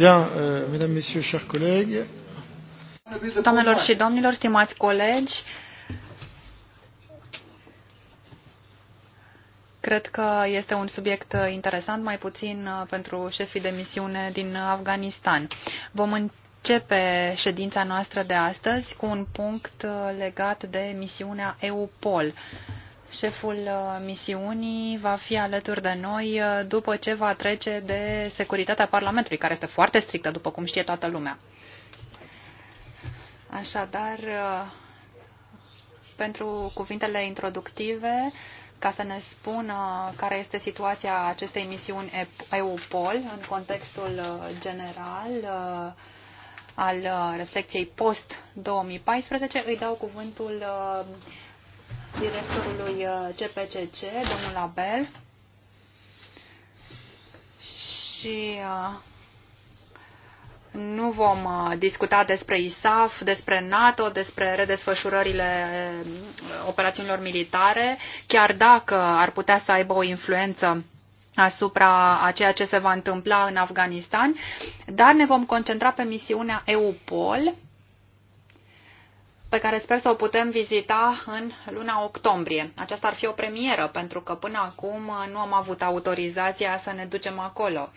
Euh, Doamnelor și domnilor, stimați colegi, Cred că este un subiect interesant, mai puțin uh, pentru șefii de misiune din Afganistan. Vom începe ședința noastră de astăzi cu un punct uh, legat de misiunea EUPOL. Șeful uh, misiunii va fi alături de noi uh, după ce va trece de securitatea Parlamentului, care este foarte strictă, după cum știe toată lumea. Așadar, uh, pentru cuvintele introductive, ca să ne spună care este situația acestei misiuni EUPOL în contextul general al reflecției post-2014, îi dau cuvântul directorului CPCC, uh, domnul Abel, și uh, nu vom uh, discuta despre ISAF, despre NATO, despre redesfășurările operațiunilor militare, chiar dacă ar putea să aibă o influență asupra a ceea ce se va întâmpla în Afganistan, dar ne vom concentra pe misiunea EUPOL, pe care sper să o putem vizita în luna octombrie. Aceasta ar fi o premieră, pentru că până acum nu am avut autorizația să ne ducem acolo.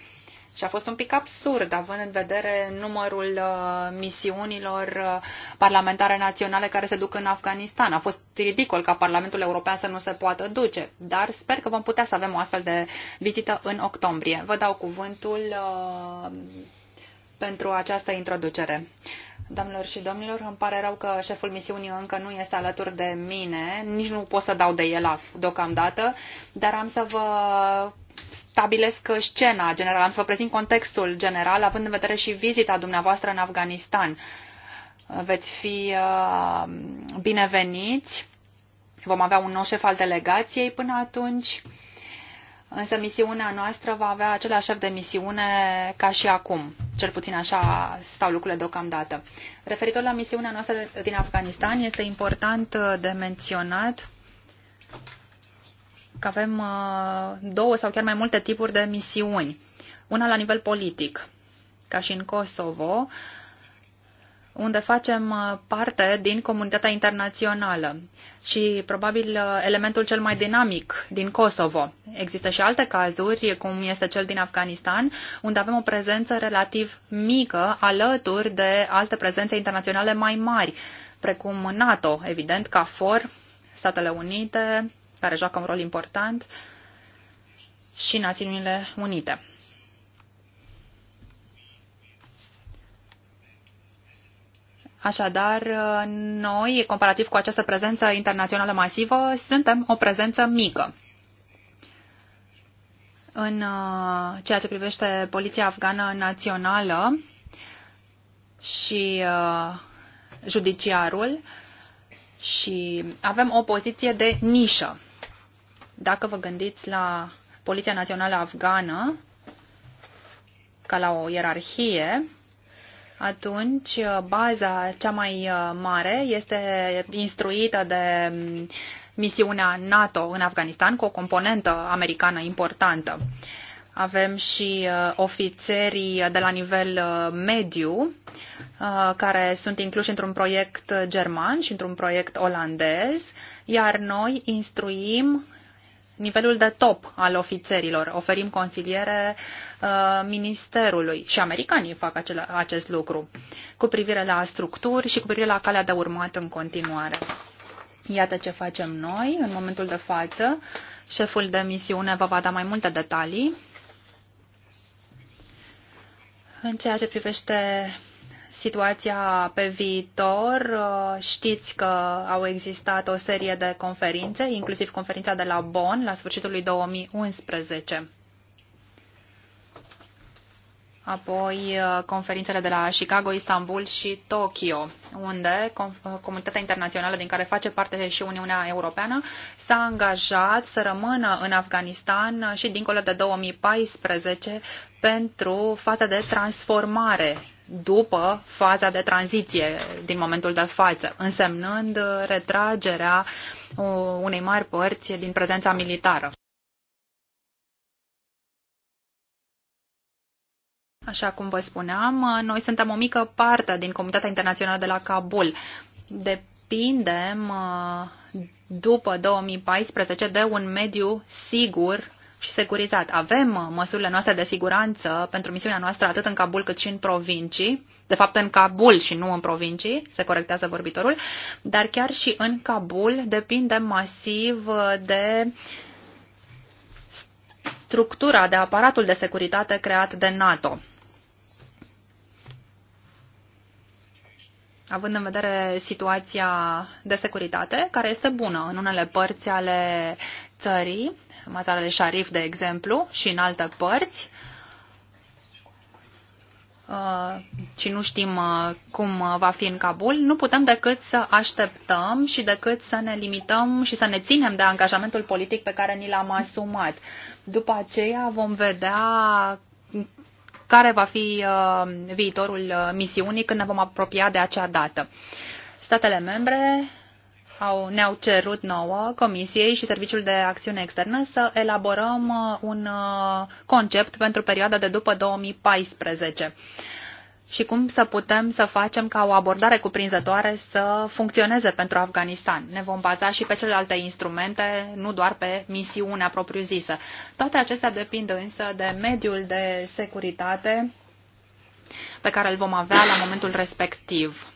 Și a fost un pic absurd, având în vedere numărul uh, misiunilor uh, parlamentare naționale care se duc în Afganistan. A fost ridicol ca Parlamentul European să nu se poată duce, dar sper că vom putea să avem o astfel de vizită în octombrie. Vă dau cuvântul uh, pentru această introducere. Doamnelor și domnilor, îmi pare rău că șeful misiunii încă nu este alături de mine, nici nu pot să dau de el deocamdată, dar am să vă stabilesc scena generală, am să vă prezint contextul general, având în vedere și vizita dumneavoastră în Afganistan. Veți fi uh, bineveniți, vom avea un nou șef al delegației până atunci Însă misiunea noastră va avea același șef de misiune ca și acum. Cel puțin așa stau lucrurile deocamdată. Referitor la misiunea noastră din Afganistan, este important uh, de menționat că avem uh, două sau chiar mai multe tipuri de misiuni. Una la nivel politic, ca și în Kosovo, unde facem uh, parte din comunitatea internațională și probabil uh, elementul cel mai dinamic din Kosovo. Există și alte cazuri, cum este cel din Afganistan, unde avem o prezență relativ mică alături de alte prezențe internaționale mai mari, precum NATO, evident, CAFOR, Statele Unite, care joacă un rol important, și Națiunile Unite. Așadar, noi, comparativ cu această prezență internațională masivă, suntem o prezență mică. În uh, ceea ce privește Poliția Afgană Națională și uh, judiciarul, și avem o poziție de nișă. Dacă vă gândiți la Poliția Națională Afgană, ca la o ierarhie, atunci uh, baza cea mai uh, mare este instruită de mm, misiunea NATO în Afganistan cu o componentă americană importantă. Avem și uh, ofițerii de la nivel mediu care sunt incluși într-un proiect german și într-un proiect olandez, iar noi instruim nivelul de top al ofițerilor. Oferim consiliere uh, ministerului și americanii fac acel, acest lucru cu privire la structuri și cu privire la calea de urmat în continuare. Iată ce facem noi în momentul de față. Șeful de misiune vă va da mai multe detalii. În ceea ce privește situația pe viitor. Uh, știți că au existat o serie de conferințe, inclusiv conferința de la Bonn la sfârșitul lui 2011. Apoi uh, conferințele de la Chicago, Istanbul și Tokyo, unde uh, comunitatea internațională din care face parte și Uniunea Europeană s-a angajat să rămână în Afganistan și dincolo de 2014 pentru faza de transformare după faza de tranziție din momentul de față, însemnând retragerea uh, unei mari părți din prezența militară. Așa cum vă spuneam, uh, noi suntem o mică parte din comunitatea internațională de la Kabul. Depindem uh, după 2014 de un mediu sigur și securizat. Avem uh, măsurile noastre de siguranță pentru misiunea noastră atât în Kabul cât și în provincii, de fapt în Kabul și nu în provincii, se corectează vorbitorul, dar chiar și în Kabul depindem masiv de structura, de aparatul de securitate creat de NATO. având în vedere situația de securitate, care este bună în unele părți ale țării, Mazar al Sharif, de exemplu, și în alte părți, uh, și nu știm uh, cum uh, va fi în Kabul, nu putem decât să așteptăm și decât să ne limităm și să ne ținem de angajamentul politic pe care ni l-am asumat. După aceea vom vedea care va fi viitorul misiunii când ne vom apropia de acea dată. Statele membre au, ne-au cerut nouă, Comisiei și Serviciul de Acțiune Externă, să elaborăm uh, un uh, concept pentru perioada de după 2014 și cum să putem să facem ca o abordare cuprinzătoare să funcționeze pentru Afganistan. Ne vom baza și pe celelalte instrumente, nu doar pe misiunea propriu-zisă. Toate acestea depind însă de mediul de securitate pe care îl vom avea la momentul respectiv.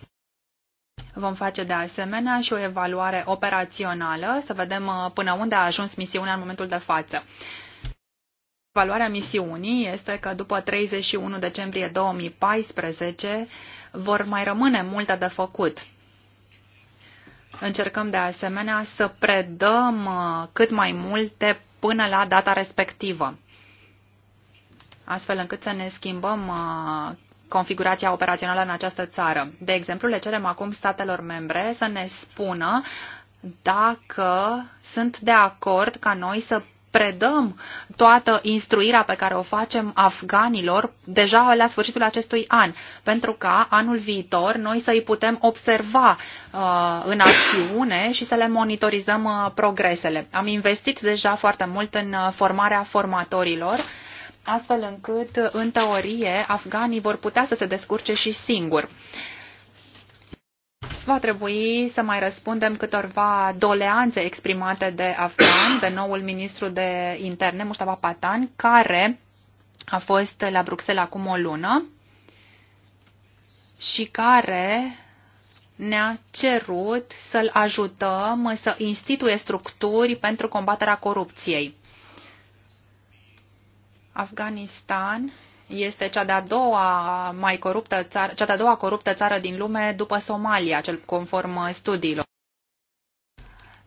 Vom face de asemenea și o evaluare operațională, să vedem uh, până unde a ajuns misiunea în momentul de față. Evaluarea misiunii este că după 31 decembrie 2014 vor mai rămâne multe de făcut. Încercăm de asemenea să predăm uh, cât mai multe până la data respectivă, astfel încât să ne schimbăm uh, configurația operațională în această țară. De exemplu, le cerem acum statelor membre să ne spună dacă sunt de acord ca noi să predăm toată instruirea pe care o facem afganilor deja la sfârșitul acestui an, pentru ca anul viitor noi să îi putem observa uh, în acțiune și să le monitorizăm uh, progresele. Am investit deja foarte mult în uh, formarea formatorilor uh, astfel încât, în teorie, afganii vor putea să se descurce și singuri. Va trebui să mai răspundem câtorva doleanțe exprimate de afgan, de noul ministru de interne, Mustafa Patan, care a fost la Bruxelles acum o lună și care ne-a cerut să-l ajutăm să instituie structuri pentru combaterea corupției. Afganistan este cea de-a doua mai coruptă țară, cea de-a doua coruptă țară din lume după Somalia, cel conform studiilor.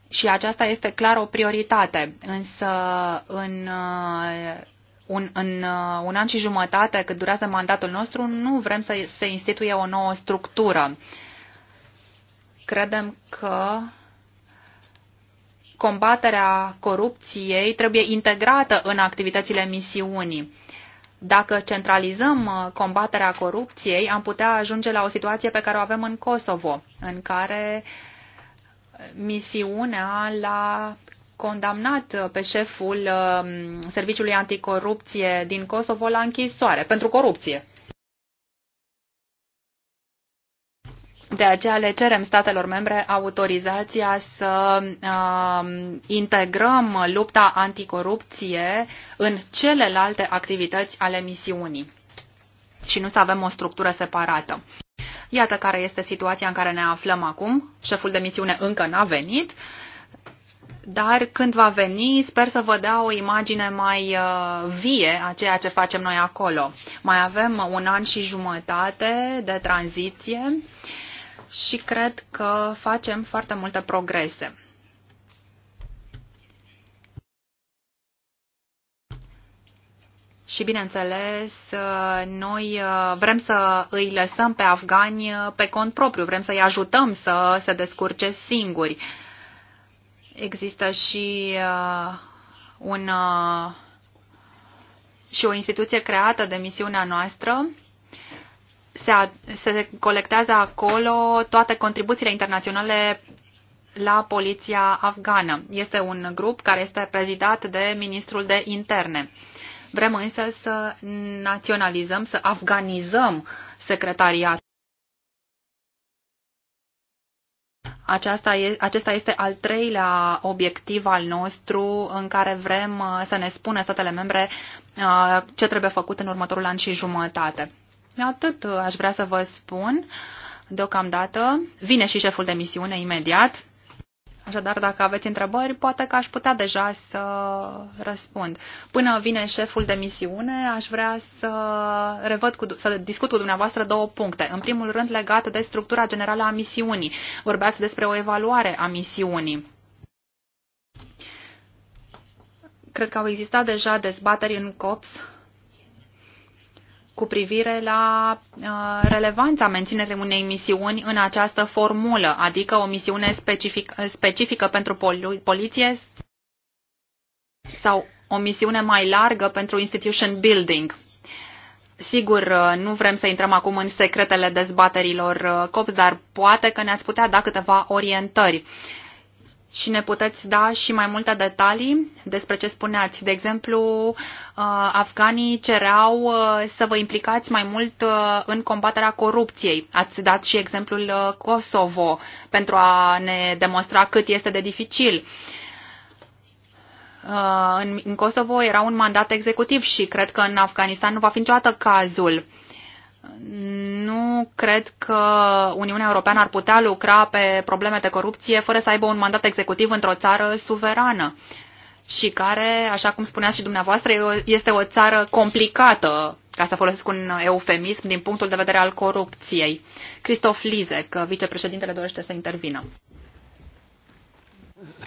Și aceasta este clar o prioritate, însă în uh, un, în uh, un an și jumătate cât durează mandatul nostru, nu vrem să se instituie o nouă structură. Credem că combaterea corupției trebuie integrată în activitățile misiunii. Dacă centralizăm uh, combaterea corupției, am putea ajunge la o situație pe care o avem în Kosovo, în care misiunea l-a condamnat uh, pe șeful uh, Serviciului Anticorupție din Kosovo la închisoare pentru corupție. De aceea le cerem statelor membre autorizația să uh, integrăm lupta anticorupție în celelalte activități ale misiunii și nu să avem o structură separată. Iată care este situația în care ne aflăm acum. Șeful de misiune încă n-a venit, dar când va veni, sper să vă dea o imagine mai uh, vie a ceea ce facem noi acolo. Mai avem un an și jumătate de tranziție. Uh, și cred că facem foarte multe progrese. Și bineînțeles, noi uh, vrem să îi lăsăm pe afgani uh, pe cont propriu, vrem să-i ajutăm să se descurce singuri. Există și uh, un și o instituție creată de misiunea noastră se, a, se colectează acolo toate contribuțiile internaționale la poliția afgană. Este un grup care este prezidat de ministrul de interne. Vrem însă să naționalizăm, să afganizăm secretariatul. Aceasta e, acesta este al treilea obiectiv al nostru în care vrem uh, să ne spună statele membre uh, ce trebuie făcut în următorul an și jumătate. Atât uh, aș vrea să vă spun deocamdată. Vine și șeful de misiune imediat. Așadar, dacă aveți întrebări, poate că aș putea deja să răspund. Până vine șeful de misiune, aș vrea să revăd cu, să discut cu dumneavoastră două puncte. În primul rând, legat de structura generală a misiunii. Vorbeați despre o evaluare a misiunii. Cred că au existat deja dezbateri în COPS cu privire la uh, relevanța menținerii unei misiuni în această formulă, adică o misiune specific, specifică pentru poli poliție sau o misiune mai largă pentru institution building. Sigur, uh, nu vrem să intrăm acum în secretele dezbaterilor uh, COPS, dar poate că ne-ați putea da câteva orientări. Uh, și ne puteți da și mai multe detalii despre ce spuneați. De exemplu, uh, afganii cereau uh, să vă implicați mai mult uh, în combaterea corupției. Ați dat și exemplul Kosovo pentru a ne demonstra cât este de dificil. În Kosovo era un mandat executiv și cred că în Afganistan nu va fi niciodată cazul. Nu cred că Uniunea Europeană ar putea lucra pe probleme de corupție fără să aibă un mandat executiv într-o țară suverană și care, așa cum spuneați și dumneavoastră, este o țară complicată, ca să folosesc un eufemism, din punctul de vedere al corupției. Christoph Lizek, vicepreședintele, dorește să intervină.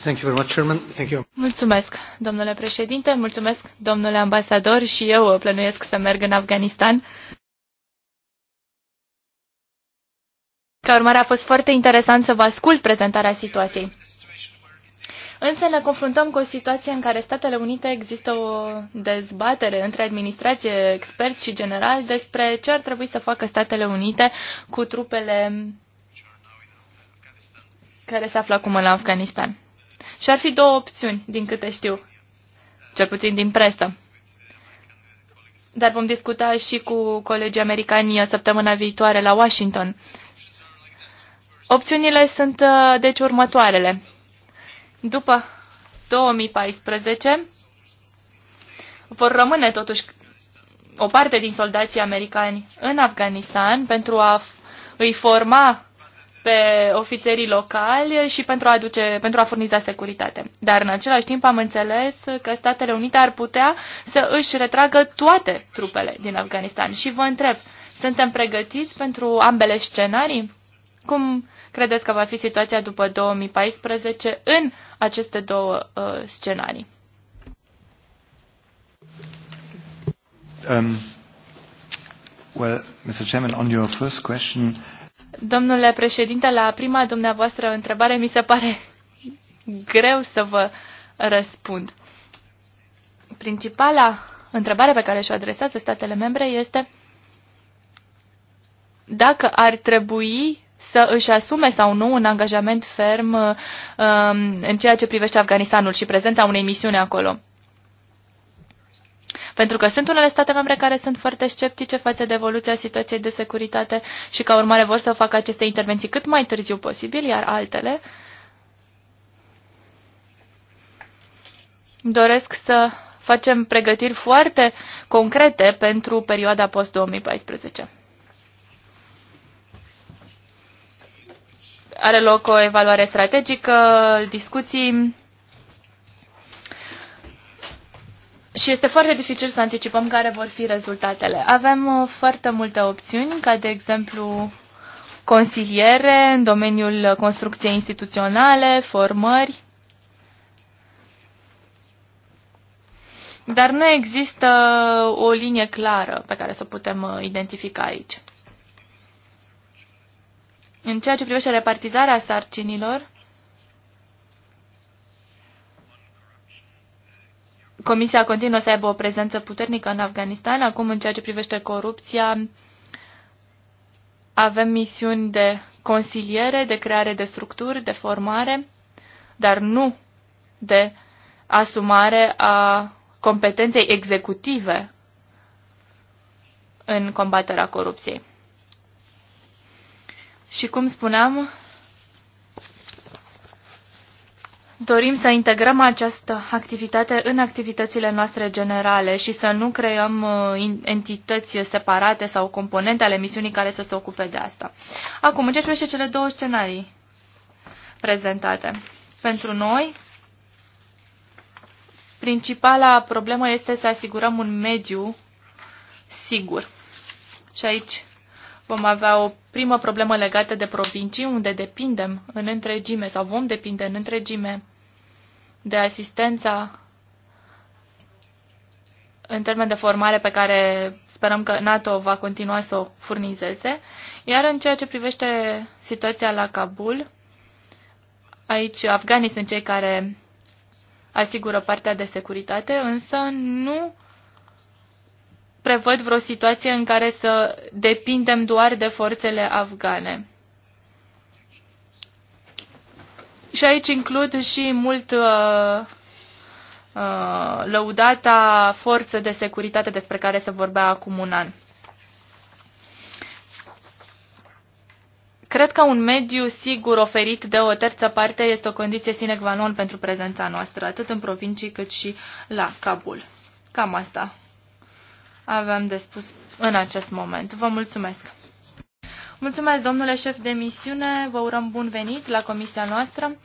Thank you very much, Chairman. Thank you. Mulțumesc, domnule președinte, mulțumesc, domnule ambasador, și eu uh, plănuiesc să merg în Afganistan. Ca urmare, a fost foarte interesant să vă ascult prezentarea situației. Însă ne confruntăm cu o situație în care Statele Unite există o dezbatere între administrație, experți și general despre ce ar trebui să facă Statele Unite cu trupele care se află acum în Afganistan. Și ar fi două opțiuni, din câte știu, cel puțin din presă. Dar vom discuta și cu colegii americani săptămâna viitoare la Washington. Opțiunile sunt uh, deci următoarele. După 2014 vor rămâne totuși o parte din soldații americani în Afganistan pentru a îi forma pe ofițerii locali și pentru a, aduce, pentru a furniza securitate. Dar în același timp am înțeles că Statele Unite ar putea să își retragă toate trupele din Afganistan. Și vă întreb, suntem pregătiți pentru ambele scenarii? Cum credeți că va fi situația după 2014 în aceste două uh, scenarii? Um, well, Mr. Chairman, on your first question... Domnule președinte, la prima dumneavoastră întrebare mi se pare greu să vă răspund. Principala întrebare pe care și-o adresează statele membre este dacă ar trebui să își asume sau nu un angajament ferm uh, um, în ceea ce privește Afganistanul și prezența unei misiuni acolo. Pentru că sunt unele state membre care sunt foarte sceptice față de evoluția situației de securitate și ca urmare vor să facă aceste intervenții cât mai târziu posibil, iar altele doresc să facem pregătiri foarte concrete pentru perioada post-2014. are loc o evaluare strategică, discuții și este foarte dificil să anticipăm care vor fi rezultatele. Avem uh, foarte multe opțiuni, ca de exemplu consiliere în domeniul construcției instituționale, formări, dar nu există o linie clară pe care să o putem uh, identifica aici. În ceea ce privește repartizarea sarcinilor, Comisia continuă să aibă o prezență puternică în Afganistan. Acum, în ceea ce privește corupția, avem misiuni de consiliere, de creare de structuri, de formare, dar nu de asumare a competenței executive în combaterea corupției. Și cum spuneam, dorim să integrăm această activitate în activitățile noastre generale și să nu creăm uh, entități separate sau componente ale misiunii care să se ocupe de asta. Acum, în ce privește cele două scenarii prezentate. Pentru noi, principala problemă este să asigurăm un mediu sigur. Și aici vom avea o primă problemă legată de provincii, unde depindem în întregime sau vom depinde în întregime de asistența în termen de formare pe care sperăm că NATO va continua să o furnizeze. Iar în ceea ce privește situația la Kabul, aici afganii sunt cei care asigură partea de securitate, însă nu prevăd vreo situație în care să depindem doar de forțele afgane. Și aici includ și mult uh, uh, lăudata forță de securitate despre care se vorbea acum un an. Cred că un mediu sigur oferit de o terță parte este o condiție sine qua non pentru prezența noastră, atât în provincii cât și la Kabul. Cam asta aveam de spus în acest moment. Vă mulțumesc! Mulțumesc, domnule șef de misiune, vă urăm bun venit la comisia noastră.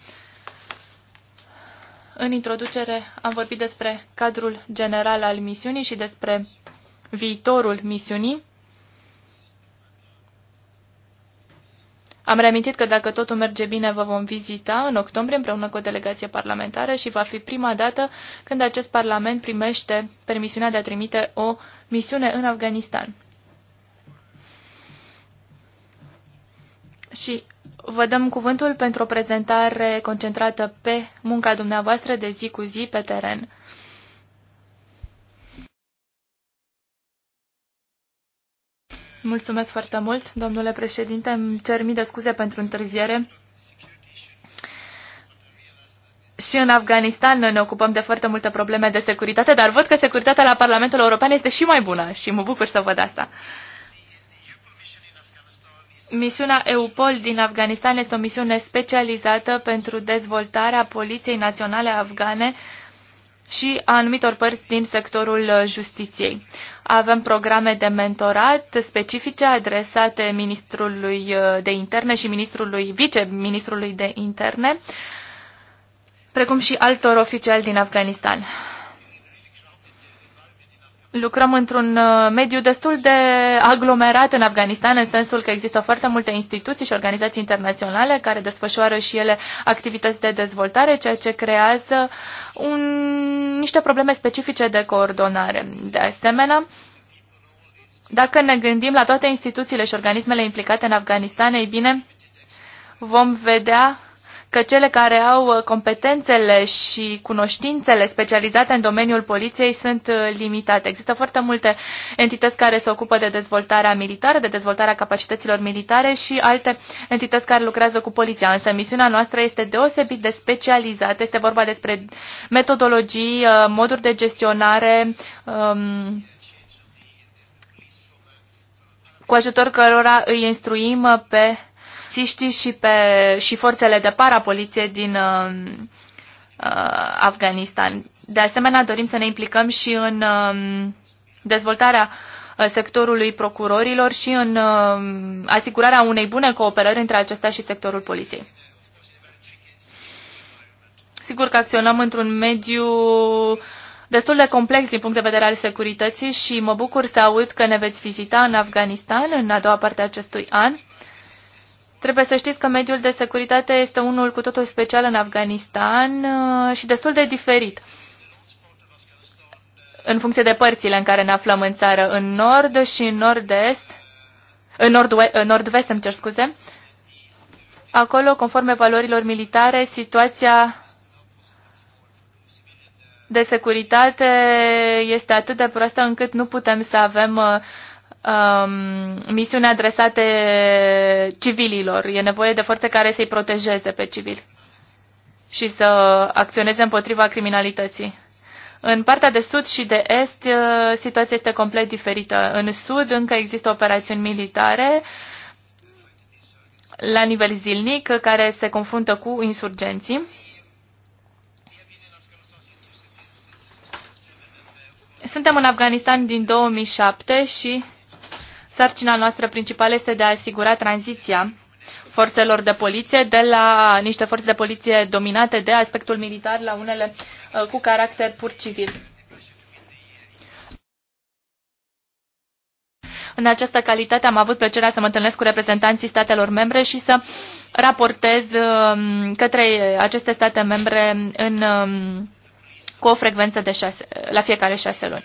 În introducere am vorbit despre cadrul general al misiunii și despre viitorul misiunii. Am reamintit că dacă totul merge bine, vă vom vizita în octombrie împreună cu o delegație parlamentară și va fi prima dată când acest parlament primește permisiunea de a trimite o misiune în Afganistan. Și vă dăm cuvântul pentru o prezentare concentrată pe munca dumneavoastră de zi cu zi pe teren. Mulțumesc foarte mult, domnule președinte. Îmi cer mii de scuze pentru întârziere. Și în Afganistan noi ne ocupăm de foarte multe probleme de securitate, dar văd că securitatea la Parlamentul European este și mai bună și mă bucur să văd asta. Misiunea EUPOL din Afganistan este o misiune specializată pentru dezvoltarea Poliției Naționale Afgane și a anumitor părți din sectorul uh, justiției. Avem programe de mentorat specifice adresate ministrului uh, de interne și ministrului viceministrului de interne, precum și altor oficiali din Afganistan lucrăm într-un uh, mediu destul de aglomerat în Afganistan, în sensul că există foarte multe instituții și organizații internaționale care desfășoară și ele activități de dezvoltare, ceea ce creează un, niște probleme specifice de coordonare. De asemenea, dacă ne gândim la toate instituțiile și organismele implicate în Afganistan, ei bine, vom vedea că cele care au uh, competențele și cunoștințele specializate în domeniul poliției sunt uh, limitate. Există foarte multe entități care se ocupă de dezvoltarea militară, de dezvoltarea capacităților militare și alte entități care lucrează cu poliția. Însă misiunea noastră este deosebit de specializată. Este vorba despre metodologii, uh, moduri de gestionare, um, cu ajutor cărora îi instruim pe polițiștii și, pe, și forțele de parapoliție din uh, uh, Afganistan. De asemenea, dorim să ne implicăm și în um, uh, dezvoltarea sectorului procurorilor și în uh, asigurarea unei bune cooperări între acesta și sectorul poliției. Sigur că acționăm într-un mediu destul de complex din punct de vedere al securității și mă bucur să aud că ne veți vizita în Afganistan în a doua parte a acestui an Trebuie să știți că mediul de securitate este unul cu totul special în Afganistan uh, și destul de diferit în funcție de părțile în care ne aflăm în țară. În nord și în nord-est, în nord-vest, îmi cer scuze, acolo, conform valorilor militare, situația de securitate este atât de proastă încât nu putem să avem uh, um, misiuni adresate civililor. E nevoie de forțe care să-i protejeze pe civili și să acționeze împotriva criminalității. În partea de sud și de est, uh, situația este complet diferită. În sud încă există operațiuni militare la nivel zilnic care se confruntă cu insurgenții. Suntem în Afganistan din 2007 și Sarcina noastră principală este de a asigura tranziția forțelor de poliție de la niște forțe de poliție dominate de aspectul militar la unele uh, cu caracter pur civil. În această calitate am avut plăcerea să mă întâlnesc cu reprezentanții statelor membre și să raportez um, către aceste state membre în, um, cu o frecvență de șase, la fiecare șase luni.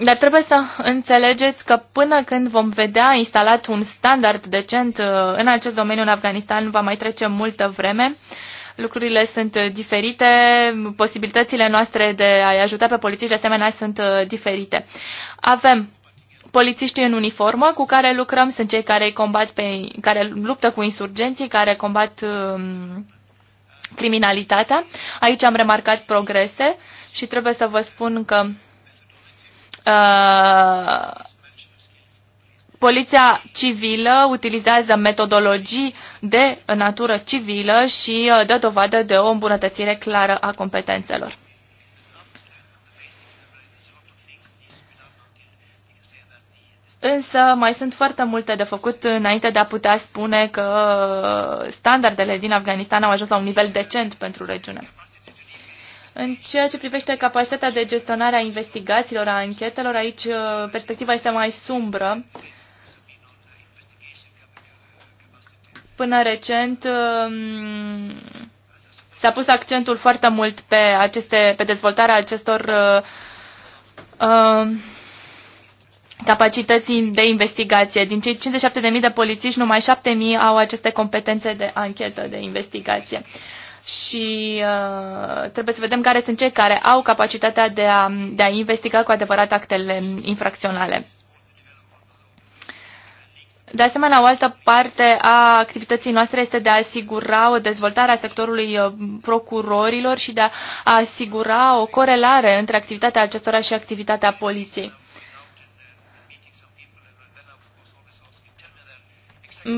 Dar trebuie să înțelegeți că până când vom vedea instalat un standard decent uh, în acest domeniu în Afganistan, va mai trece multă vreme. Lucrurile sunt uh, diferite, posibilitățile noastre de a-i ajuta pe polițiști de asemenea sunt uh, diferite. Avem polițiștii în uniformă cu care lucrăm, sunt cei care, îi combat pe, care luptă cu insurgenții, care combat um, criminalitatea. Aici am remarcat progrese și trebuie să vă spun că Uh, poliția civilă utilizează metodologii de natură civilă și uh, dă dovadă de o îmbunătățire clară a competențelor. Însă mai sunt foarte multe de făcut înainte de a putea spune că standardele din Afganistan au ajuns la un nivel decent pentru regiune. În ceea ce privește capacitatea de gestionare a investigațiilor, a anchetelor, aici uh, perspectiva este mai sumbră. Până recent um, s-a pus accentul foarte mult pe, aceste, pe dezvoltarea acestor uh, um, capacității de investigație. Din cei 57.000 de polițiști, numai 7.000 au aceste competențe de anchetă, de investigație. Uh, și uh, trebuie să vedem care sunt cei care au capacitatea de a, de a investiga cu adevărat actele infracționale. De asemenea, o altă parte a activității noastre este de a asigura o dezvoltare a sectorului uh, procurorilor și de a asigura o corelare între activitatea acestora și activitatea poliției.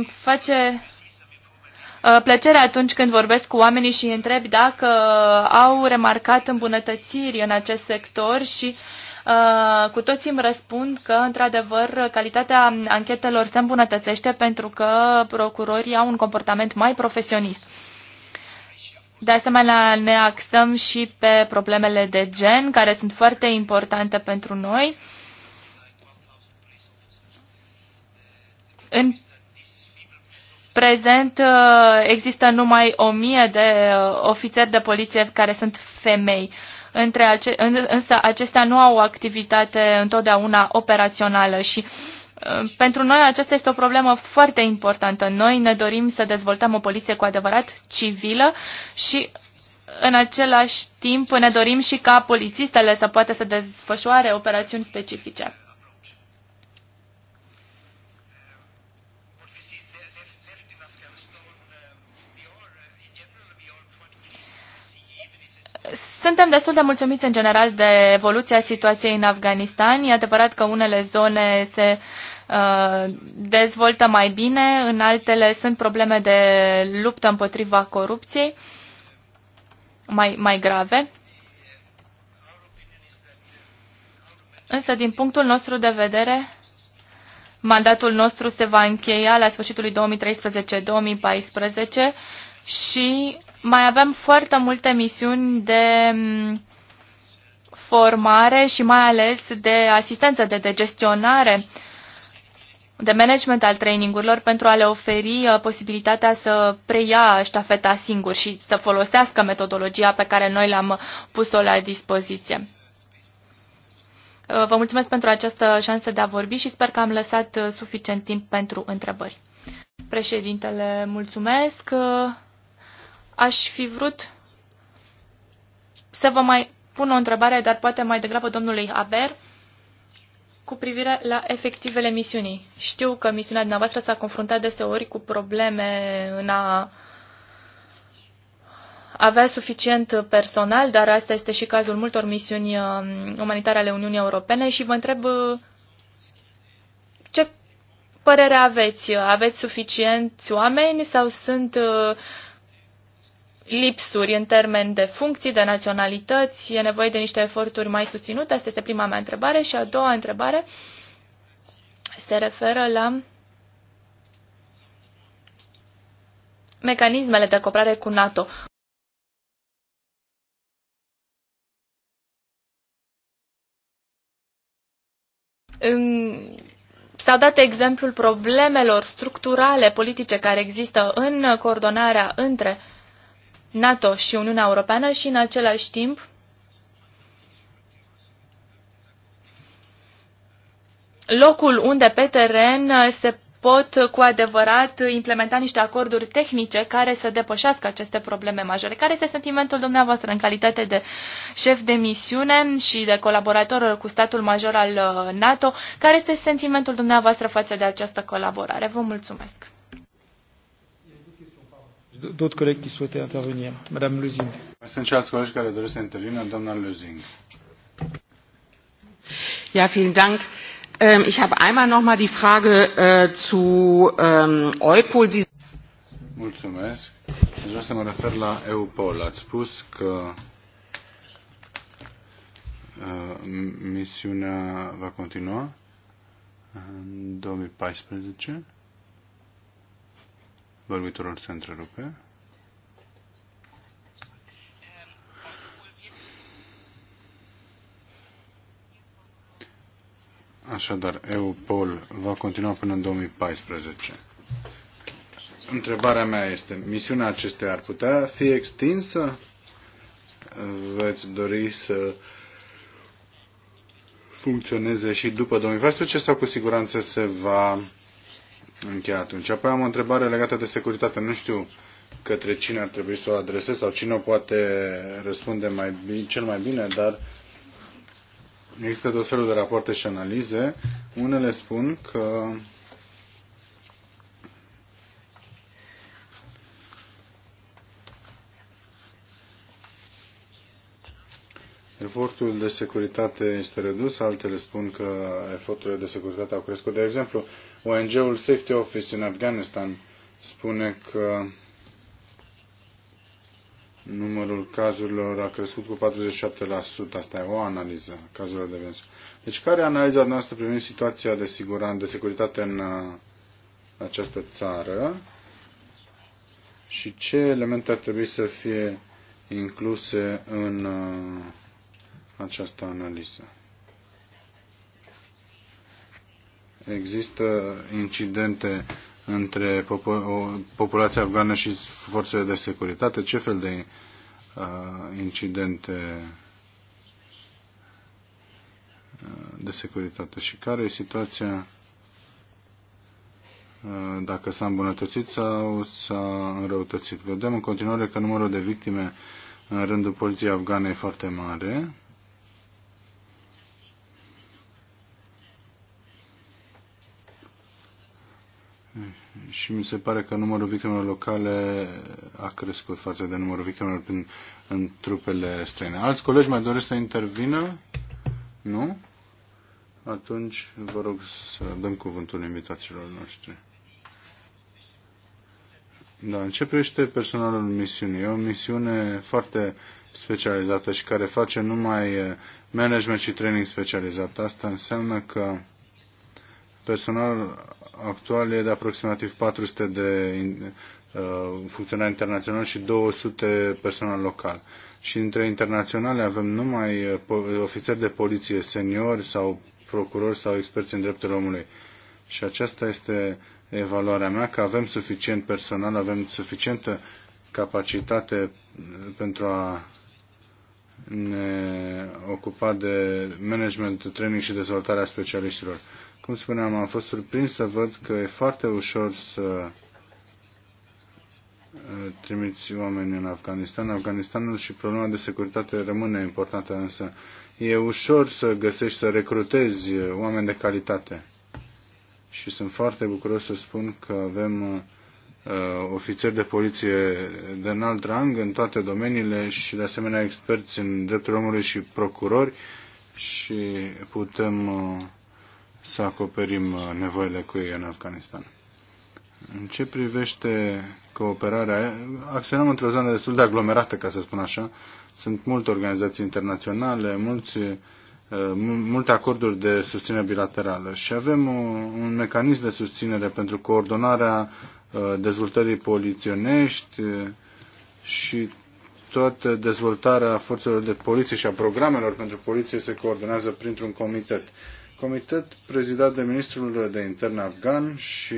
face Uh, plăcere atunci când vorbesc cu oamenii și îi întreb dacă au remarcat îmbunătățiri în acest sector și uh, cu toții îmi răspund că, într-adevăr, calitatea anchetelor se îmbunătățește pentru că procurorii au un comportament mai profesionist. De asemenea, ne axăm și pe problemele de gen, care sunt foarte importante pentru noi. În prezent uh, există numai o mie de uh, ofițeri de poliție care sunt femei. Între ace- însă acestea nu au o activitate întotdeauna operațională și uh, pentru noi aceasta este o problemă foarte importantă. Noi ne dorim să dezvoltăm o poliție cu adevărat civilă și în același timp ne dorim și ca polițistele să poată să desfășoare operațiuni specifice. Suntem destul de mulțumiți în general de evoluția situației în Afganistan. E adevărat că unele zone se uh, dezvoltă mai bine, în altele sunt probleme de luptă împotriva corupției mai, mai grave. Însă, din punctul nostru de vedere, mandatul nostru se va încheia la sfârșitul 2013-2014 și mai avem foarte multe misiuni de mm, formare și mai ales de asistență, de, de gestionare, de management al trainingurilor pentru a le oferi uh, posibilitatea să preia ștafeta singur și să folosească metodologia pe care noi le-am pus-o la dispoziție. Uh, vă mulțumesc pentru această șansă de a vorbi și sper că am lăsat uh, suficient timp pentru întrebări. Președintele, mulțumesc. Aș fi vrut să vă mai pun o întrebare, dar poate mai degrabă domnului Haber, cu privire la efectivele misiunii. Știu că misiunea dumneavoastră s-a confruntat deseori cu probleme în a avea suficient personal, dar asta este și cazul multor misiuni um, umanitare ale Uniunii Europene și vă întreb uh, ce părere aveți? Aveți suficienți oameni sau sunt uh, lipsuri în termen de funcții, de naționalități, e nevoie de niște eforturi mai susținute? Asta este prima mea întrebare. Și a doua întrebare se referă la mecanismele de cooperare cu NATO. S-au dat exemplul problemelor structurale politice care există în coordonarea între NATO și Uniunea Europeană și în același timp locul unde pe teren se pot cu adevărat implementa niște acorduri tehnice care să depășească aceste probleme majore. Care este sentimentul dumneavoastră în calitate de șef de misiune și de colaborator cu statul major al uh, NATO? Care este sentimentul dumneavoastră față de această colaborare? Vă mulțumesc! D'autres collègues qui souhaitaient intervenir. Madame Lusing. Ja, vielen Dank. Ähm, ich habe einmal noch mal die Frage äh, zu ähm, Eupol. Mulțumesc. Aș vrea să mă refer la EUPOL. Ați spus că äh, misiunea va continua în 2014 Vorbitorul se întrerupe. Așadar, EUPOL va continua până în 2014. Întrebarea mea este, misiunea acestei ar putea fi extinsă? Veți dori să funcționeze și după 2014 sau cu siguranță se va încheia atunci. Apoi am o întrebare legată de securitate. Nu știu către cine ar trebui să o adresez sau cine o poate răspunde mai bine, cel mai bine, dar există tot felul de rapoarte și analize. Unele spun că Efortul de securitate este redus, altele spun că eforturile de securitate au crescut. De exemplu, ONG-ul Safety Office în Afganistan spune că numărul cazurilor a crescut cu 47%. Asta e o analiză a cazurilor de violență. Deci care e analiza noastră privind situația de, siguran, de securitate în uh, această țară și ce elemente ar trebui să fie incluse în uh, această analiză. Există incidente între populația afgană și forțele de securitate? Ce fel de uh, incidente uh, de securitate și care e situația uh, dacă s-a îmbunătățit sau s-a înrăutățit. Vedem în continuare că numărul de victime în rândul poliției afgane e foarte mare și mi se pare că numărul victimelor locale a crescut față de numărul victimelor prin, în trupele străine. Alți colegi mai doresc să intervină? Nu? Atunci vă rog să dăm cuvântul invitațiilor noștri. Da, începește personalul misiunii? E o misiune foarte specializată și care face numai management și training specializat. Asta înseamnă că personal actual e de aproximativ 400 de uh, funcționari internaționali și 200 personal local. Și între internaționale avem numai uh, ofițeri de poliție seniori sau procurori sau experți în dreptul omului. Și aceasta este evaluarea mea, că avem suficient personal, avem suficientă capacitate pentru a ne ocupa de management, training și dezvoltarea specialiștilor. Cum spuneam, am fost surprins să văd că e foarte ușor să uh, trimiți oameni în Afganistan. Afganistanul și problema de securitate rămâne importantă, însă e ușor să găsești, să recrutezi oameni de calitate. Și sunt foarte bucuros să spun că avem uh, ofițeri de poliție de înalt rang în toate domeniile și de asemenea experți în dreptul omului și procurori și putem uh, să acoperim uh, nevoile cu ei în Afganistan. În ce privește cooperarea, acționăm într-o zonă destul de aglomerată, ca să spun așa. Sunt multe organizații internaționale, mulți, uh, multe acorduri de susținere bilaterală și avem un mecanism de susținere pentru coordonarea uh, dezvoltării poliționești și toată dezvoltarea forțelor de poliție și a programelor pentru poliție se coordonează printr-un comitet comitet prezidat de ministrul de interne afgan și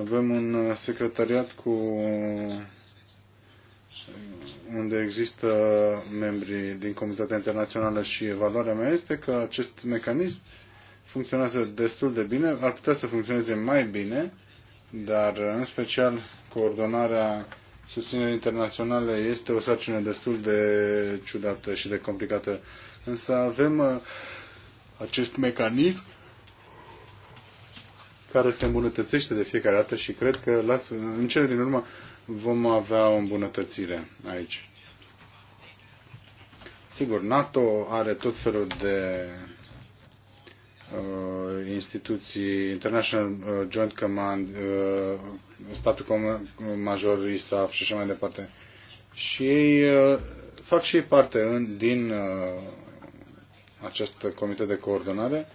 avem un secretariat cu unde există membrii din comunitatea internațională și evaluarea mea este că acest mecanism funcționează destul de bine, ar putea să funcționeze mai bine, dar în special coordonarea susținerii internaționale este o sarcină destul de ciudată și de complicată. Însă avem uh, acest mecanism care se îmbunătățește de fiecare dată și cred că la, în cele din urmă vom avea o îmbunătățire aici. Sigur, NATO are tot felul de uh, instituții, International uh, Joint Command, uh, statul major ISAF și așa mai departe. Și ei uh, fac și ei parte în, din uh, acest comitet de coordonare.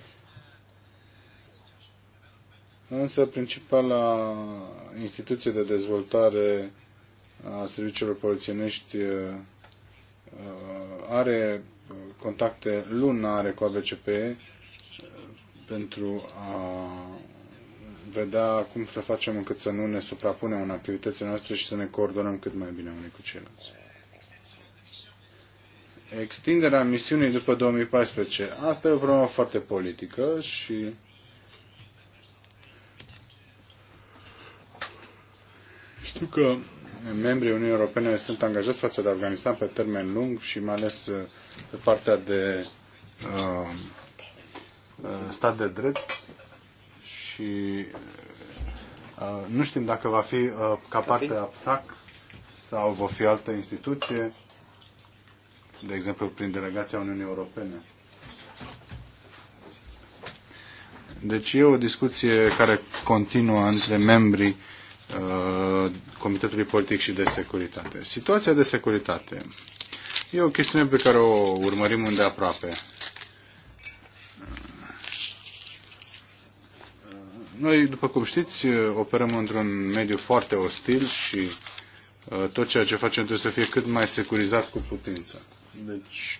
Însă principala instituție de dezvoltare a serviciilor polițienești uh, uh, are contacte lunare cu ABCP uh, pentru a vedea cum să facem încât să nu ne suprapunem în activitățile noastre și să ne coordonăm cât mai bine unii cu ceilalți extinderea misiunii după 2014. Asta e o problemă foarte politică și știu că membrii Uniunii Europene sunt angajați față de Afganistan pe termen lung și mai ales uh, pe partea de uh, uh, stat de drept și uh, uh, nu știm dacă va fi uh, ca parte a PSAC sau va fi altă instituție de exemplu, prin delegația Uniunii Europene. Deci e o discuție care continuă între membrii uh, Comitetului Politic și de Securitate. Situația de securitate e o chestiune pe care o urmărim îndeaproape. Uh, noi, după cum știți, operăm într-un mediu foarte ostil și uh, tot ceea ce facem trebuie să fie cât mai securizat cu putință. Deci,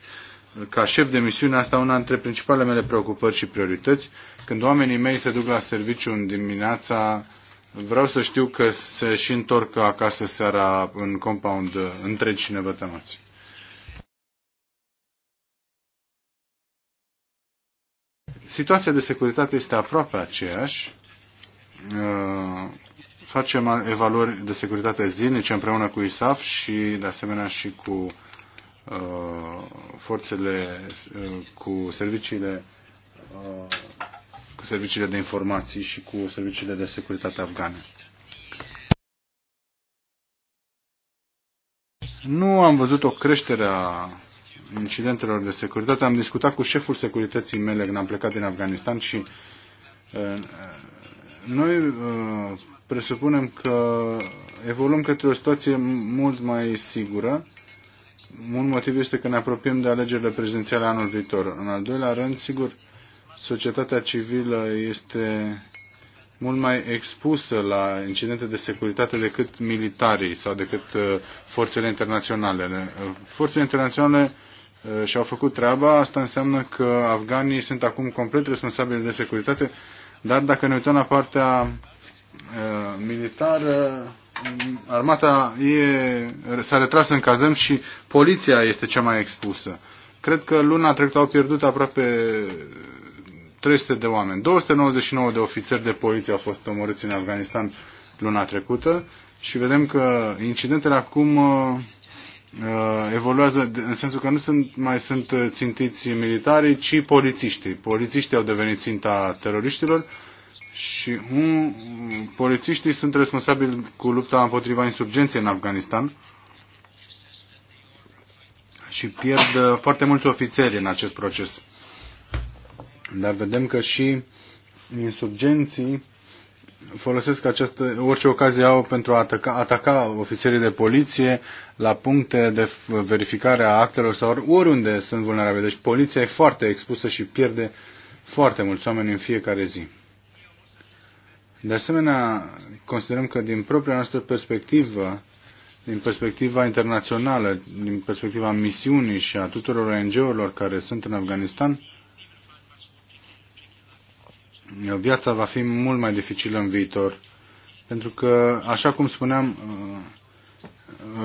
ca șef de misiune, asta una dintre principalele mele preocupări și priorități. Când oamenii mei se duc la serviciu în dimineața, vreau să știu că se și întorc acasă seara în compound întregi și nevătămați. Situația de securitate este aproape aceeași. Uh, facem evaluări de securitate zilnice împreună cu ISAF și de asemenea și cu Uh, forțele uh, cu serviciile uh, cu serviciile de informații și cu serviciile de securitate afgane. Nu am văzut o creștere a incidentelor de securitate. Am discutat cu șeful securității mele când am plecat din Afganistan și noi presupunem că evoluăm către o situație mult mai sigură un motiv este că ne apropiem de alegerile prezidențiale anul viitor. În al doilea rând, sigur, societatea civilă este mult mai expusă la incidente de securitate decât militarii sau decât uh, forțele internaționale. Uh, forțele internaționale uh, și-au făcut treaba, asta înseamnă că afganii sunt acum complet responsabili de securitate, dar dacă ne uităm la partea militară, armata s-a retras în cazăm și poliția este cea mai expusă. Cred că luna trecută au pierdut aproape 300 de oameni. 299 de ofițeri de poliție au fost omorâți în Afganistan luna trecută și vedem că incidentele acum uh, uh, evoluează în sensul că nu sunt, mai sunt țintiți militarii, ci polițiștii. Polițiștii au devenit ținta teroriștilor și un, mm, polițiștii sunt responsabili cu lupta împotriva insurgenței în Afganistan și pierd uh, foarte mulți ofițeri în acest proces. Dar vedem că și insurgenții folosesc această, orice ocazie au pentru a ataca, ataca ofițerii de poliție la puncte de verificare a actelor sau oriunde sunt vulnerabile. Deci poliția e foarte expusă și pierde foarte mulți oameni în fiecare zi. De asemenea, considerăm că din propria noastră perspectivă, din perspectiva internațională, din perspectiva misiunii și a tuturor ONG-urilor care sunt în Afganistan, viața va fi mult mai dificilă în viitor. Pentru că, așa cum spuneam, uh,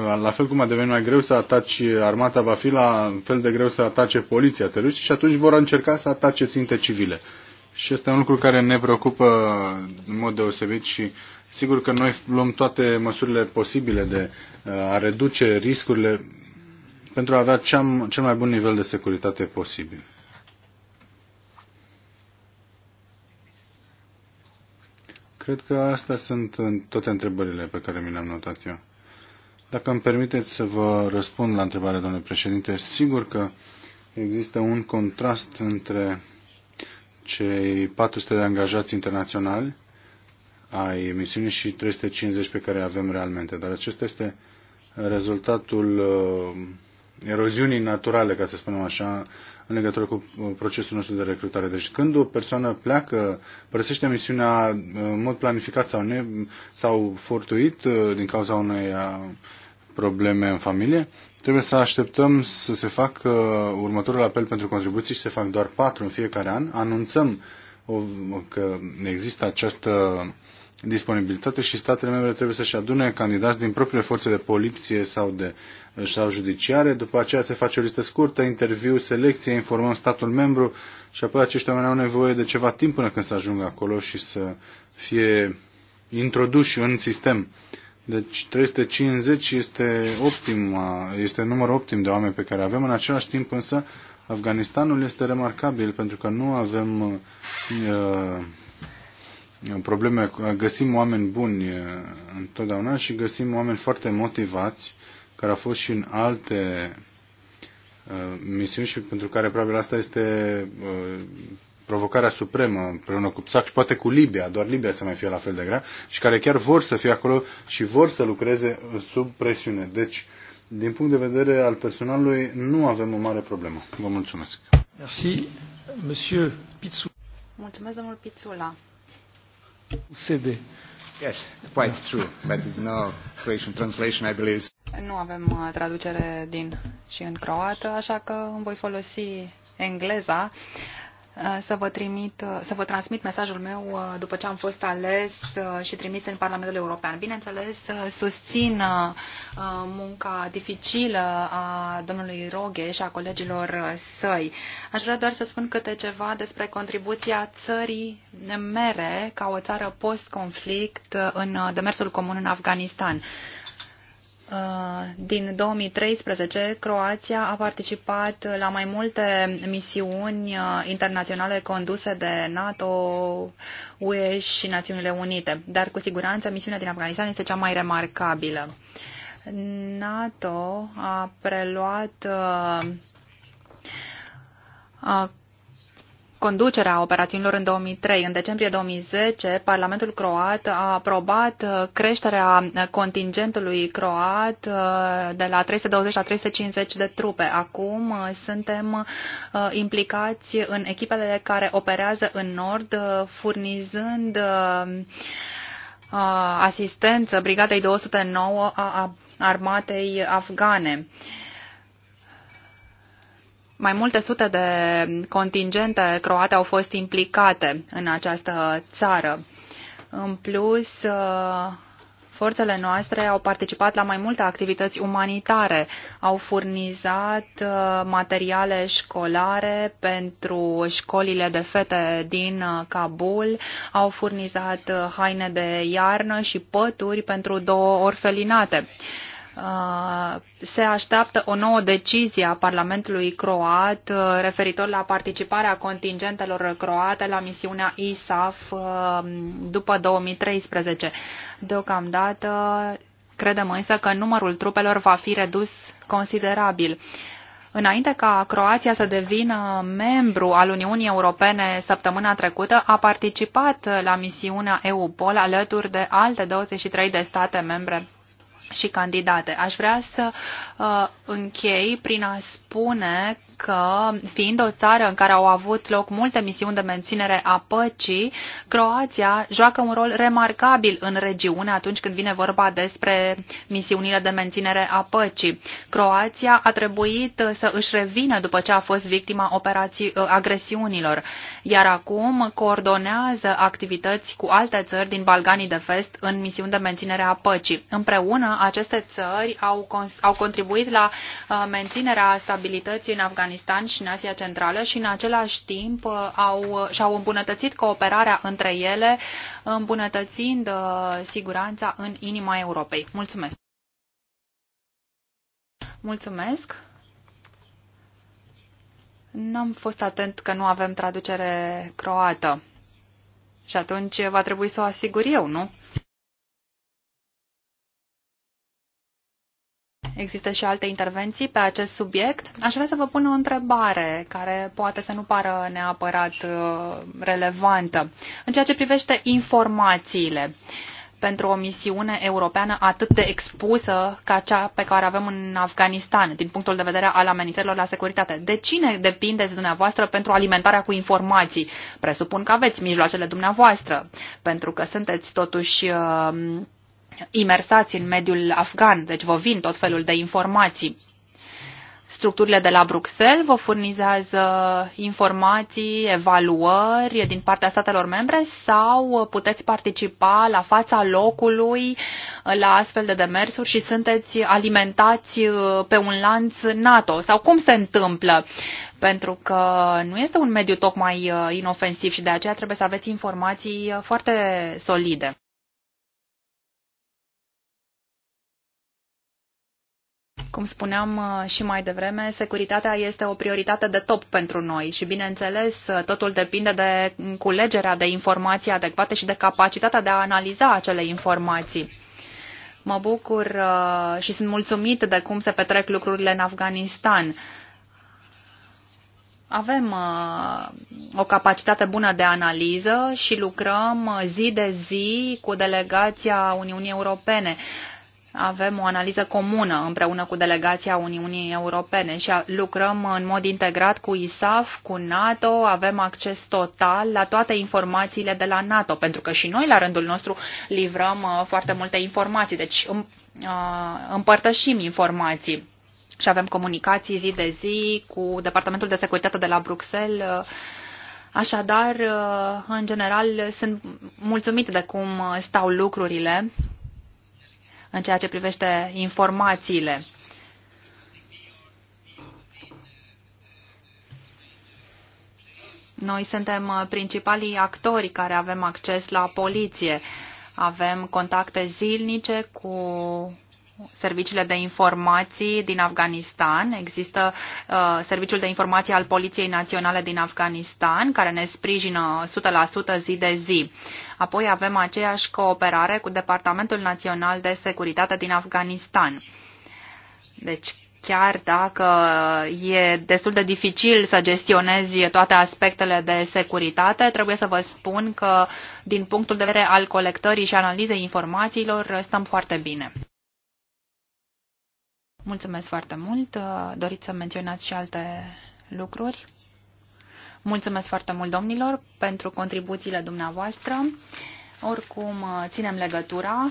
uh, la fel cum a devenit mai greu să ataci armata, va fi la fel de greu să atace poliția teroriști și atunci vor încerca să atace ținte civile. Și este un lucru care ne preocupă în mod deosebit și sigur că noi luăm toate măsurile posibile de uh, a reduce riscurile pentru a avea cel mai bun nivel de securitate posibil. Cred că astea sunt uh, toate întrebările pe care mi le-am notat eu. Dacă îmi permiteți să vă răspund la întrebarea, domnule președinte, sigur că există un contrast între cei 400 de angajați internaționali ai emisiunii și 350 pe care avem realmente. Dar acesta este rezultatul uh, eroziunii naturale, ca să spunem așa, în legătură cu uh, procesul nostru de recrutare. Deci când o persoană pleacă, părăsește misiunea uh, în mod planificat sau, ne, sau fortuit uh, din cauza unei probleme în familie. Trebuie să așteptăm să se facă următorul apel pentru contribuții și se fac doar patru în fiecare an. Anunțăm că există această disponibilitate și statele membre trebuie să-și adune candidați din propriile forțe de poliție sau, de, sau judiciare. După aceea se face o listă scurtă, interviu, selecție, informăm statul membru și apoi acești oameni au nevoie de ceva timp până când să ajungă acolo și să fie introduși în sistem. Deci 350 este, optim, este numărul optim de oameni pe care avem. În același timp însă Afganistanul este remarcabil pentru că nu avem uh, uh, probleme, găsim oameni buni uh, întotdeauna și găsim oameni foarte motivați care au fost și în alte misiuni și pentru care probabil asta este provocarea supremă împreună cu PSAC și poate cu Libia, doar Libia să mai fie la fel de grea, și care chiar vor să fie acolo și vor să lucreze sub presiune. Deci, din punct de vedere al personalului, nu avem o mare problemă. Vă mulțumesc. Merci, monsieur Pizzu. Mulțumesc, domnul Pizzula. CD. Yes, quite true, but it's no Croatian translation, I believe. Nu avem uh, traducere din și în croată, așa că îmi voi folosi engleza. Uh, Uh, să vă, trimit, uh, să vă transmit mesajul meu uh, după ce am fost ales și trimis în Parlamentul European. Bineînțeles, susțin munca dificilă a domnului Roghe și a colegilor săi. Aș vrea doar să spun câte ceva despre contribuția țării mere ca o țară post-conflict în demersul comun în Afganistan. Uh, din 2013, Croația a participat la mai multe misiuni uh, internaționale conduse de NATO, UE și Națiunile Unite, dar cu siguranță misiunea din Afganistan este cea mai remarcabilă. NATO a preluat uh, conducerea operațiunilor în 2003. În decembrie 2010, Parlamentul croat a aprobat uh, creșterea contingentului croat uh, de la 320 la 350 de trupe. Acum uh, suntem implicați în echipele care operează în nord, furnizând asistență Brigadei 209 a armatei afgane. Mai multe sute de contingente croate au fost implicate în această țară. În plus, uh, forțele noastre au participat la mai multe activități umanitare, au furnizat uh, materiale școlare pentru școlile de fete din uh, Kabul, au furnizat haine de iarnă și pături pentru două orfelinate Uh, se așteaptă o nouă decizie a Parlamentului croat uh, referitor la participarea contingentelor croate la misiunea ISAF uh, după 2013. Deocamdată credem însă că numărul trupelor va fi redus considerabil. Înainte ca Croația să devină membru al Uniunii Europene săptămâna trecută, a participat la misiunea EUPOL alături de alte 23 de state membre și candidate. Aș vrea să uh, închei prin a spune că, fiind o țară în care au avut loc multe misiuni de menținere a păcii, Croația joacă un rol remarcabil în regiune atunci când vine vorba despre misiunile de menținere a păcii. Croația a trebuit să își revină după ce a fost victima operații, uh, agresiunilor, iar acum coordonează activități cu alte țări din Balganii de Vest în misiuni de menținere a păcii. Împreună aceste țări au, au contribuit la uh, menținerea stabilității în Afganistan și în Asia Centrală și în același timp uh, au, uh, și-au îmbunătățit cooperarea între ele, îmbunătățind siguranța în inima Europei. Mulțumesc! Mulțumesc! N-am fost atent că nu avem traducere croată. Și atunci va trebui să o asigur eu, nu? Există și alte intervenții pe acest subiect. Aș vrea să vă pun o întrebare care poate să nu pară neapărat uh, relevantă. În ceea ce privește informațiile pentru o misiune europeană atât de expusă ca cea pe care avem în Afganistan, din punctul de vedere al amenințărilor la securitate. De cine depindeți dumneavoastră pentru alimentarea cu informații? Presupun că aveți mijloacele dumneavoastră, pentru că sunteți totuși uh, imersați în mediul afgan, deci vă vin tot felul de informații. Structurile de la Bruxelles vă furnizează informații, evaluări din partea statelor membre sau puteți participa la fața locului la astfel de demersuri și sunteți alimentați pe un lanț NATO? Sau cum se întâmplă? Pentru că nu este un mediu tocmai inofensiv și de aceea trebuie să aveți informații foarte solide. Cum spuneam uh, și mai devreme, securitatea este o prioritate de top pentru noi și, bineînțeles, uh, totul depinde de culegerea de informații adecvate și de capacitatea de a analiza acele informații. Mă bucur uh, și sunt mulțumit de cum se petrec lucrurile în Afganistan avem o capacitate bună de analiză și lucrăm zi de zi cu delegația Uniunii Europene avem o analiză comună împreună cu delegația Uniunii Europene și lucrăm în mod integrat cu ISAF, cu NATO, avem acces total la toate informațiile de la NATO, pentru că și noi la rândul nostru livrăm uh, foarte multe informații, deci uh, împărtășim informații și avem comunicații zi de zi cu Departamentul de Securitate de la Bruxelles. Uh, așadar, în general, sunt mulțumit de cum stau lucrurile în ceea ce privește informațiile. Noi suntem uh, principalii actori care avem acces la poliție. Avem contacte zilnice cu serviciile de informații din Afganistan. Există uh, Serviciul de Informații al Poliției Naționale din Afganistan, care ne sprijină 100% zi de zi. Apoi avem aceeași cooperare cu Departamentul Național de Securitate din Afganistan. Deci, chiar dacă e destul de dificil să gestionezi toate aspectele de securitate, trebuie să vă spun că, din punctul de vedere al colectării și analizei informațiilor, stăm foarte bine. Mulțumesc foarte mult. Uh, doriți să menționați și alte lucruri? Mulțumesc foarte mult, domnilor, pentru contribuțiile dumneavoastră. Oricum, uh, ținem legătura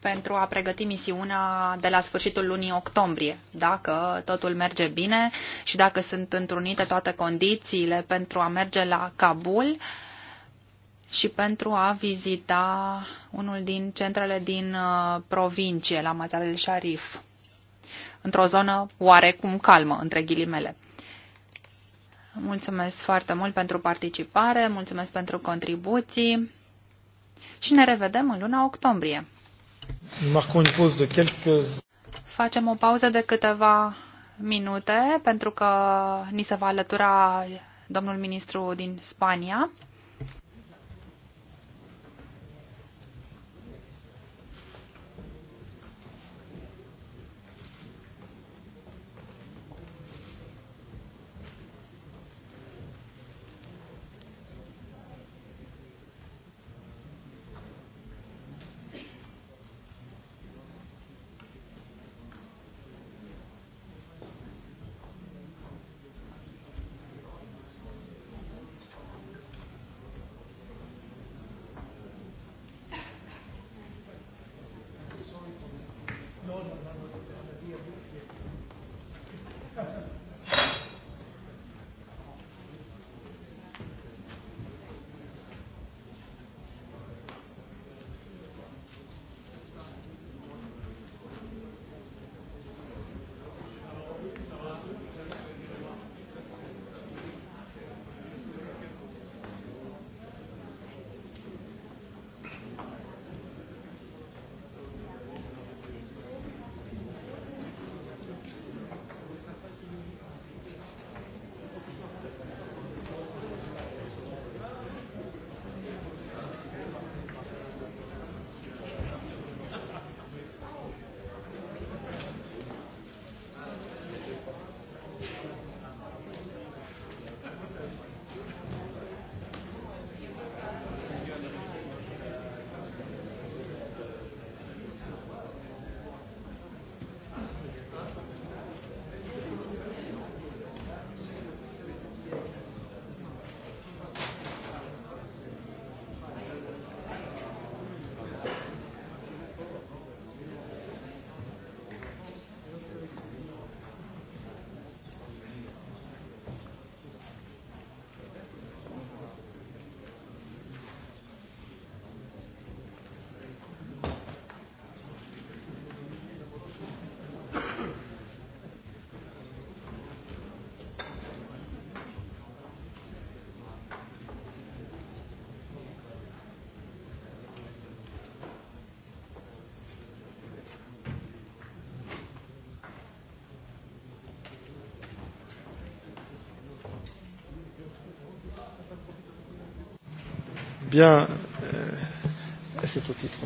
pentru a pregăti misiunea de la sfârșitul lunii octombrie, dacă totul merge bine și dacă sunt întrunite toate condițiile pentru a merge la Kabul și pentru a vizita unul din centrele din uh, provincie, la Matar el Sharif, într-o zonă oarecum calmă, între ghilimele. Mulțumesc foarte mult pentru participare, mulțumesc pentru contribuții și ne revedem în luna octombrie. Facem o pauză de câteva minute pentru că ni se va alătura domnul ministru din Spania. Bien. Euh, C'est au titre.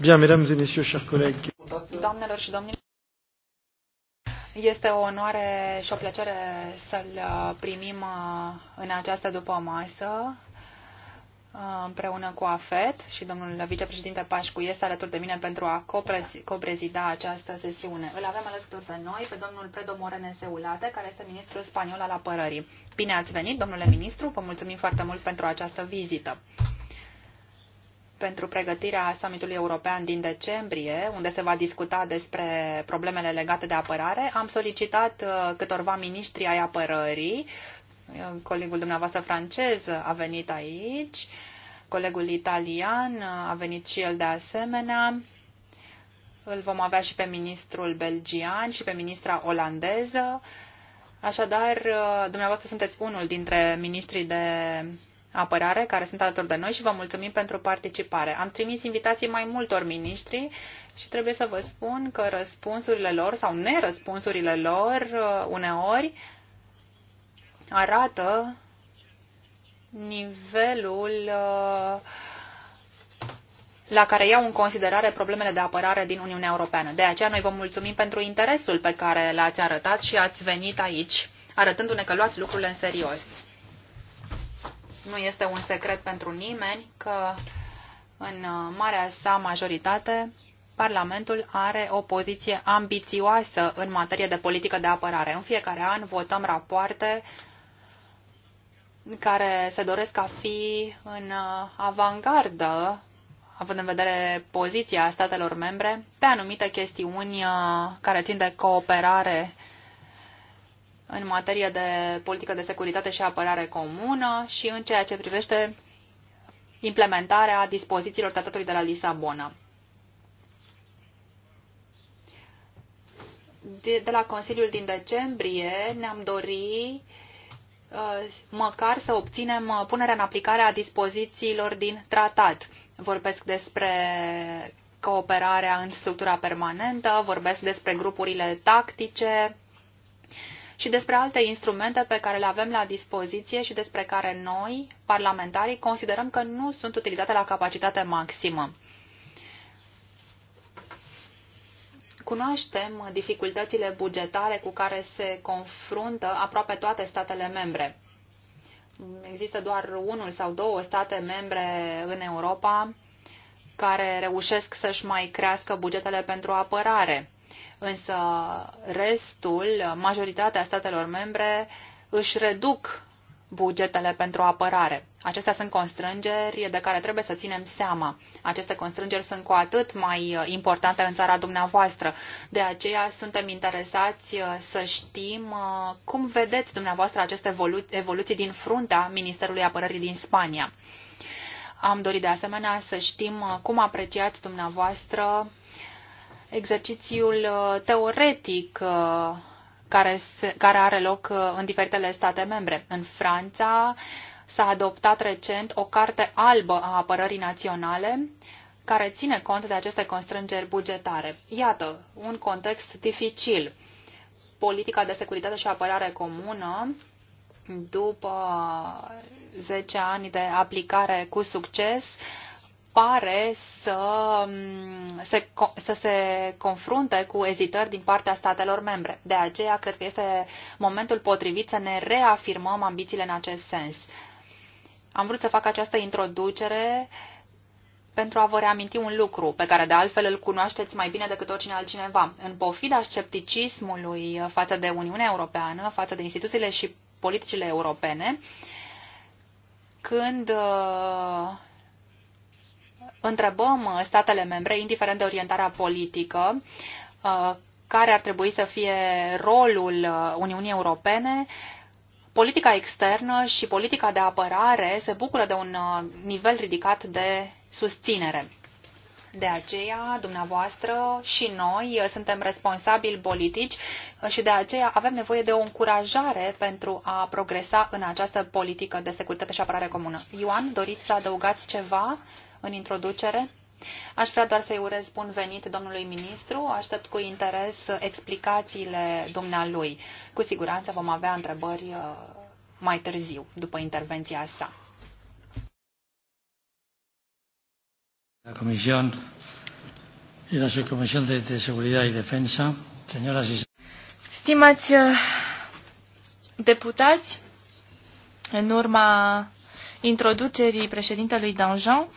Bien, mesdames et messieurs, chers collègues. este o onoare și o plăcere să-l uh, primim uh, în această după masă Uh, împreună cu AFET și domnul vicepreședinte Pașcu este alături de mine pentru a coprezida această sesiune. Îl avem alături de noi pe domnul Predo Morene Seulate, care este ministrul spaniol al apărării. Bine ați venit, domnule ministru, vă mulțumim foarte mult pentru această vizită. Pentru pregătirea summitului european din decembrie, unde se va discuta despre problemele legate de apărare, am solicitat uh, câtorva miniștri ai apărării Colegul dumneavoastră francez a venit aici, colegul italian a venit și el de asemenea. Îl vom avea și pe ministrul belgian și pe ministra olandeză. Așadar, dumneavoastră sunteți unul dintre ministrii de apărare care sunt alături de noi și vă mulțumim pentru participare. Am trimis invitații mai multor ministri și trebuie să vă spun că răspunsurile lor sau nerăspunsurile lor uneori arată nivelul uh, la care iau în considerare problemele de apărare din Uniunea Europeană. De aceea noi vă mulțumim pentru interesul pe care l-ați arătat și ați venit aici, arătându-ne că luați lucrurile în serios. Nu este un secret pentru nimeni că în uh, marea sa majoritate Parlamentul are o poziție ambițioasă în materie de politică de apărare. În fiecare an votăm rapoarte care se doresc a fi în uh, avangardă, având în vedere poziția statelor membre, pe anumite chestiuni uh, care țin de cooperare în materie de politică de securitate și apărare comună și în ceea ce privește implementarea dispozițiilor tratatului de la Lisabona. De, de la Consiliul din decembrie ne-am dorit Uh, măcar să obținem uh, punerea în aplicare a dispozițiilor din tratat. Vorbesc despre cooperarea în structura permanentă, vorbesc despre grupurile tactice și despre alte instrumente pe care le avem la dispoziție și despre care noi, parlamentarii, considerăm că nu sunt utilizate la capacitate maximă. Cunoaștem dificultățile bugetare cu care se confruntă aproape toate statele membre. Există doar unul sau două state membre în Europa care reușesc să-și mai crească bugetele pentru apărare. Însă restul, majoritatea statelor membre, își reduc bugetele pentru apărare. Acestea sunt constrângeri de care trebuie să ținem seama. Aceste constrângeri sunt cu atât mai uh, importante în țara dumneavoastră. De aceea suntem interesați uh, să știm uh, cum vedeți dumneavoastră aceste evolu- evoluții din fruntea Ministerului Apărării din Spania. Am dorit de asemenea să știm cum apreciați dumneavoastră exercițiul teoretic care, se, care are loc uh, în diferitele state membre. În Franța s-a adoptat recent o carte albă a apărării naționale care ține cont de aceste constrângeri bugetare. Iată, un context dificil. Politica de securitate și apărare comună, după 10 ani de aplicare cu succes, uh, pare să mm, se, să se confrunte cu ezitări din partea statelor membre. De aceea, cred că este momentul potrivit să ne reafirmăm ambițiile în acest sens. Am vrut să fac această introducere pentru a vă reaminti un lucru pe care de altfel îl cunoașteți mai bine decât oricine altcineva. În pofida scepticismului față de Uniunea Europeană, față de instituțiile și politicile europene, când uh, întrebăm uh, statele membre, indiferent de orientarea politică, uh, care ar trebui să fie rolul uh, Uniunii Europene, politica externă și politica de apărare se bucură de un nivel ridicat de susținere. De aceea, dumneavoastră și noi suntem responsabili politici și de aceea avem nevoie de o încurajare pentru a progresa în această politică de securitate și apărare comună. Ioan, doriți să adăugați ceva? în introducere. Aș vrea doar să-i urez bun venit domnului ministru. Aștept cu interes explicațiile dumnealui. Cu siguranță vom avea întrebări uh, mai târziu, după intervenția sa. La Comisión y la Subcomisión de, de Seguridad y Defensa, señoras y Stimați uh, deputați, în urma introducerii președintelui Danjean,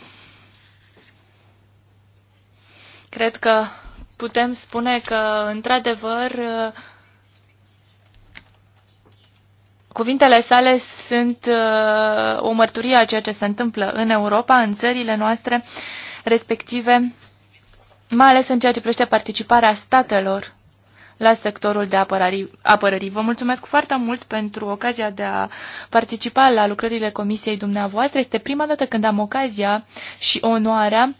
Cred că putem spune că, într-adevăr, cuvintele sale sunt uh, o mărturie a ceea ce se întâmplă în Europa, în țările noastre respective, mai ales în ceea ce privește participarea statelor la sectorul de apărării. apărării. Vă mulțumesc foarte mult pentru ocazia de a participa la lucrările Comisiei dumneavoastră. Este prima dată când am ocazia și onoarea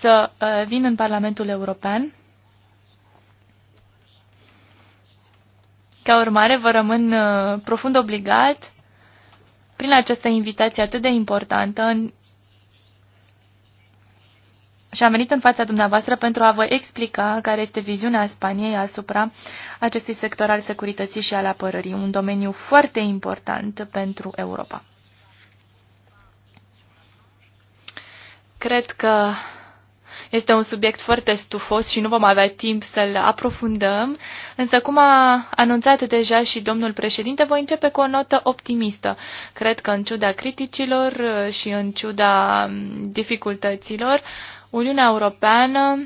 să uh, vin în Parlamentul European. Ca urmare, vă rămân uh, profund obligat prin această invitație atât de importantă în... și am venit în fața dumneavoastră pentru a vă explica care este viziunea Spaniei asupra acestui sector al securității și al apărării, un domeniu foarte important pentru Europa. Cred că este un subiect foarte stufos și nu vom avea timp să-l aprofundăm, însă cum a anunțat deja și domnul președinte, voi începe cu o notă optimistă. Cred că în ciuda criticilor uh, și în ciuda mm, dificultăților, Uniunea Europeană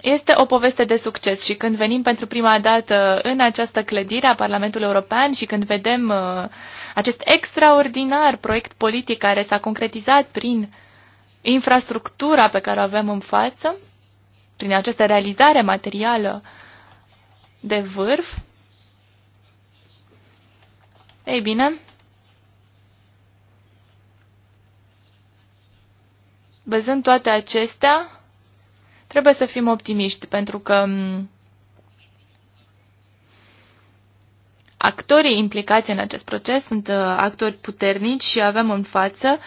este o poveste de succes și când venim pentru prima dată în această clădire a Parlamentului European și când vedem uh, acest extraordinar proiect politic care s-a concretizat prin infrastructura pe care o avem în față, prin această realizare materială de vârf, ei bine, văzând toate acestea, trebuie să fim optimiști, pentru că actorii implicați în acest proces sunt uh, actori puternici și avem în față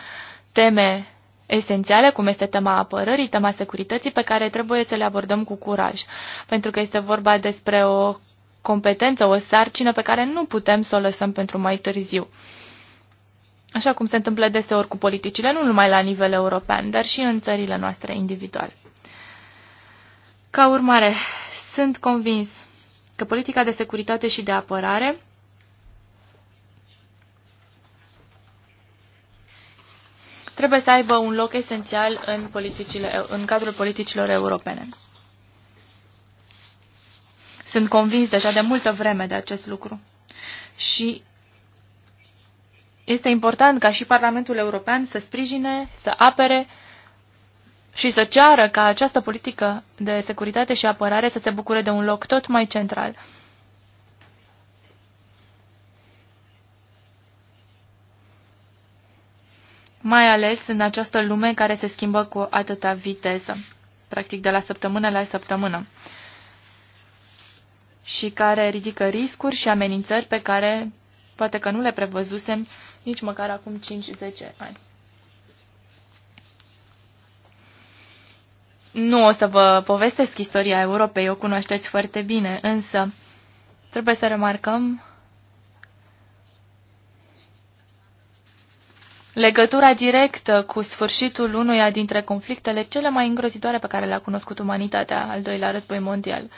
teme esențiale, cum este tema apărării, tema securității, pe care trebuie să le abordăm cu curaj, pentru că este vorba despre o competență, o sarcină pe care nu putem să o lăsăm pentru mai târziu. Așa cum se întâmplă deseori cu politicile, nu numai la nivel european, dar și în țările noastre individual. Ca urmare, sunt convins că politica de securitate și de apărare trebuie să aibă un loc esențial în, politicile, în cadrul politicilor europene. Sunt convins deja de multă vreme de acest lucru. Și este important ca și Parlamentul European să sprijine, să apere și să ceară ca această politică de securitate și apărare să se bucure de un loc tot mai central. mai ales în această lume care se schimbă cu atâta viteză, practic de la săptămână la săptămână, și care ridică riscuri și amenințări pe care poate că nu le prevăzusem nici măcar acum 5-10 ani. Nu o să vă povestesc istoria Europei, o cunoașteți foarte bine, însă trebuie să remarcăm legătura directă cu sfârșitul unuia dintre conflictele cele mai îngrozitoare pe care le-a cunoscut umanitatea, al doilea război mondial.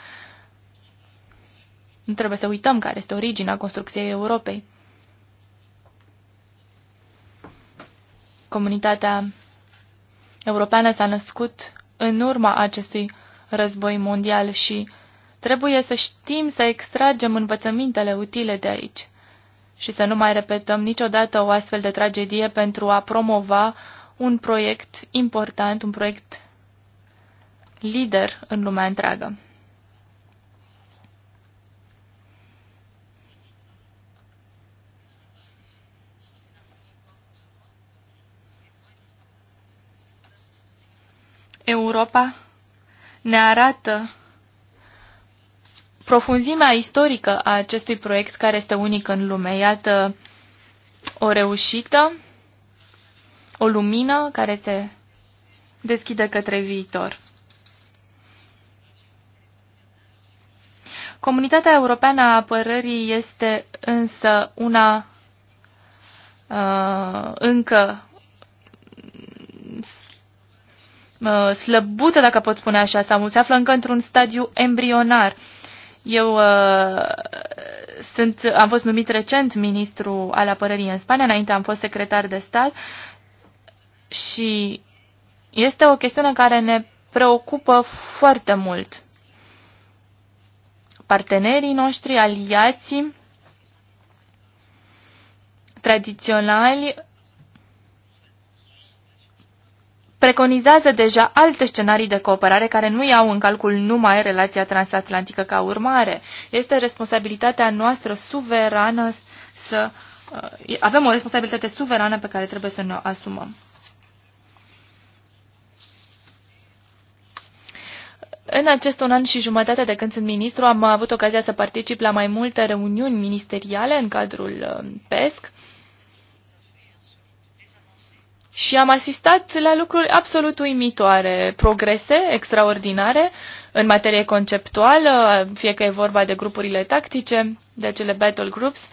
Nu trebuie să uităm care este originea construcției Europei. Comunitatea europeană s-a născut în urma acestui război mondial și trebuie să știm să extragem învățămintele utile de aici și să nu mai repetăm niciodată o astfel de tragedie pentru a promova un proiect important, un proiect lider în lumea întreagă. Europa ne arată profunzimea istorică a acestui proiect care este unic în lume. Iată o reușită, o lumină care se deschide către viitor. Comunitatea europeană a apărării este însă una uh, încă uh, slăbută, dacă pot spune așa, sau se află încă într-un stadiu embrionar. Uh, eu uh, sunt, am fost numit recent ministru al apărării în Spania, înainte am fost secretar de stat și este o chestiune care ne preocupă foarte mult. Partenerii noștri, aliații tradiționali, preconizează deja alte scenarii de cooperare care nu iau în calcul numai relația transatlantică ca urmare. Este responsabilitatea noastră suverană să uh, avem o responsabilitate suverană pe care trebuie să ne asumăm. În acest un an și jumătate de când sunt ministru, am avut ocazia să particip la mai multe reuniuni ministeriale în cadrul uh, PESC și am asistat la lucruri absolut uimitoare, progrese extraordinare în materie conceptuală, fie că e vorba de grupurile tactice, de acele battle groups,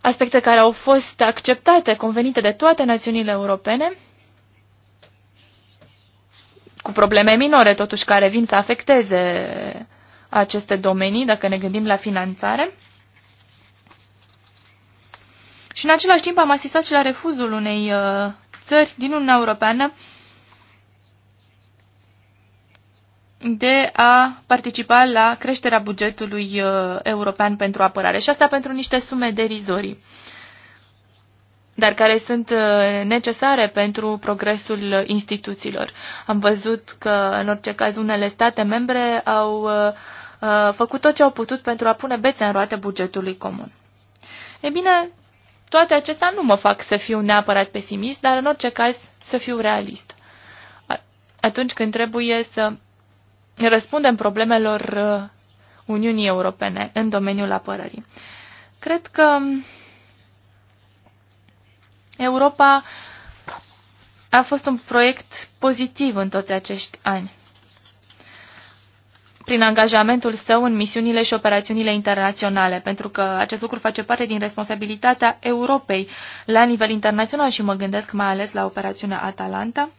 aspecte care au fost acceptate, convenite de toate națiunile europene, cu probleme minore, totuși, care vin să afecteze aceste domenii, dacă ne gândim la finanțare. Și în același timp am asistat și la refuzul unei uh, țări din Uniunea Europeană de a participa la creșterea bugetului uh, european pentru apărare. Și asta pentru niște sume derizorii, dar care sunt uh, necesare pentru progresul instituțiilor. Am văzut că, în orice caz, unele state membre au uh, uh făcut tot ce au putut pentru a pune bețe în roate bugetului comun. E bine, toate acestea nu mă fac să fiu neapărat pesimist, dar în orice caz să fiu realist. Atunci când trebuie să răspundem problemelor uh, Uniunii Europene în domeniul apărării. Cred că um, Europa a fost un proiect pozitiv în toți acești ani prin angajamentul său în misiunile și operațiunile internaționale, pentru că acest lucru face parte din responsabilitatea Europei la nivel internațional și mă gândesc mai ales la operațiunea Atalanta.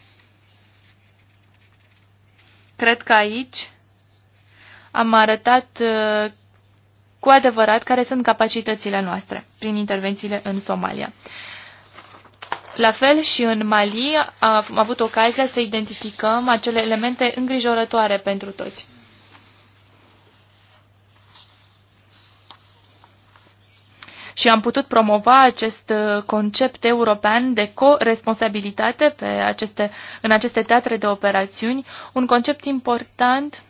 Cred că aici am arătat uh, cu adevărat care sunt capacitățile noastre prin intervențiile în Somalia. La fel și în Mali am avut ocazia să identificăm acele elemente îngrijorătoare pentru toți. și am putut promova acest uh, concept european de co pe aceste, în aceste teatre de operațiuni, un concept important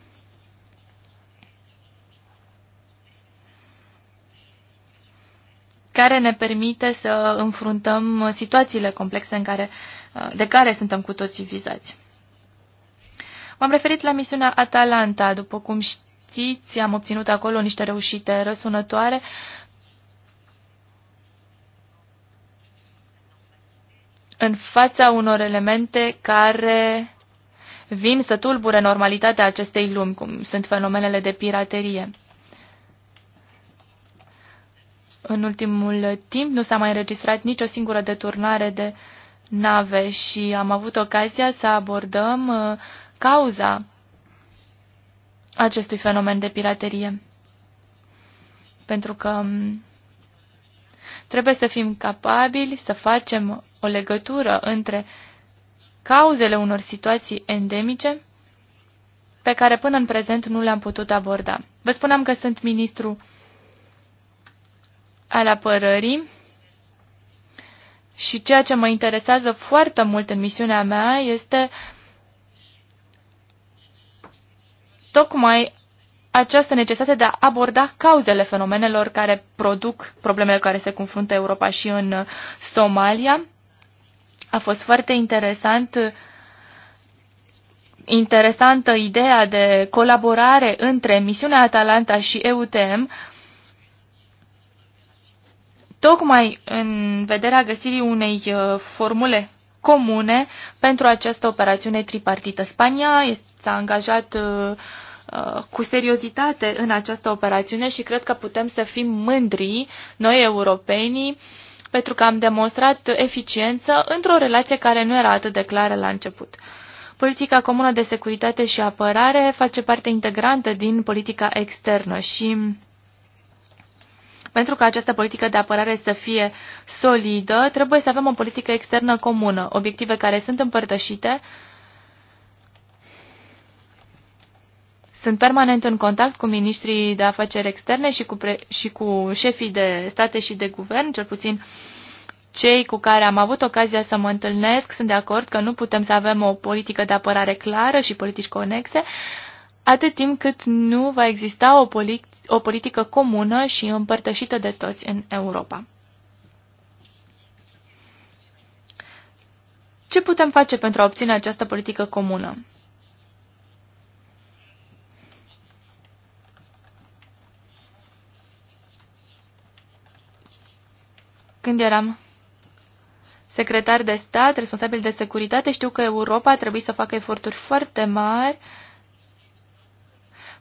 care ne permite să înfruntăm situațiile complexe în care, uh, de care suntem cu toții vizați. M-am referit la misiunea Atalanta. După cum știți, am obținut acolo niște reușite răsunătoare. în fața unor elemente care vin să tulbure normalitatea acestei lumi, cum sunt fenomenele de piraterie. În ultimul timp nu s-a mai înregistrat nicio singură deturnare de nave și am avut ocazia să abordăm uh, cauza acestui fenomen de piraterie. Pentru că um, trebuie să fim capabili să facem o legătură între cauzele unor situații endemice pe care până în prezent nu le-am putut aborda. Vă spuneam că sunt ministru al apărării și ceea ce mă interesează foarte mult în misiunea mea este tocmai această necesitate de a aborda cauzele fenomenelor care produc problemele care se confruntă Europa și în Somalia a fost foarte interesant interesantă ideea de colaborare între misiunea Atalanta și EUTM, tocmai în vederea găsirii unei uh, formule comune pentru această operațiune tripartită. Spania s-a angajat uh, uh, cu seriozitate în această operațiune și cred că putem să fim mândri, noi europenii, pentru că am demonstrat eficiență într-o relație care nu era atât de clară la început. Politica comună de securitate și apărare face parte integrantă din politica externă și pentru ca această politică de apărare să fie solidă, trebuie să avem o politică externă comună, obiective care sunt împărtășite, Sunt permanent în contact cu ministrii de afaceri externe și cu, pre- și cu șefii de state și de guvern, cel puțin cei cu care am avut ocazia să mă întâlnesc sunt de acord că nu putem să avem o politică de apărare clară și politici conexe, atât timp cât nu va exista o, polit- o politică comună și împărtășită de toți în Europa. Ce putem face pentru a obține această politică comună? Când eram secretar de stat, responsabil de securitate, știu că Europa a trebuit să facă eforturi foarte mari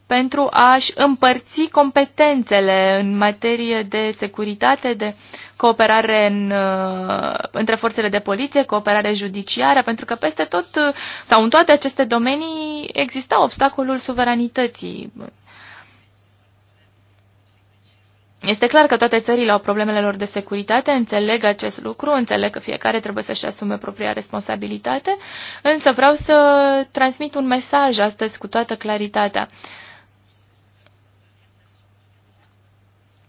pentru a-și împărți competențele în materie de securitate, de cooperare în, uh, între forțele de poliție, cooperare judiciară, pentru că peste tot uh, sau în toate aceste domenii exista obstacolul suveranității este clar că toate țările au problemele lor de securitate, înțeleg acest lucru, înțeleg că fiecare trebuie să-și asume propria responsabilitate, însă vreau să transmit un mesaj astăzi cu toată claritatea.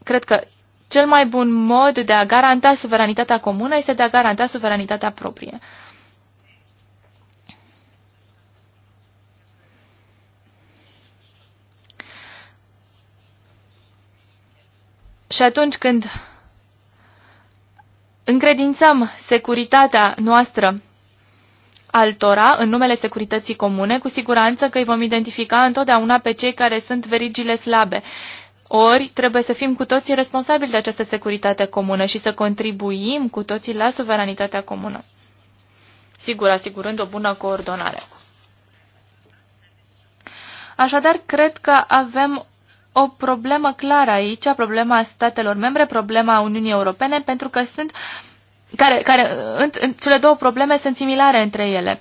Cred că cel mai bun mod de a garanta suveranitatea comună este de a garanta suveranitatea proprie. Și atunci când încredințăm securitatea noastră altora în numele securității comune, cu siguranță că îi vom identifica întotdeauna pe cei care sunt verigile slabe. Ori trebuie să fim cu toții responsabili de această securitate comună și să contribuim cu toții la suveranitatea comună. Sigur, asigurând o bună coordonare. Așadar, cred că avem o problemă clară aici, problema statelor membre, problema Uniunii Europene, pentru că sunt care, care în, în, cele două probleme sunt similare între ele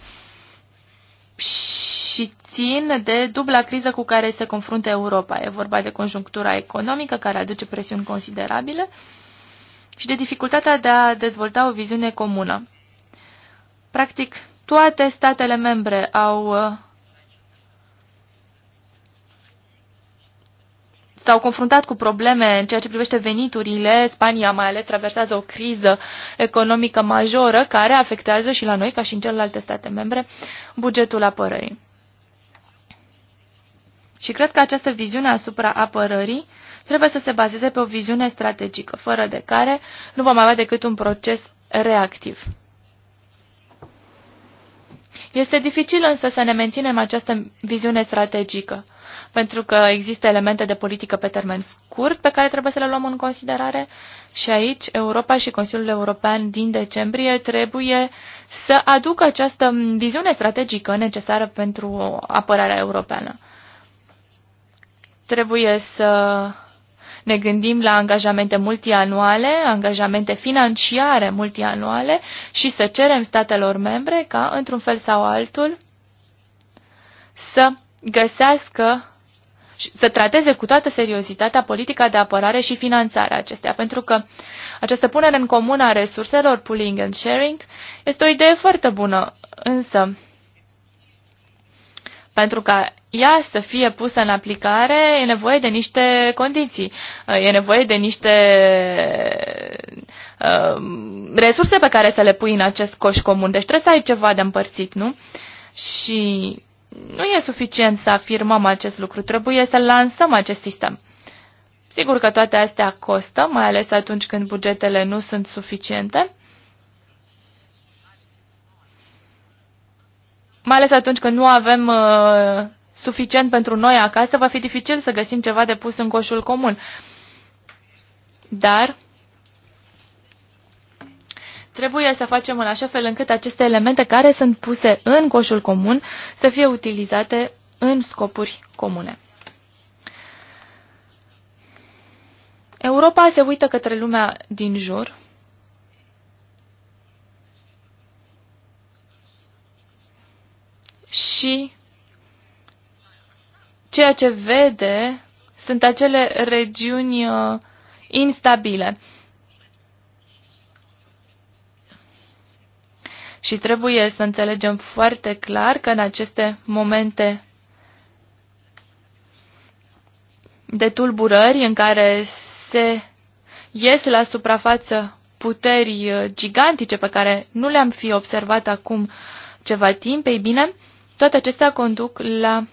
și țin de dubla criză cu care se confruntă Europa. E vorba de conjunctura economică care aduce presiuni considerabile și de dificultatea de a dezvolta o viziune comună. Practic, toate statele membre au uh, s-au confruntat cu probleme în ceea ce privește veniturile. Spania mai ales traversează o criză economică majoră care afectează și la noi, ca și în celelalte state membre, bugetul apărării. Și cred că această viziune asupra apărării trebuie să se bazeze pe o viziune strategică, fără de care nu vom avea decât un proces reactiv. Este dificil însă să ne menținem această viziune strategică, pentru că există elemente de politică pe termen scurt pe care trebuie să le luăm în considerare și aici Europa și Consiliul European din decembrie trebuie să aducă această viziune strategică necesară pentru apărarea europeană. Trebuie să ne gândim la angajamente multianuale, angajamente financiare multianuale și să cerem statelor membre ca, într-un fel sau altul, să găsească să trateze cu toată seriozitatea politica de apărare și finanțarea acestea, pentru că această punere în comun a resurselor, pooling and sharing, este o idee foarte bună, însă pentru ca ea să fie pusă în aplicare, e nevoie de niște condiții, e nevoie de niște um, resurse pe care să le pui în acest coș comun. Deci trebuie să ai ceva de împărțit, nu? Și nu e suficient să afirmăm acest lucru, trebuie să lansăm acest sistem. Sigur că toate astea costă, mai ales atunci când bugetele nu sunt suficiente. mai ales atunci când nu avem uh, suficient pentru noi acasă, va fi dificil să găsim ceva de pus în coșul comun. Dar trebuie să facem în așa fel încât aceste elemente care sunt puse în coșul comun să fie utilizate în scopuri comune. Europa se uită către lumea din jur și ceea ce vede sunt acele regiuni uh, instabile. Și trebuie să înțelegem foarte clar că în aceste momente de tulburări în care se ies la suprafață puteri uh, gigantice pe care nu le-am fi observat acum ceva timp, ei bine, toate acestea conduc la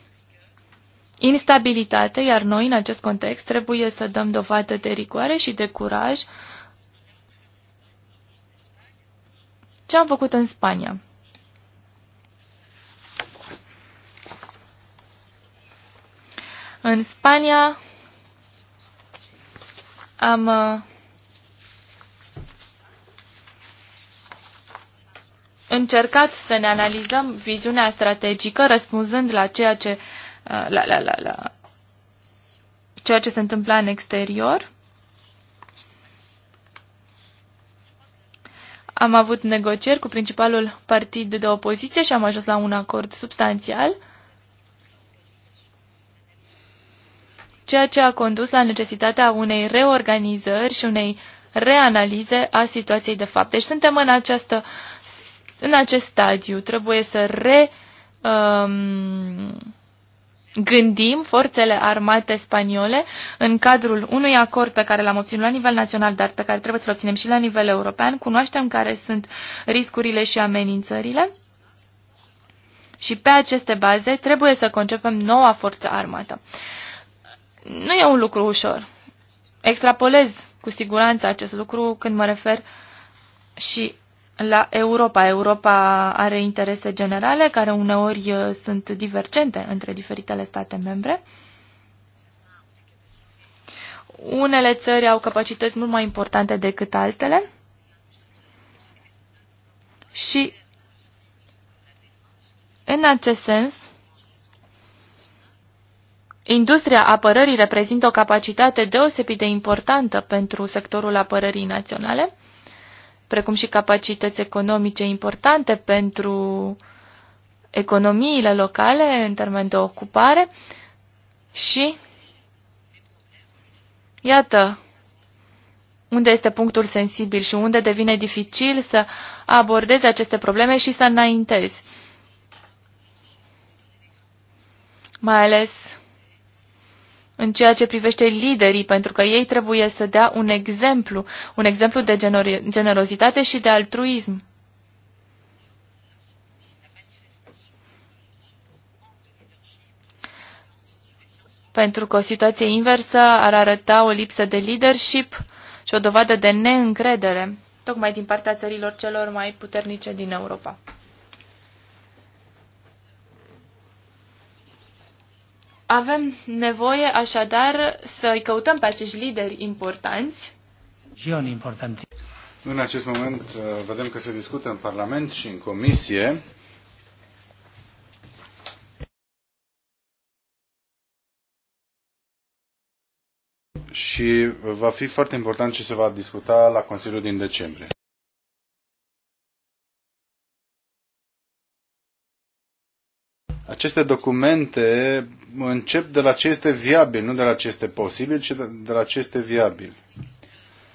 instabilitate, iar noi, în acest context, trebuie să dăm dovadă de rigoare și de curaj. Ce am făcut în Spania? În Spania am uh, încercat să ne analizăm viziunea strategică răspunzând la ceea ce, uh, la, la, la, la, ceea ce se întâmpla în exterior. Am avut negocieri cu principalul partid de opoziție și am ajuns la un acord substanțial, ceea ce a condus la necesitatea unei reorganizări și unei reanalize a situației de fapt. Deci suntem în această uh, în acest stadiu trebuie să re um, gândim forțele armate spaniole în cadrul unui acord pe care l-am obținut la nivel național, dar pe care trebuie să-l obținem și la nivel european, cunoaștem care sunt riscurile și amenințările și pe aceste baze trebuie să concepem noua forță armată. Nu e un lucru ușor. Extrapolez cu siguranță acest lucru când mă refer și la Europa. Europa are interese generale care uneori uh, sunt divergente între diferitele state membre. Unele țări au capacități mult mai importante decât altele și în acest sens Industria apărării reprezintă o capacitate deosebit de importantă pentru sectorul apărării naționale precum și capacități economice importante pentru economiile locale în termen de ocupare și iată unde este punctul sensibil și unde devine dificil să abordezi aceste probleme și să înaintezi. Mai ales în ceea ce privește liderii, pentru că ei trebuie să dea un exemplu, un exemplu de generozitate și de altruism. Pentru că o situație inversă ar arăta o lipsă de leadership și o dovadă de neîncredere, tocmai din partea țărilor celor mai puternice din Europa. Avem nevoie așadar să-i căutăm pe acești lideri importanți. Gion importanti. În acest moment uh, vedem că se discută în Parlament și în Comisie și va fi foarte important ce se va discuta la Consiliul din decembrie. aceste documente încep de la ce este viabil, nu de la ce este posibil, ci de la ce este viabil.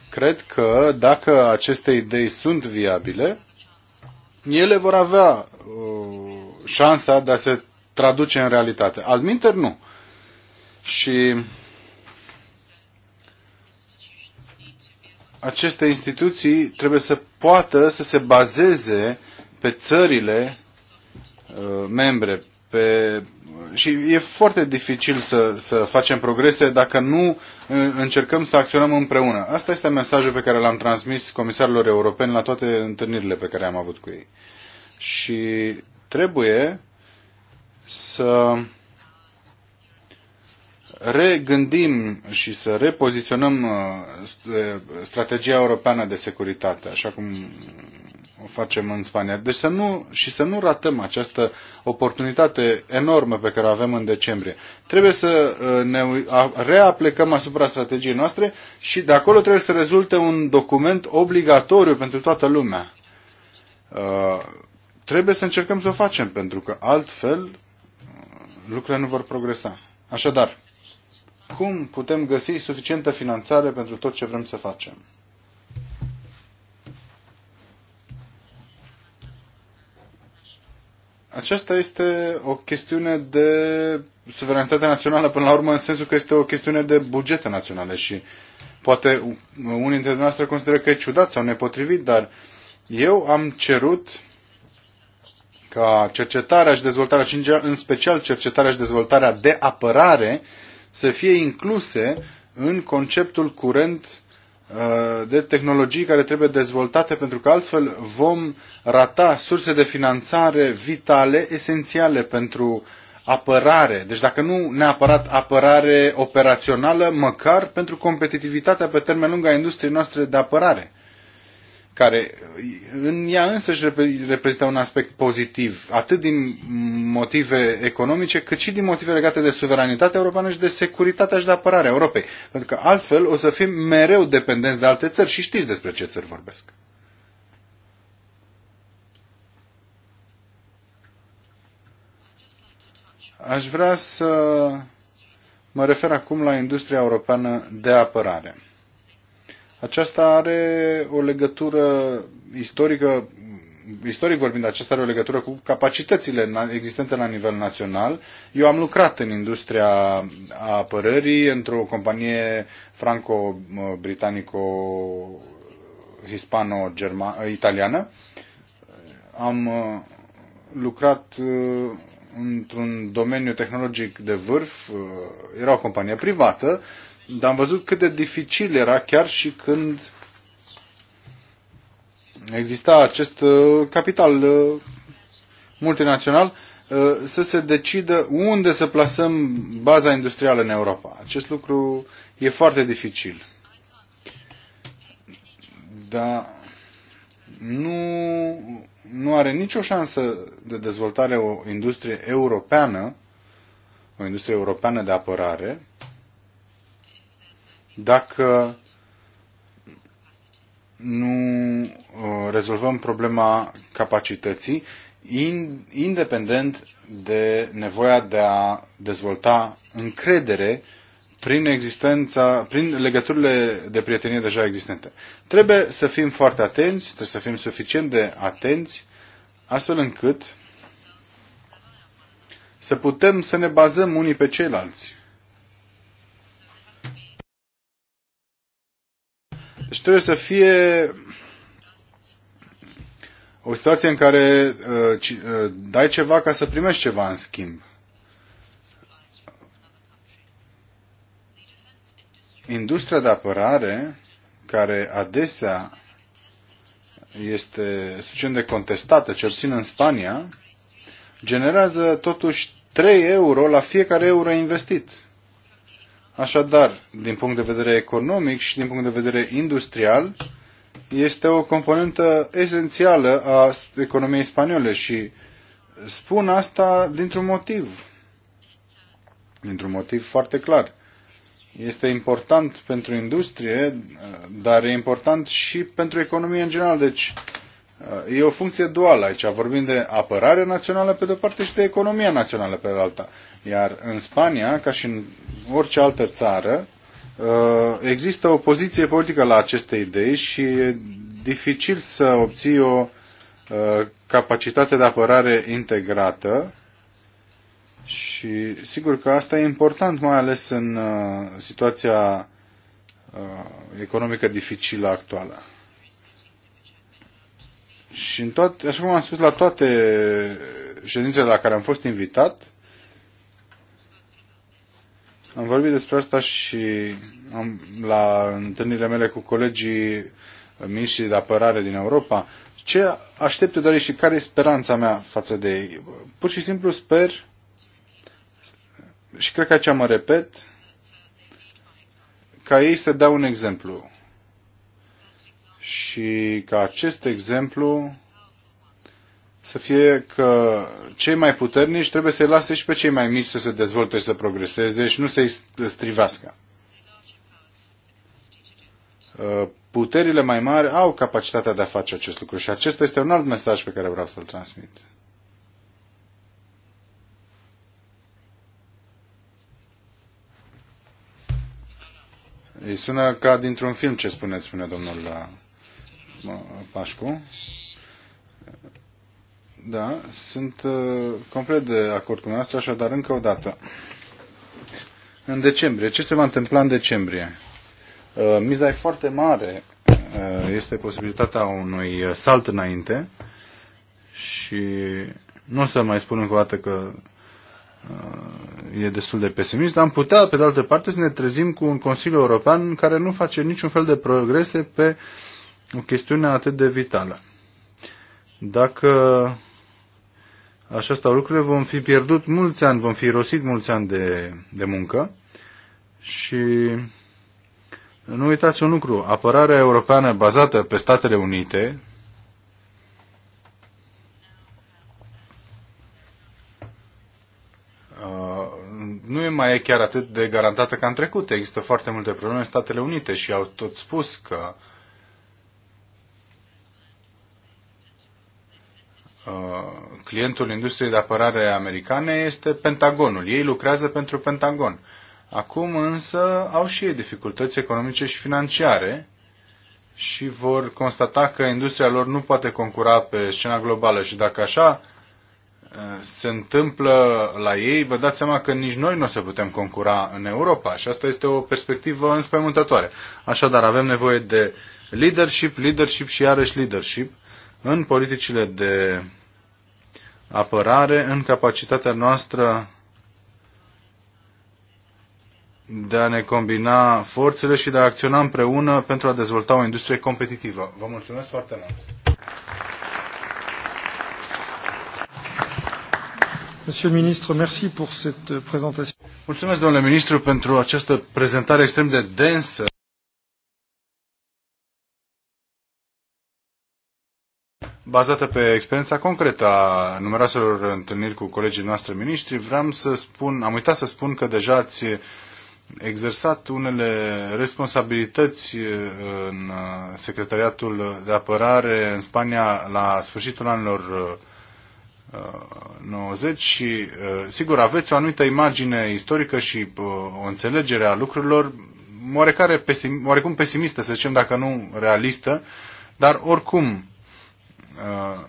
Cred că dacă aceste idei sunt viabile, ele vor avea uh, șansa de a se traduce în realitate. Alminter nu. Și aceste instituții trebuie să poată să se bazeze pe țările uh, membre, pe... Și e foarte dificil să, să facem progrese dacă nu încercăm să acționăm împreună. Asta este mesajul pe care l-am transmis comisarilor europeni la toate întâlnirile pe care am avut cu ei. Și trebuie să regândim și să repoziționăm uh, strategia europeană de securitate, așa cum o facem în Spania. Deci să nu, și să nu ratăm această oportunitate enormă pe care o avem în decembrie. Trebuie să uh, ne reaplecăm asupra strategiei noastre și de acolo trebuie să rezulte un document obligatoriu pentru toată lumea. Uh, trebuie să încercăm să o facem, pentru că altfel uh, lucrurile nu vor progresa. Așadar, cum putem găsi suficientă finanțare pentru tot ce vrem să facem? Aceasta este o chestiune de suveranitate națională, până la urmă, în sensul că este o chestiune de bugete naționale și poate unii dintre dumneavoastră consideră că e ciudat sau nepotrivit, dar eu am cerut ca cercetarea și dezvoltarea, și în special cercetarea și dezvoltarea de apărare, să fie incluse în conceptul curent Uh, de tehnologii care trebuie dezvoltate pentru că altfel vom rata surse de finanțare vitale, esențiale pentru apărare. Deci dacă nu neapărat apărare operațională, măcar pentru competitivitatea pe termen lung a industriei noastre de apărare care în ea însăși reprezintă un aspect pozitiv, atât din motive economice, cât și din motive legate de suveranitatea europeană și de securitatea și de apărarea Europei. Pentru că altfel o să fim mereu dependenți de alte țări și știți despre ce țări vorbesc. Aș vrea să mă refer acum la industria europeană de apărare. Aceasta are o legătură istorică, istoric vorbind, aceasta are o legătură cu capacitățile existente la nivel național. Eu am lucrat în industria apărării într-o companie franco-britanico-hispano-italiană. Am uh, lucrat uh, într-un domeniu tehnologic de vârf, uh, era o companie privată, dar am văzut cât de dificil era chiar și când exista acest uh, capital uh, multinațional uh, să se decidă unde să plasăm baza industrială în Europa. Acest lucru e foarte dificil. Dar nu, nu are nicio șansă de dezvoltare o industrie europeană, o industrie europeană de apărare, dacă nu uh, rezolvăm problema capacității, independent de nevoia de a dezvolta încredere prin, existența, prin legăturile de prietenie deja existente. Trebuie să fim foarte atenți, trebuie să fim suficient de atenți, astfel încât să putem să ne bazăm unii pe ceilalți. Deci trebuie să fie o situație în care uh, uh, dai ceva ca să primești ceva în schimb. Industria de apărare, care adesea este suficient de contestată, ce obțin în Spania, generează totuși 3 euro la fiecare euro investit. Așadar, din punct de vedere economic și din punct de vedere industrial, este o componentă esențială a economiei spaniole și spun asta dintr-un motiv, dintr-un motiv foarte clar. Este important pentru industrie, dar e important și pentru economie în general. Deci e o funcție duală aici. Vorbim de apărare națională pe de-o parte și de economia națională pe de alta. Iar în Spania, ca și în orice altă țară, uh, există o poziție politică la aceste idei și e dificil să obții o uh, capacitate de apărare integrată și sigur că asta e important, mai ales în uh, situația economică dificilă actuală. Și în toate, așa cum am spus, la toate ședințele la care am fost invitat, am vorbit despre asta și am, la întâlnirile mele cu colegii miniștri de apărare din Europa. Ce aștept eu și care e speranța mea față de ei? Pur și simplu sper și cred că aici mă repet, ca ei să dea un exemplu. Și ca acest exemplu să fie că cei mai puternici trebuie să-i lase și pe cei mai mici să se dezvolte și să progreseze și nu să-i strivească. Uh, puterile mai mari au capacitatea de a face acest lucru și acesta este un alt mesaj pe care vreau să-l transmit. Îi sună ca dintr-un film ce spuneți, spune domnul uh, Pașcu. Da, sunt uh, complet de acord cu noastră, așadar încă o dată. În decembrie, ce se va întâmpla în decembrie? Uh, miza e foarte mare, uh, este posibilitatea unui salt înainte și nu o să mai spun încă o dată că e destul de pesimist, dar am putea, pe de altă parte, să ne trezim cu un Consiliu European care nu face niciun fel de progrese pe o chestiune atât de vitală. Dacă așa stau lucrurile, vom fi pierdut mulți ani, vom fi rosit mulți ani de, de muncă și nu uitați un lucru, apărarea europeană bazată pe Statele Unite uh, nu e mai chiar atât de garantată ca în trecut. Există foarte multe probleme în Statele Unite și au tot spus că uh, Uh, clientul industriei de apărare americane este Pentagonul. Ei lucrează pentru Pentagon. Acum însă au și ei dificultăți economice și financiare și vor constata că industria lor nu poate concura pe scena globală și dacă așa uh, se întâmplă la ei, vă dați seama că nici noi nu o să putem concura în Europa și asta este o perspectivă înspăimântătoare. Așadar, avem nevoie de leadership, leadership și iarăși leadership în politicile de apărare, în capacitatea noastră de a ne combina forțele și de a acționa împreună pentru a dezvolta o industrie competitivă. Vă mulțumesc foarte mult! Monsieur le ministre, merci pour cette présentation. Mulțumesc, domnule ministru, pentru această prezentare extrem de densă. bazată pe experiența concretă a numeroaselor întâlniri cu colegii noastre miniștri, vreau să spun, am uitat să spun că deja ați exersat unele responsabilități uh, în uh, Secretariatul de Apărare în Spania la sfârșitul anilor 90 uh, și sigur aveți o anumită imagine istorică și o înțelegere a lucrurilor oarecare pesim, oarecum pesimistă, să zicem, dacă nu realistă, dar oricum Uh,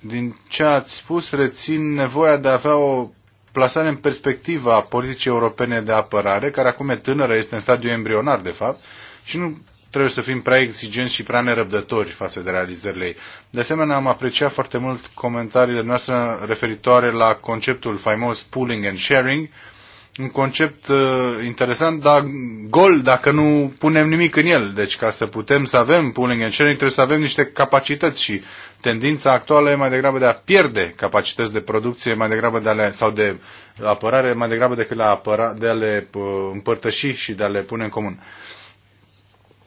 din ce ați spus, rețin nevoia de a avea o plasare în perspectiva a politicii europene de apărare, care acum e tânără, este în stadiu embrionar, de fapt, și nu trebuie să fim prea exigenți și prea nerăbdători față de realizările ei. De asemenea, am apreciat foarte mult comentariile noastre referitoare la conceptul faimos pooling and sharing, uh, un concept uh, interesant, dar gol dacă nu punem nimic în el. Deci ca să putem să avem pooling and sharing trebuie să avem niște capacități și tendința actuală e mai degrabă de a pierde capacități de producție mai degrabă de a le, sau de apărare mai degrabă decât la apăra, de a le uh, împărtăși și de a le pune în comun.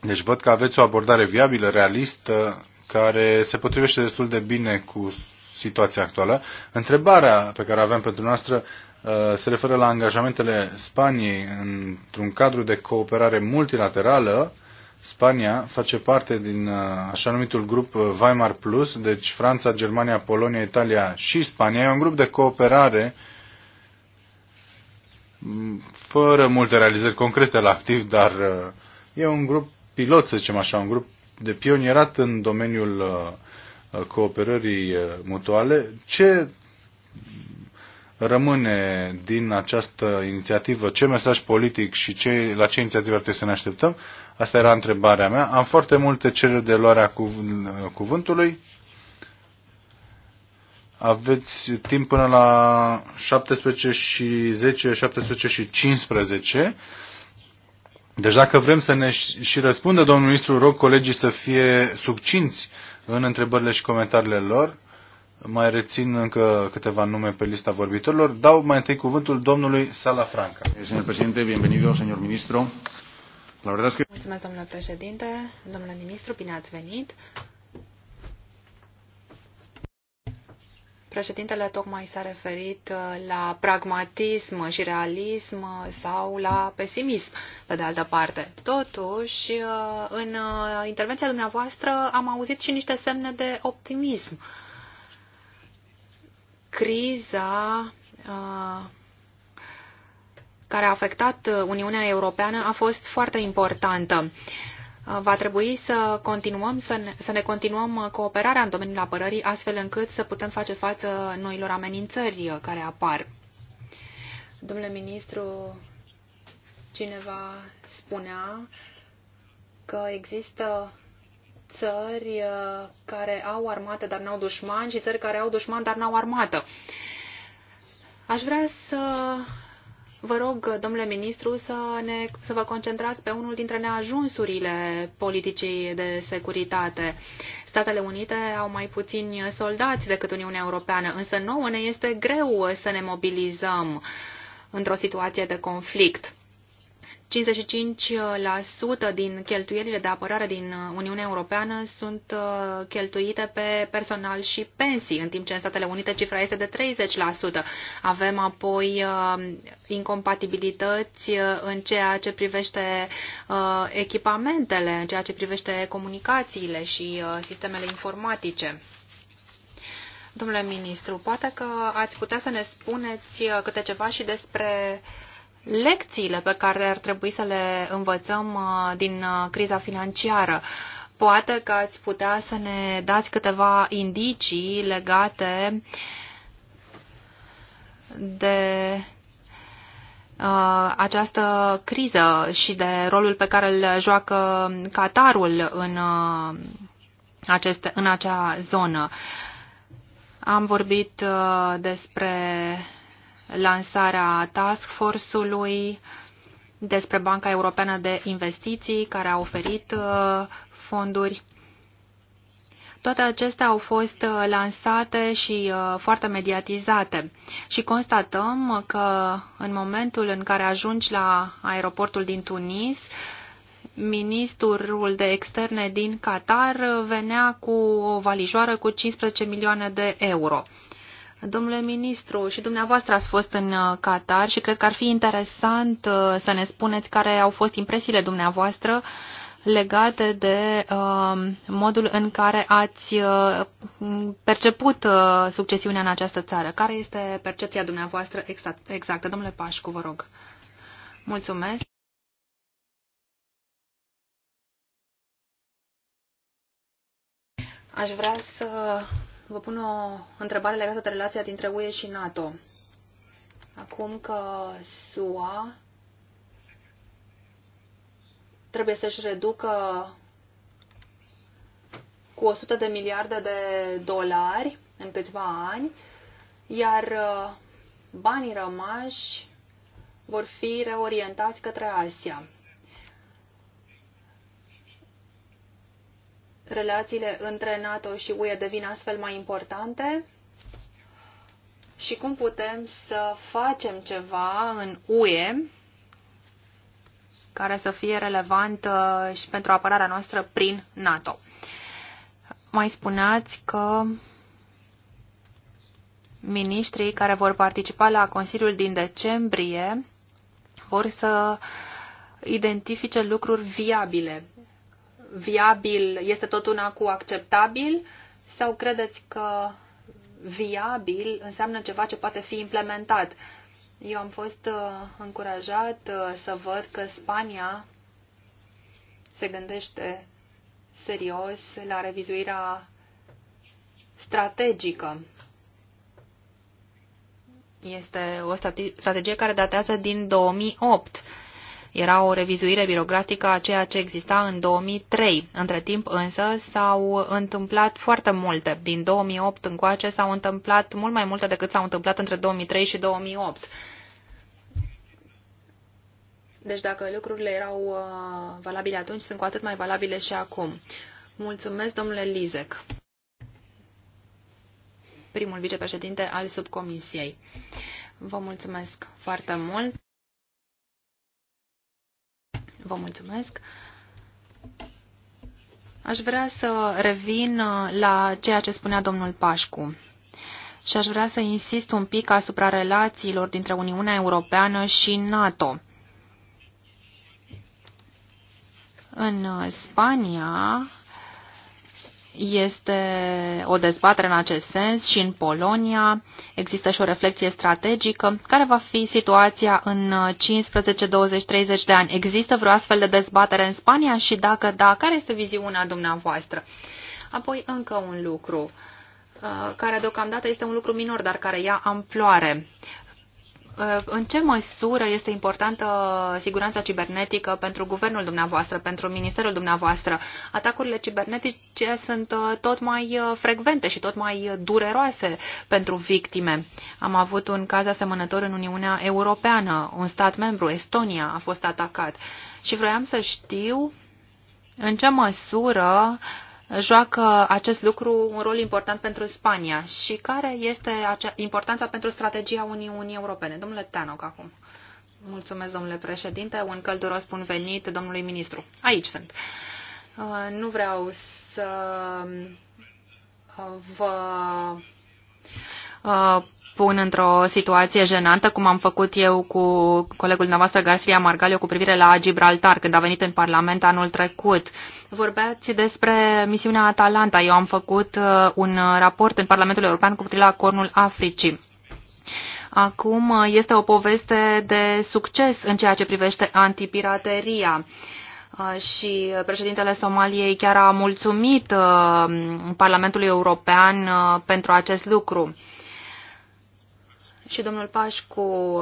Deci văd că aveți o abordare viabilă, realistă, care se potrivește destul de bine cu situația actuală. Întrebarea pe care o avem pentru noastră Uh, se referă la angajamentele Spaniei într-un cadru de cooperare multilaterală. Spania face parte din uh, așa numitul grup uh, Weimar Plus, deci Franța, Germania, Polonia, Italia și Spania. E un grup de cooperare mm, fără multe realizări concrete la activ, dar e un grup pilot, să zicem așa, un grup de pionierat în domeniul cooperării mutuale. Ce rămâne din această inițiativă? Ce mesaj politic și ce, la ce inițiativă ar trebui să ne așteptăm? Asta era întrebarea mea. Am foarte multe cereri de luarea cuv cuvântului. Aveți timp până la 17 și 10, 17 și 15. Deci dacă vrem să ne și răspundă domnul ministru, rog colegii să fie succinți în întrebările și comentariile lor. Mai rețin încă câteva nume pe lista vorbitorilor. Dau mai întâi cuvântul domnului Salafranca. Domnule președinte, bienvenido, señor ministru. La verdad es que... Mulțumesc, domnule președinte, domnule ministru, bine ați venit. Președintele tocmai s-a referit uh, la pragmatism și realism uh, sau la pesimism, pe de altă parte. Totuși, uh, în intervenția dumneavoastră am auzit și niște semne de optimism criza care a afectat Uniunea Europeană a fost foarte importantă. Va trebui să continuăm să ne, să ne continuăm cooperarea în domeniul apărării, astfel încât să putem face față noilor amenințări care apar. Domnule ministru, cineva spunea că există țări uh, care au armată, dar n-au dușmani și țări care au dușmani, dar n-au armată. Aș vrea să Vă rog, domnule ministru, să, ne, să vă concentrați pe unul dintre neajunsurile politicii de securitate. Statele Unite au mai puțini soldați decât Uniunea Europeană, însă nouă ne este greu să ne mobilizăm într-o situație de conflict. 55% uh, din cheltuielile de apărare din uh, Uniunea Europeană sunt uh, cheltuite pe personal și pensii, în timp ce în Statele Unite cifra este de 30%. Avem apoi incompatibilități în ceea ce privește echipamentele, în ceea ce privește comunicațiile și sistemele informatice. Domnule ministru, poate că ați putea să ne spuneți câte ceva și despre uh, lecțiile pe care ar trebui să le învățăm uh, din uh, criza financiară. Poate că ați putea să ne dați câteva indicii legate de uh, această criză și de rolul pe care îl joacă Qatarul în, aceste, în acea zonă. Am vorbit despre lansarea task force-ului despre Banca Europeană de Investiții, care a oferit uh, fonduri. Toate acestea au fost uh, lansate și uh, foarte mediatizate și constatăm că în momentul în care ajungi la aeroportul din Tunis, ministrul de externe din Qatar venea cu o valijoară cu 15 milioane de euro. Domnule ministru, și dumneavoastră ați fost în uh, Qatar și cred că ar fi interesant uh, să ne spuneți care au fost impresiile dumneavoastră legate de uh, modul în care ați uh, perceput uh, succesiunea în această țară. Care este percepția dumneavoastră exact, exactă? Domnule Pașcu, vă rog. Mulțumesc. Aș vrea să vă pun o întrebare legată de relația dintre UE și NATO. Acum că SUA trebuie să-și reducă cu 100 de miliarde de dolari în câțiva ani, iar uh, banii rămași vor fi reorientați către Asia. relațiile între NATO și UE devin astfel mai importante și cum putem să facem ceva în UE care să fie relevant uh, și pentru apărarea noastră prin NATO. Mai spuneați că ministrii care vor participa la Consiliul din decembrie vor să identifice lucruri viabile viabil este tot una cu acceptabil sau credeți că viabil înseamnă ceva ce poate fi implementat? Eu am fost uh, încurajat uh, să văd că Spania se gândește serios la revizuirea strategică. Este o strategie care datează din 2008 era o revizuire birocratică a ceea ce exista în 2003. Între timp însă s-au întâmplat foarte multe. Din 2008 încoace s-au întâmplat mult mai multe decât s-au întâmplat între 2003 și 2008. Deci dacă lucrurile erau uh, valabile atunci, sunt cu atât mai valabile și acum. Mulțumesc, domnule Lizec, primul vicepreședinte al subcomisiei. Vă mulțumesc foarte mult. Vă mulțumesc. Aș vrea să revin uh, la ceea ce spunea domnul Pașcu și aș vrea să insist un pic asupra relațiilor dintre Uniunea Europeană și NATO. În Spania, este o dezbatere în acest sens și în Polonia. Există și o reflexie strategică. Care va fi situația în 15, 20, 30 de ani? Există vreo astfel de dezbatere în Spania și dacă da, care este viziunea dumneavoastră? Apoi încă un lucru uh, care deocamdată este un lucru minor, dar care ia amploare în ce măsură este importantă siguranța cibernetică pentru guvernul dumneavoastră, pentru ministerul dumneavoastră? Atacurile cibernetice sunt uh, tot mai uh, frecvente și tot mai dureroase pentru victime. Am avut un caz asemănător în Uniunea Europeană. Un stat membru, Estonia, a fost atacat. Și vroiam să știu în ce măsură uh, joacă acest lucru un rol important pentru Spania și care este importanța pentru strategia Uniunii Europene? Domnule Tanoc, acum. Mulțumesc, domnule președinte. Un călduros bun venit domnului ministru. Aici sunt. Uh, nu vreau să uh, vă uh, pun într-o situație jenantă, cum am făcut eu cu colegul dumneavoastră Garcia Margalio cu privire la Gibraltar, când a venit în Parlament anul trecut. Vorbeați despre misiunea Atalanta. Eu am făcut uh, un raport în Parlamentul European cu privire la Cornul Africii. Acum uh, este o poveste de succes în ceea ce privește antipirateria uh, și președintele Somaliei chiar a mulțumit Parlamentului European pentru acest lucru și domnul Pașcu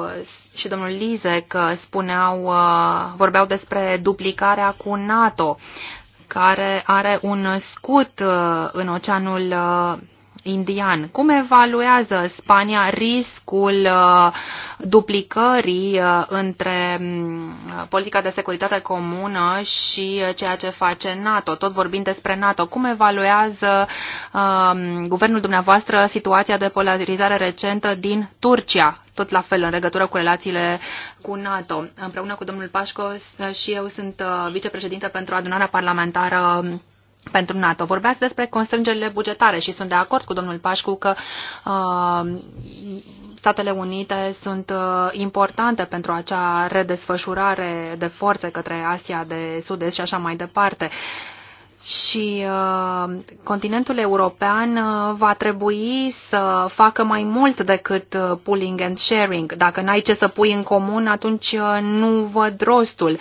și domnul Lizec spuneau, uh, vorbeau despre duplicarea cu NATO, care are un scut uh, în Oceanul uh, indian. Cum evaluează Spania riscul uh, duplicării uh, între mm, politica de securitate comună și uh, ceea ce face NATO? Tot vorbind despre NATO, cum evaluează um, guvernul dumneavoastră situația de polarizare recentă din Turcia? Tot la fel, în legătură cu relațiile cu NATO. Împreună cu domnul Pașco și eu sunt vicepreședinte pentru adunarea parlamentară um, pentru NATO. Vorbeați despre constrângerile bugetare și sunt de acord cu domnul Pașcu că uh, Statele Unite sunt uh, importante pentru acea redesfășurare de forțe către Asia de Sud-Est și așa mai departe. Și uh, continentul european uh, va trebui să facă mai mult decât uh, pulling and sharing. Dacă n-ai ce să pui în comun, atunci uh, nu văd rostul. Uh,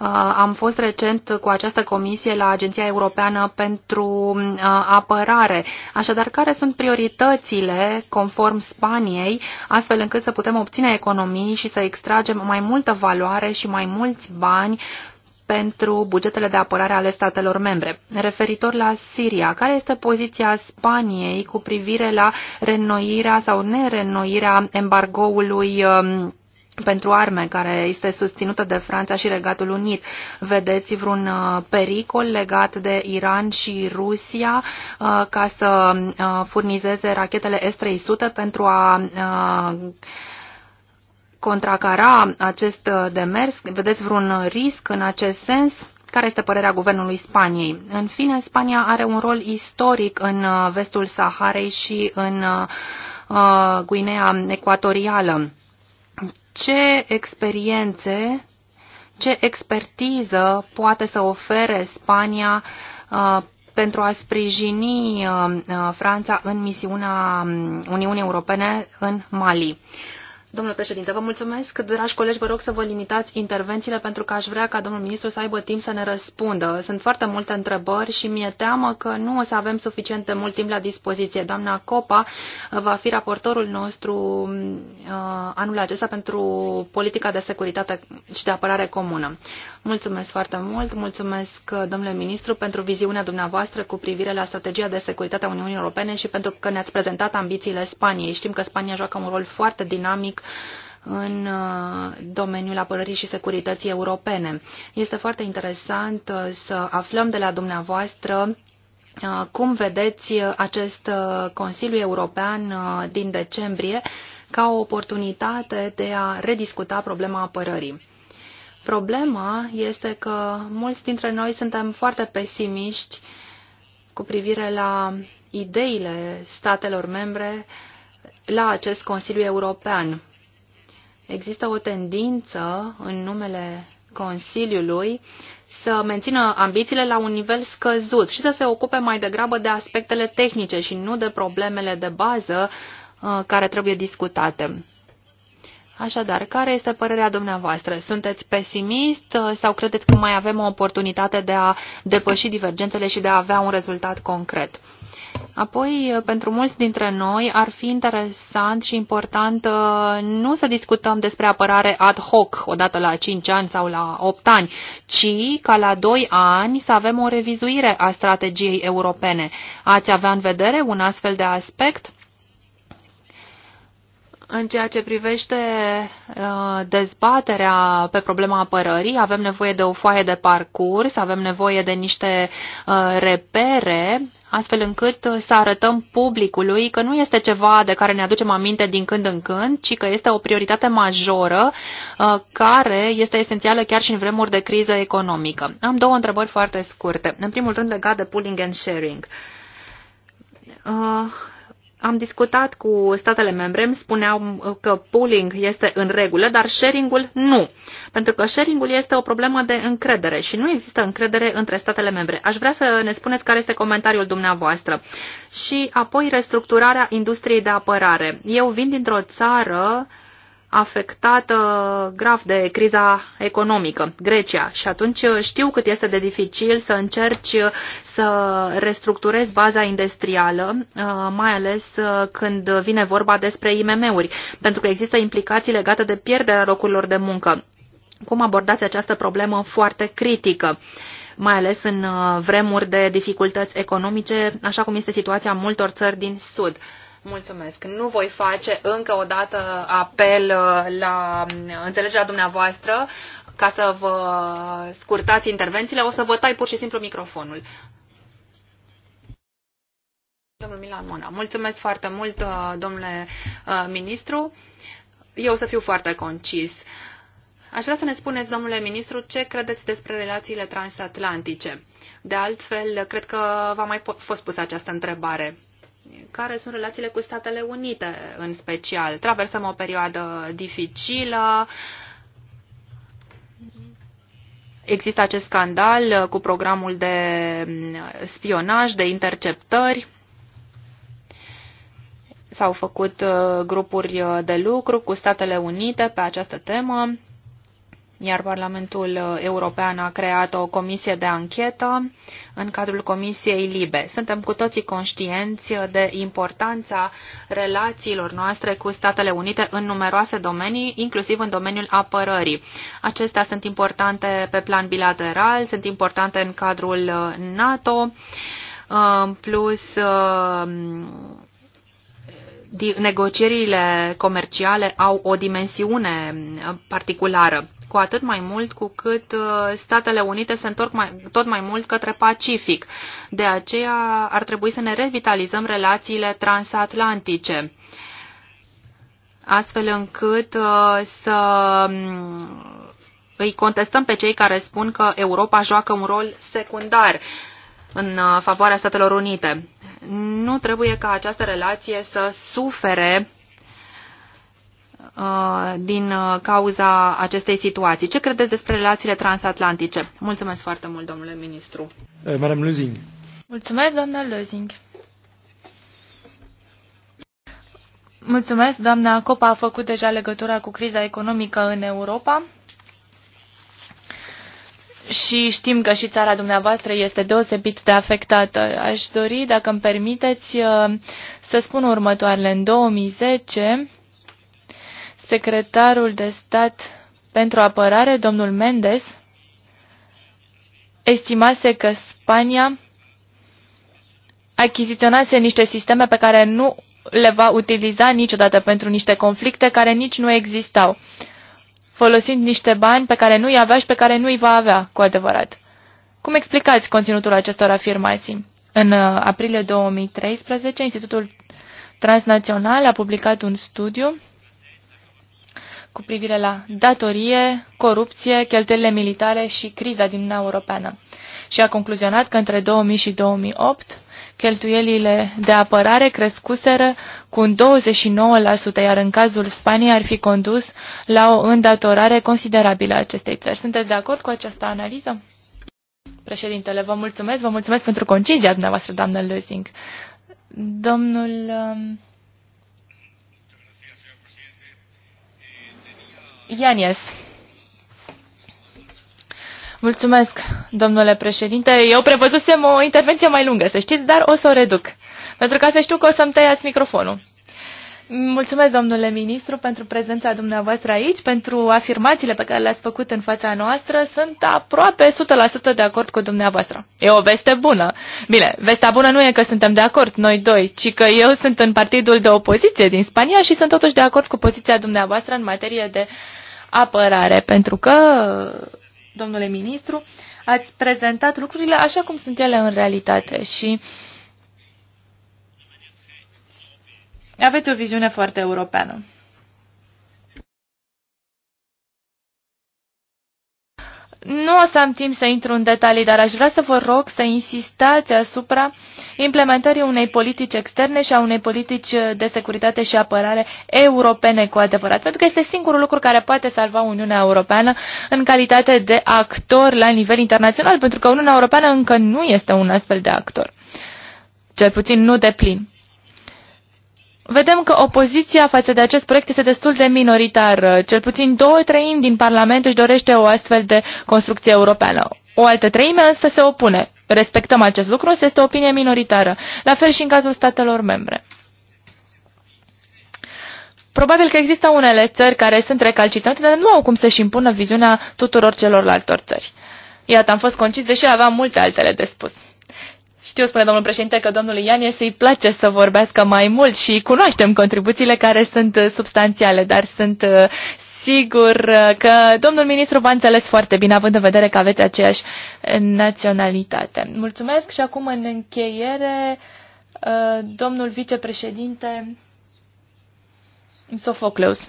Uh, am fost recent cu această comisie la Agenția Europeană pentru uh, Apărare. Așadar, care sunt prioritățile conform Spaniei, astfel încât să putem obține economii și să extragem mai multă valoare și mai mulți bani pentru bugetele de apărare ale statelor membre. Referitor la Siria, care este poziția Spaniei cu privire la reînnoirea sau nerenoirea embargoului um, pentru arme, care este susținută de Franța și Regatul Unit. Vedeți vreun uh, pericol legat de Iran și Rusia uh, ca să uh, furnizeze rachetele S-300 pentru a contracara acest demers? Vedeți vreun risc în acest sens? Care este părerea guvernului Spaniei? În fine, Spania are un rol istoric în vestul Saharei și în Guinea Ecuatorială ce experiențe, ce expertiză poate să ofere Spania uh, pentru a sprijini uh, uh, Franța în misiunea um, Uniunii Europene în Mali. Domnule președinte, vă mulțumesc. Dragi colegi, vă rog să vă limitați intervențiile pentru că aș vrea ca domnul ministru să aibă timp să ne răspundă. Sunt foarte multe întrebări și mi-e teamă că nu o să avem suficient de mult timp la dispoziție. Doamna Copa va fi raportorul nostru uh, anul acesta pentru politica de securitate și de apărare comună. Mulțumesc foarte mult, mulțumesc, uh, domnule ministru, pentru viziunea dumneavoastră cu privire la strategia de securitate a Uniunii Europene și pentru că ne-ați prezentat ambițiile Spaniei. Știm că Spania joacă un rol foarte dinamic în uh, domeniul apărării și securității europene. Este foarte interesant uh, să aflăm de la dumneavoastră cum vedeți acest Consiliu European din decembrie ca o oportunitate de a rediscuta problema apărării. Problema este că mulți dintre noi suntem foarte pesimiști cu privire la ideile statelor membre la acest Consiliu European. Există o tendință în numele Consiliului să mențină ambițiile la un nivel scăzut și să se ocupe mai degrabă de aspectele tehnice și nu de problemele de bază uh, care trebuie discutate. Așadar, care este părerea dumneavoastră? Sunteți pesimist uh, sau credeți că mai avem o oportunitate de a depăși divergențele și de a avea un rezultat concret? Apoi, uh, pentru mulți dintre noi, ar fi interesant și important uh, nu să discutăm despre apărare ad hoc, odată la 5 ani sau la 8 ani, ci ca la 2 ani să avem o revizuire a strategiei europene. Ați avea în vedere un astfel de aspect? În ceea ce privește uh, dezbaterea pe problema apărării, avem nevoie de o foaie de parcurs, avem nevoie de niște uh, repere, astfel încât să arătăm publicului că nu este ceva de care ne aducem aminte din când în când, ci că este o prioritate majoră uh, care este esențială chiar și în vremuri de criză economică. Am două întrebări foarte scurte. În primul rând legat de pooling and sharing am discutat cu statele membre, îmi spuneau uh, că pooling este în regulă, dar sharing-ul nu. Pentru că sharing-ul este o problemă de încredere și nu există încredere între statele membre. Aș vrea să ne spuneți care este comentariul dumneavoastră. Și apoi restructurarea industriei de apărare. Eu vin dintr-o țară afectată grav de criza economică, Grecia. Și atunci știu cât este de dificil să încerci să restructurezi baza industrială, uh, mai ales uh, când vine vorba despre IMM-uri, pentru că există implicații legate de pierderea locurilor de muncă. Cum abordați această problemă foarte critică? mai ales în uh, vremuri de dificultăți economice, așa cum este situația multor țări din Sud. Mulțumesc. Nu voi face încă o dată apel uh, la mm, înțelegerea dumneavoastră ca să vă scurtați intervențiile. O să vă tai pur și simplu microfonul. Domnul Milan Mona, mulțumesc foarte mult, uh, domnule uh, ministru. Eu o să fiu foarte concis. Aș vrea să ne spuneți, domnule ministru, ce credeți despre relațiile transatlantice. De altfel, cred că v-a mai fost pusă această întrebare care sunt relațiile cu Statele Unite în special. Traversăm o perioadă dificilă, există acest scandal cu programul de mm, spionaj, de interceptări. S-au făcut uh, grupuri uh, de lucru cu Statele Unite pe această temă iar Parlamentul uh, European a creat o comisie de anchetă în cadrul Comisiei Libe. Suntem cu toții conștienți uh, de importanța relațiilor noastre cu Statele Unite în numeroase domenii, inclusiv în domeniul apărării. Acestea sunt importante pe plan bilateral, sunt importante în cadrul uh, NATO, plus negocierile comerciale au o dimensiune uh, particulară, cu atât mai mult cu cât uh, Statele Unite se întorc mai, tot mai mult către Pacific. De aceea ar trebui să ne revitalizăm relațiile transatlantice astfel încât uh, să mm, îi contestăm pe cei care spun că Europa joacă un rol secundar în favoarea Statelor Unite. Nu trebuie ca această relație să sufere uh, din uh, cauza acestei situații. Ce credeți despre relațiile transatlantice? Mulțumesc foarte mult, domnule ministru. Eh, Madame Lusing. Mulțumesc, doamna Lusing. Mulțumesc, doamna Copa a făcut deja legătura cu criza economică în Europa și știm că și țara dumneavoastră este deosebit de afectată. Aș dori, dacă îmi permiteți, uh, să spun următoarele. În 2010, secretarul de stat pentru apărare, domnul Mendes, estimase că Spania achiziționase niște sisteme pe care nu le va utiliza niciodată pentru niște conflicte care nici nu existau. Uh, folosind niște bani pe care nu i avea și pe care nu i va avea cu adevărat. Cum explicați conținutul acestor afirmații? În uh, aprilie 2013, Institutul Transnațional a publicat un studiu cu privire la datorie, corupție, cheltuielile militare și criza din Uniunea Europeană și a concluzionat că între 2000 și 2008 cheltuielile de apărare crescuseră cu 29%, iar în cazul Spaniei ar fi condus la o îndatorare considerabilă a acestei țări. Sunteți de acord cu această analiză? Președintele, vă mulțumesc, vă mulțumesc pentru concizia dumneavoastră, doamnă Lusing. Domnul... Um, Ianies. Mulțumesc, domnule președinte. Eu prevăzusem o intervenție mai lungă, să știți, dar o să o reduc. Pentru că să știu că o să-mi tăiați microfonul. Mulțumesc, domnule ministru, pentru prezența dumneavoastră aici, pentru afirmațiile pe care le-ați făcut în fața noastră. Sunt aproape 100% de acord cu dumneavoastră. E o veste bună. Bine, vestea bună nu e că suntem de acord noi doi, ci că eu sunt în partidul de opoziție din Spania și sunt totuși de acord cu poziția dumneavoastră în materie de apărare, pentru că domnule ministru, ați prezentat lucrurile așa cum sunt ele în realitate și aveți o viziune foarte europeană. Nu o să am timp să intru în detalii, dar aș vrea să vă rog să insistați asupra implementării unei politici externe și a unei politici de securitate și apărare europene cu adevărat, pentru că este singurul lucru care poate salva Uniunea Europeană în calitate de actor la nivel internațional, pentru că Uniunea Europeană încă nu este un astfel de actor, cel puțin nu de plin vedem că opoziția față de acest proiect este destul de minoritară. Cel puțin două treimi din Parlament își dorește o astfel de construcție europeană. O altă treime însă se opune. Respectăm acest lucru, însă este o opinie minoritară. La fel și în cazul statelor membre. Probabil că există unele țări care sunt recalcitrante, dar nu au cum să-și impună viziunea tuturor celorlalte țări. Iată, am fost concis, deși aveam multe altele de spus. Știu, spune domnul președinte, că domnului Ianie îi place să vorbească mai mult și cunoaștem contribuțiile care sunt uh, substanțiale, dar sunt uh, sigur uh, că domnul ministru v-a înțeles foarte bine, având în vedere că aveți aceeași naționalitate. Mulțumesc și acum în încheiere, domnul vicepreședinte Sofocleus.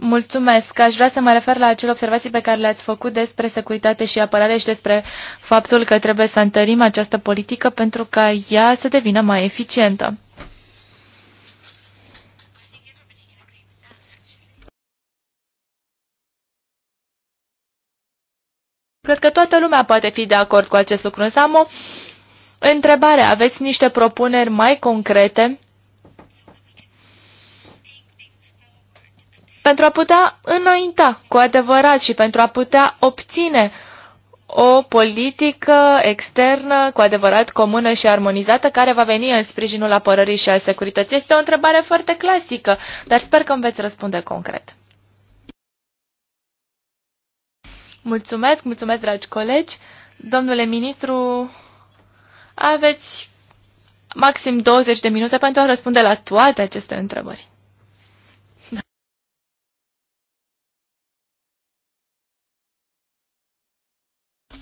Mulțumesc. Aș vrea să mă refer la acele observații pe care le-ați făcut despre securitate și apărare și despre faptul că trebuie să întărim această politică pentru ca ea să devină mai eficientă. Cred că toată lumea poate fi de acord cu acest lucru, însă am o întrebare. Aveți niște propuneri mai concrete pentru a putea înainta cu adevărat și pentru a putea obține o politică externă cu adevărat comună și armonizată care va veni în sprijinul apărării și al securității. Este o întrebare foarte clasică, dar sper că îmi veți răspunde concret. Mulțumesc, mulțumesc, dragi colegi. Domnule ministru, aveți maxim 20 de minute pentru a răspunde la toate aceste întrebări.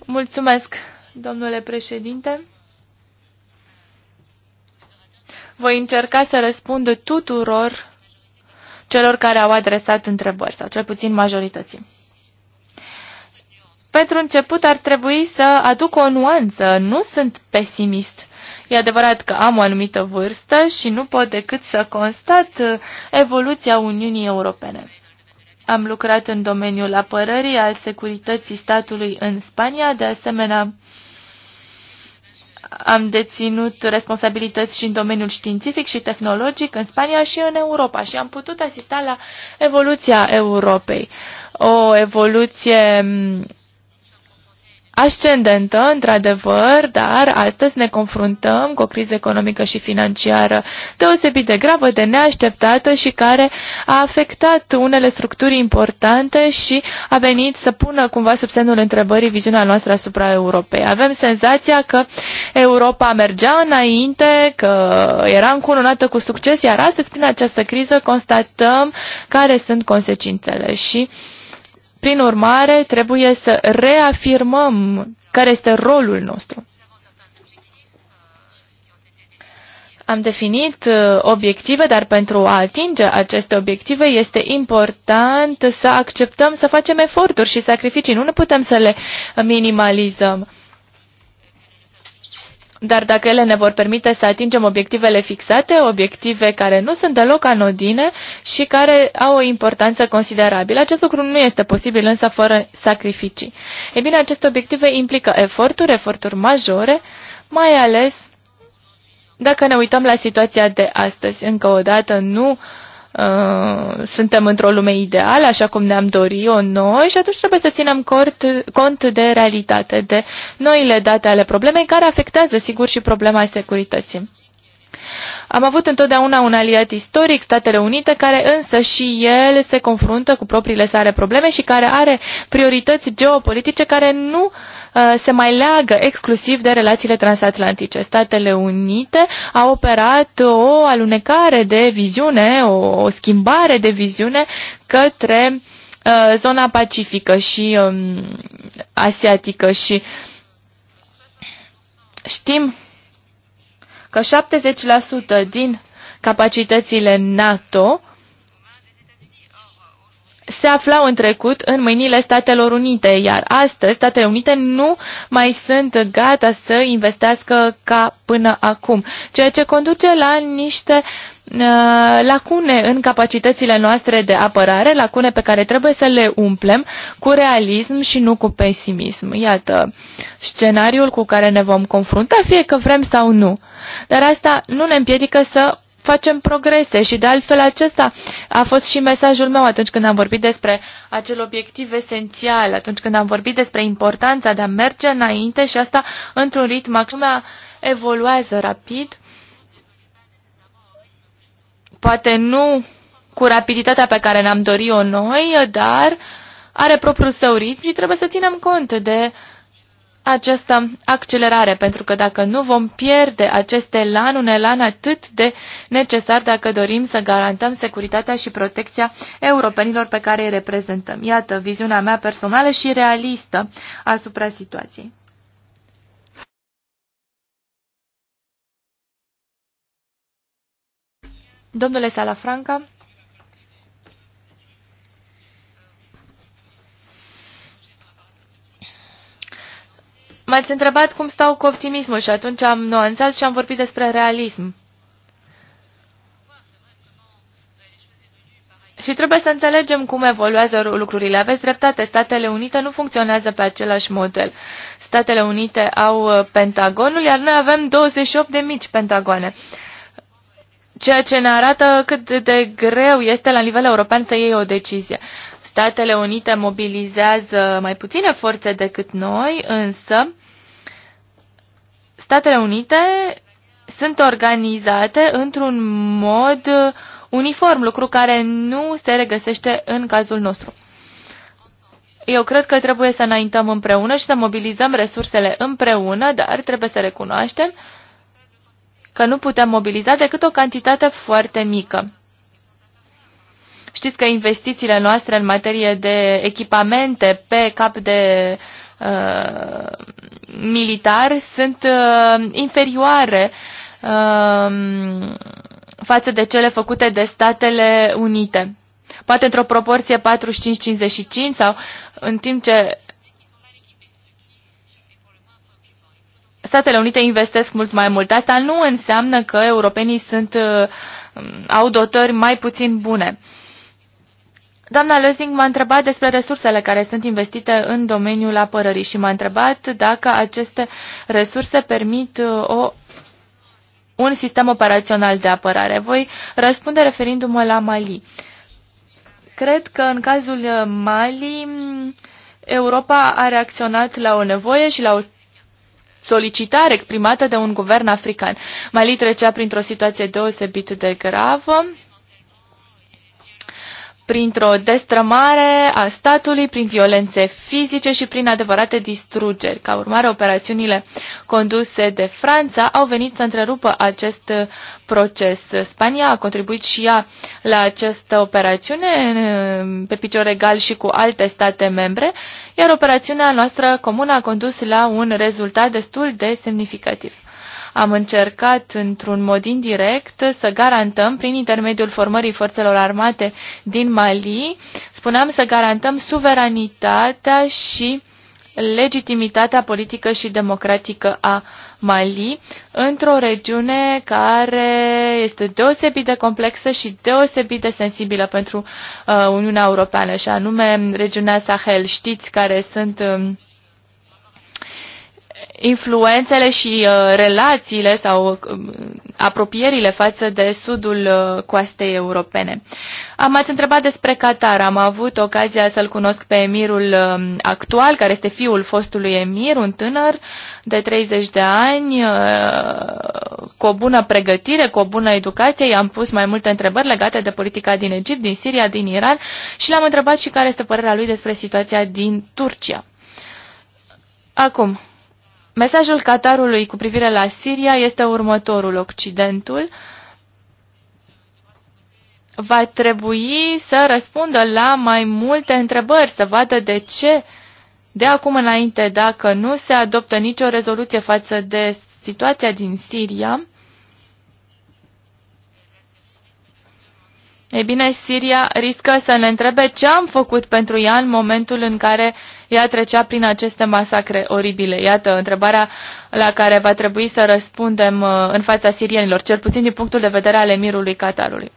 Mulțumesc, domnule președinte. Voi încerca să răspund tuturor celor care au adresat întrebări, sau cel puțin majorității. Pentru început ar trebui să aduc o nuanță. Nu sunt pesimist. E adevărat că am o anumită vârstă și nu pot decât să constat evoluția Uniunii Europene. Am lucrat în domeniul apărării, al securității statului în Spania, de asemenea am deținut responsabilități și în domeniul științific și tehnologic în Spania și în Europa și am putut asista la evoluția Europei. O evoluție ascendentă, într-adevăr, dar astăzi ne confruntăm cu o criză economică și financiară deosebit de gravă, de neașteptată și care a afectat unele structuri importante și a venit să pună cumva sub semnul întrebării viziunea noastră asupra Europei. Avem senzația că Europa mergea înainte, că era încununată cu succes, iar astăzi, prin această criză, constatăm care sunt consecințele și uh, prin urmare, trebuie să reafirmăm care este rolul nostru. Am definit uh, obiective, dar pentru a atinge aceste obiective este important să acceptăm să facem eforturi și sacrificii. Nu ne putem să le minimalizăm. Dar dacă ele ne vor permite să atingem obiectivele fixate, obiective care nu sunt deloc anodine și care au o importanță considerabilă, acest lucru nu este posibil însă fără sacrificii. Ei bine, aceste obiective implică eforturi, eforturi majore, mai ales dacă ne uităm la situația de astăzi. Încă o dată, nu uh, Uh, suntem într-o lume ideală, așa cum ne-am dorit-o noi și atunci trebuie să ținem cort, cont de realitate, de noile date ale problemei care afectează, sigur, și problema securității. Am avut întotdeauna un aliat istoric, Statele Unite, care însă și el se confruntă cu propriile sale probleme și care are priorități geopolitice care nu uh, Uh, se mai leagă exclusiv de relațiile transatlantice. Statele Unite a operat o alunecare de viziune, o, o schimbare de viziune către uh, zona pacifică și um, asiatică și știm că 70% din capacitățile NATO se aflau în trecut în mâinile Statelor Unite, iar astăzi Statele Unite nu mai sunt gata să investească ca până acum, ceea ce conduce la niște uh, lacune în capacitățile noastre de apărare, lacune pe care trebuie să le umplem cu realism și nu cu pesimism. Iată scenariul cu care ne vom confrunta, fie că vrem sau nu. Dar asta nu ne împiedică să facem progrese și de altfel acesta a fost și mesajul meu atunci când am vorbit despre acel obiectiv esențial, atunci când am vorbit despre importanța de a merge înainte și asta într-un ritm. acuma evoluează rapid, poate nu cu rapiditatea pe care ne-am dorit-o noi, dar are propriul său ritm și trebuie să ținem cont de uh, această accelerare, pentru că dacă nu vom pierde acest elan, un elan atât de necesar dacă dorim să garantăm securitatea și protecția europenilor pe care îi reprezentăm. Iată viziunea mea personală și realistă asupra situației. Domnule Salafranca, M-ați întrebat cum stau cu optimismul și atunci am nuanțat și am vorbit despre realism. Și trebuie să înțelegem cum evoluează lucrurile. Aveți dreptate, Statele Unite nu funcționează pe același model. Statele Unite au uh, pentagonul, iar noi avem 28 de mici pentagoane. Ceea ce ne arată cât de greu este la nivel european să iei o decizie. Statele Unite mobilizează mai puține forțe decât noi, însă Statele Unite sunt organizate într-un mod uniform, lucru care nu se regăsește în cazul nostru. Eu cred că trebuie să înaintăm împreună și să mobilizăm resursele împreună, dar trebuie să recunoaștem că nu putem mobiliza decât o cantitate foarte mică. Știți că investițiile noastre în materie de echipamente pe cap de uh, militar sunt uh, inferioare uh, față de cele făcute de Statele Unite. Poate într-o proporție 45-55 sau în timp ce Statele Unite investesc mult mai mult. Asta nu înseamnă că europenii sunt, uh, au dotări mai puțin bune. Uh, Doamna Lezing m-a întrebat despre resursele care sunt investite în domeniul apărării și m-a întrebat dacă aceste resurse permit uh, o, un sistem operațional de apărare. Voi răspunde referindu-mă la Mali. Cred că în cazul uh, Mali Europa a reacționat la o nevoie și la o solicitare exprimată de un guvern african. Mali trecea printr-o situație deosebit de gravă printr-o destrămare a statului, prin violențe fizice și prin adevărate distrugeri. Ca urmare, operațiunile conduse de Franța au venit să întrerupă acest proces. Spania a contribuit și ea la această operațiune pe picior egal și cu alte state membre, iar operațiunea noastră comună a condus la un rezultat destul de semnificativ am încercat într-un mod indirect să garantăm, prin intermediul formării forțelor armate din Mali, spuneam să garantăm suveranitatea și legitimitatea politică și democratică a Mali într-o regiune care este deosebit de complexă și deosebit de sensibilă pentru uh, Uniunea Europeană, și anume regiunea Sahel. Știți care sunt uh, influențele și uh, relațiile sau uh, apropierile față de sudul uh, coastei europene. Am ați întrebat despre Qatar. Am avut ocazia să-l cunosc pe emirul um, actual, care este fiul fostului emir, un tânăr de 30 de ani, cu o bună pregătire, cu o bună educație. I-am pus mai multe întrebări legate de politica din Egipt, din Siria, din Iran și l-am întrebat și care este părerea lui despre situația din Turcia. Acum, Mesajul Qatarului cu privire la Siria este următorul. Occidentul va trebui să răspundă la mai multe întrebări, să vadă de ce de acum înainte, dacă nu se adoptă nicio rezoluție față de situația din Siria, Ei bine, Siria riscă să ne întrebe ce am făcut pentru ea în momentul în care ea trecea prin aceste masacre oribile. Iată, întrebarea la care va trebui să răspundem uh, în fața sirienilor, cel puțin din punctul de vedere al emirului Qatarului.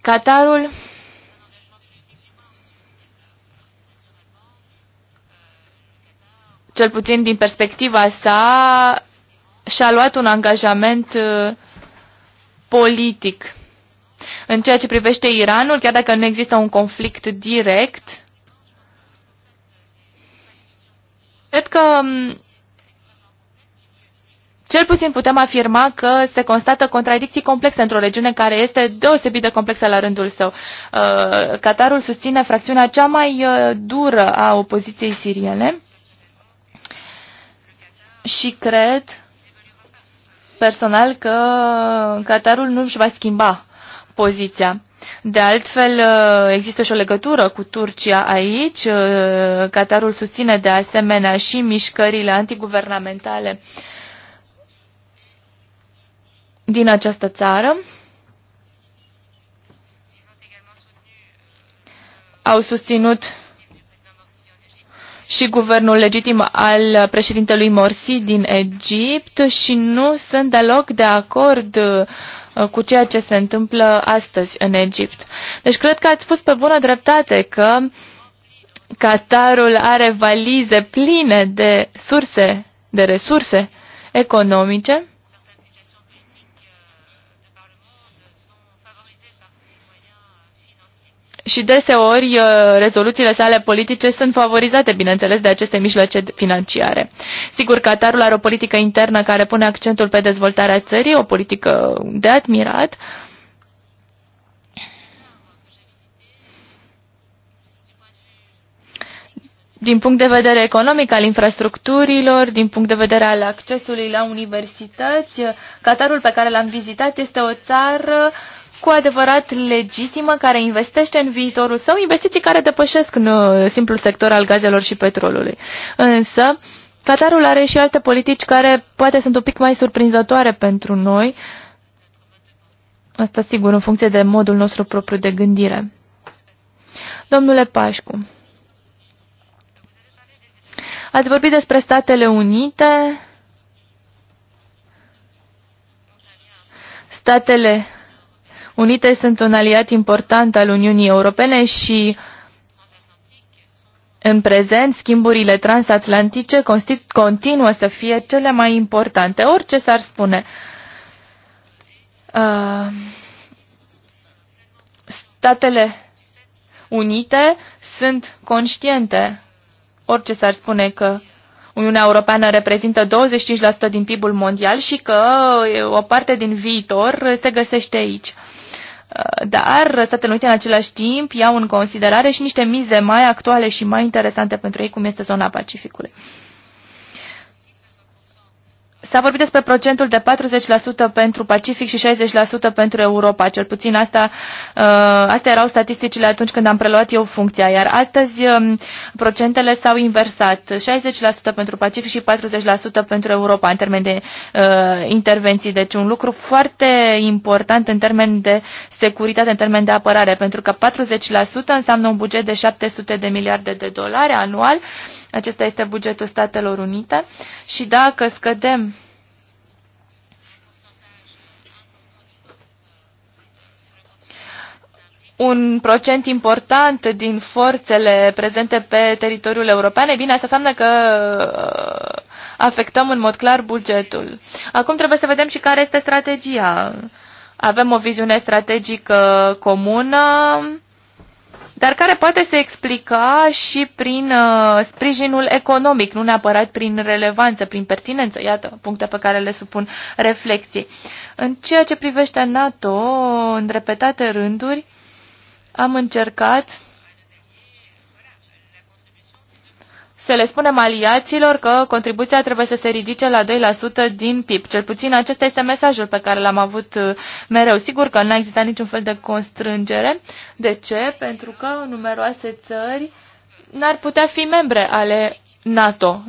Qatarul cel puțin din perspectiva sa, și-a luat un angajament uh, politic. În ceea ce privește Iranul, chiar dacă nu există un conflict direct, cred că cel puțin putem afirma că se constată contradicții complexe într-o regiune care este deosebit de complexă la rândul său. Uh, Qatarul susține fracțiunea cea mai uh, dură a opoziției siriene și cred personal că uh, Qatarul nu își va schimba poziția. De altfel, uh, există și o legătură cu Turcia aici. Uh, Qatarul susține de asemenea și mișcările antiguvernamentale din această țară. Au susținut și guvernul legitim al președintelui Morsi din Egipt și nu sunt deloc de acord uh, cu ceea ce se întâmplă astăzi în Egipt. Deci cred că ați spus pe bună dreptate că Qatarul are valize pline de surse, de resurse economice și deseori uh, rezoluțiile sale politice sunt favorizate, bineînțeles, de aceste mijloace financiare. Sigur, Qatarul are o politică internă care pune accentul pe dezvoltarea țării, o politică de admirat. Din punct de vedere economic, al infrastructurilor, din punct de vedere al accesului la universități, Qatarul pe care l-am vizitat este o țară uh, cu adevărat legitimă care investește în viitorul său, investiții care depășesc în uh, simplul sector al gazelor și petrolului. Însă, Qatarul are și alte politici care poate sunt un pic mai surprinzătoare pentru noi, asta sigur în funcție de modul nostru propriu de gândire. Domnule Pașcu, ați vorbit despre Statele Unite, Statele Unite sunt un aliat important al Uniunii Europene și în prezent, schimburile transatlantice continuă să fie cele mai importante, orice s-ar spune. Uh, Statele Unite sunt conștiente, orice s-ar spune că Uniunea Europeană reprezintă 25% din PIB-ul mondial și că o parte din viitor se găsește aici. Eh, dar Statele Unite în același timp iau în considerare și niște mize mai actuale și mai interesante pentru ei, cum este zona Pacificului. S-a vorbit despre procentul de 40% pentru Pacific și 60% pentru Europa. Cel puțin asta, uh, astea erau statisticile atunci când am preluat eu funcția, iar astăzi um, procentele s-au inversat. 60% pentru Pacific și 40% pentru Europa în termen de uh, intervenții. Deci un lucru foarte important în termen de securitate, în termen de apărare, pentru că 40% înseamnă un buget de 700 de miliarde de dolari anual. Acesta este bugetul Statelor Unite și dacă scădem un procent important din forțele prezente pe teritoriul european, e bine, asta înseamnă că uh, afectăm în mod clar bugetul. Acum trebuie să vedem și care este strategia. Avem o viziune strategică comună, dar care poate se explica și prin uh, sprijinul economic, nu neapărat prin relevanță, prin pertinență. Iată, puncte pe care le supun reflexii. În ceea ce privește NATO, în repetate rânduri, am încercat să le spunem aliaților că contribuția trebuie să se ridice la 2% din PIB. Cel puțin acesta este mesajul pe care l-am avut uh, mereu. Sigur că nu a existat niciun fel de constrângere. De ce? Pentru că numeroase țări n-ar putea fi membre ale NATO.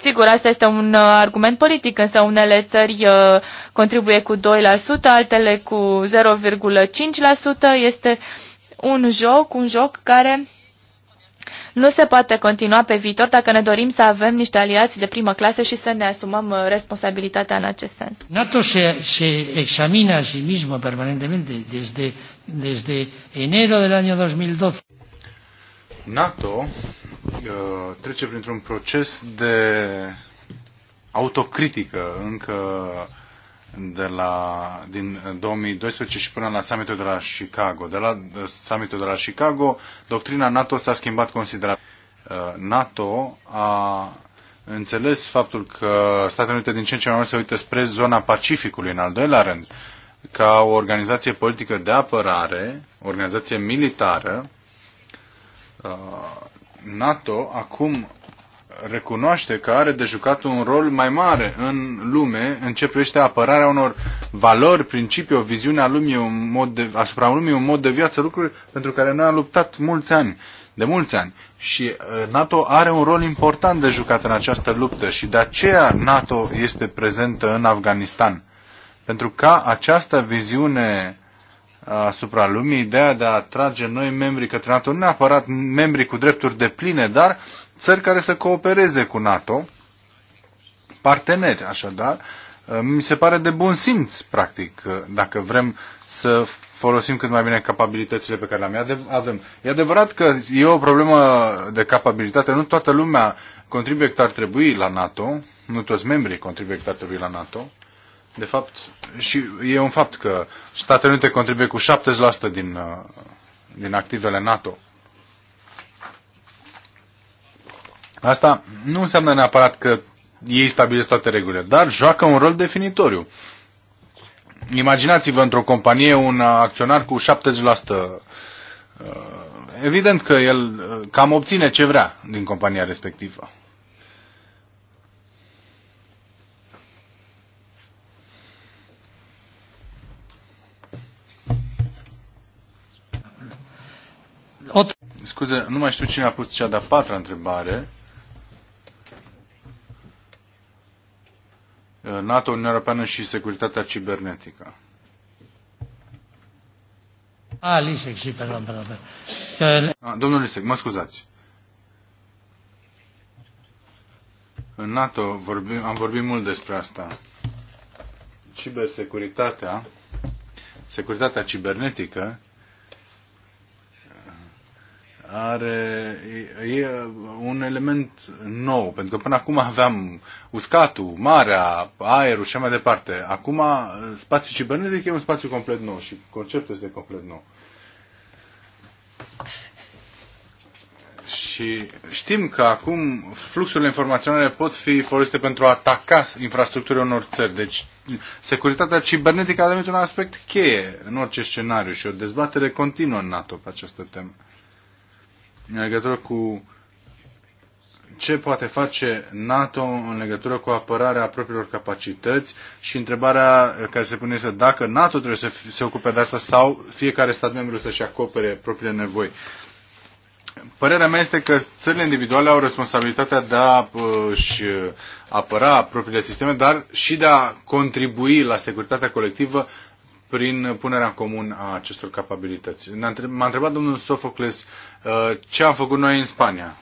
Sigur, asta este un uh, argument politic, însă unele țări uh, contribuie cu 2%, altele cu 0,5%. Este un joc, un joc care nu se poate continua pe viitor dacă ne dorim să avem niște aliați de primă clasă și să ne asumăm uh, responsabilitatea în acest sens. NATO se, se examina a si mismo permanentemente desde, desde enero del año 2012. NATO Uh, trece printr-un proces de autocritică încă de la, din 2012 și până la summitul de la Chicago. De la uh, summitul de la Chicago, doctrina NATO s-a schimbat considerabil. Uh, NATO a înțeles faptul că Statele Unite din ce în ce mai mult se uită spre zona Pacificului, în al doilea rând, ca o organizație politică de apărare, o organizație militară, NATO acum recunoaște că are de jucat un rol mai mare în lume în ce privește apărarea unor valori, principii, o viziune a lumii, un mod de, asupra lumii, un mod de viață, lucruri pentru care noi am luptat mulți ani, de mulți ani. Și uh, NATO are un rol important de jucat în această luptă și de aceea NATO este prezentă în Afganistan. Pentru ca această viziune asupra lumii, ideea de a atrage noi membri către NATO, nu neapărat membri cu drepturi de pline, dar țări care să coopereze cu NATO, parteneri așadar, mi se pare de bun simț, practic, dacă vrem să folosim cât mai bine capabilitățile pe care le avem. E adevărat că e o problemă de capabilitate. Nu toată lumea contribuie cât ar trebui la NATO, nu toți membrii contribuie cât ar trebui la NATO. De fapt, și e un fapt că Statele Unite contribuie cu 70% din, uh, din activele NATO. Asta nu înseamnă neapărat că ei stabilesc toate regulile, dar joacă un rol definitoriu. Imaginați-vă într-o companie un acționar cu 70%. Uh, evident că el uh, cam obține ce vrea din compania respectivă. Ot... Scuze, nu mai știu cine a pus cea de-a patra întrebare. Uh, NATO, Uniunea Europeană și securitatea cibernetică. A, Lisek, și, pardon, pardon, pardon. A, domnul Lisek, mă scuzați. În NATO vorbim, am vorbit mult despre asta. Cibersecuritatea, securitatea cibernetică are e un element nou, pentru că până acum aveam uscatul, marea, aerul și mai departe. Acum uh, spațiul cibernetic e un spațiu complet nou și conceptul este complet nou. Și știm că acum fluxurile informaționale pot fi folosite pentru a ataca infrastructurile unor țări. Deci securitatea cibernetică a devenit un aspect cheie în orice scenariu și o dezbatere continuă în NATO pe această temă în legătură cu ce poate face NATO în legătură cu apărarea propriilor capacități și întrebarea care se pune este dacă NATO trebuie să se ocupe de asta sau fiecare stat membru să-și acopere propriile nevoi. Părerea mea este că țările individuale au responsabilitatea de a-și uh, uh, apăra propriile sisteme, dar și de a contribui la securitatea colectivă prin punerea în comun a acestor capabilități. M-a întrebat domnul Sofocles uh, ce am făcut noi în Spania.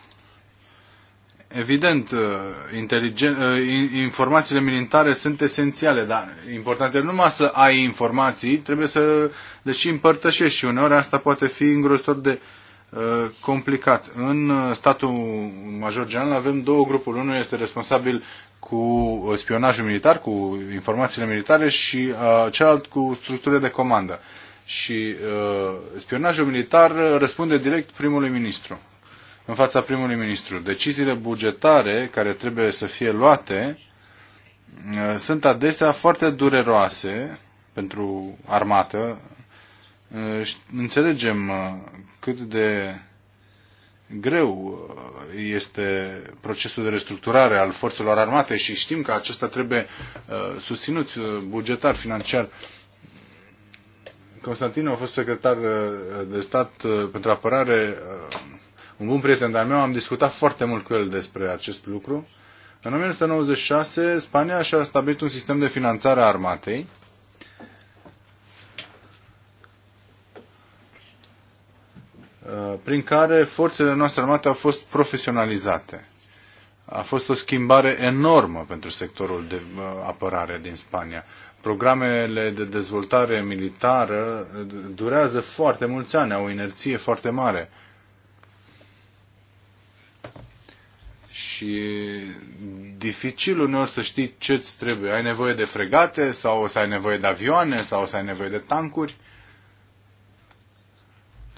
Evident, uh, uh, informațiile militare sunt esențiale, dar important e numai să ai informații, trebuie să le și împărtășești și uneori asta poate fi îngrozitor de complicat. În statul major general avem două grupuri. Unul este responsabil cu uh, spionajul militar, cu informațiile militare și uh, celălalt cu structurile de comandă. Și uh, spionajul militar răspunde direct primului ministru, în fața primului ministru. Deciziile bugetare care trebuie să fie luate uh, sunt adesea foarte dureroase pentru armată. Uh, înțelegem uh, cât de greu uh, este procesul de restructurare al forțelor armate și știm că acesta trebuie uh, susținut uh, bugetar, financiar. Constantin a fost secretar de stat pentru apărare, un bun prieten de-al meu, am discutat foarte mult cu el despre acest lucru. În 1996, Spania și-a stabilit un sistem de finanțare a armatei Uh, prin care forțele noastre armate au fost profesionalizate. A fost o schimbare enormă pentru sectorul de uh, apărare din Spania. Programele de dezvoltare militară uh, durează foarte mulți ani, au o inerție foarte mare. și dificil uneori să știi ce-ți trebuie. Ai nevoie de fregate sau o să ai nevoie de avioane sau o să ai nevoie de tancuri.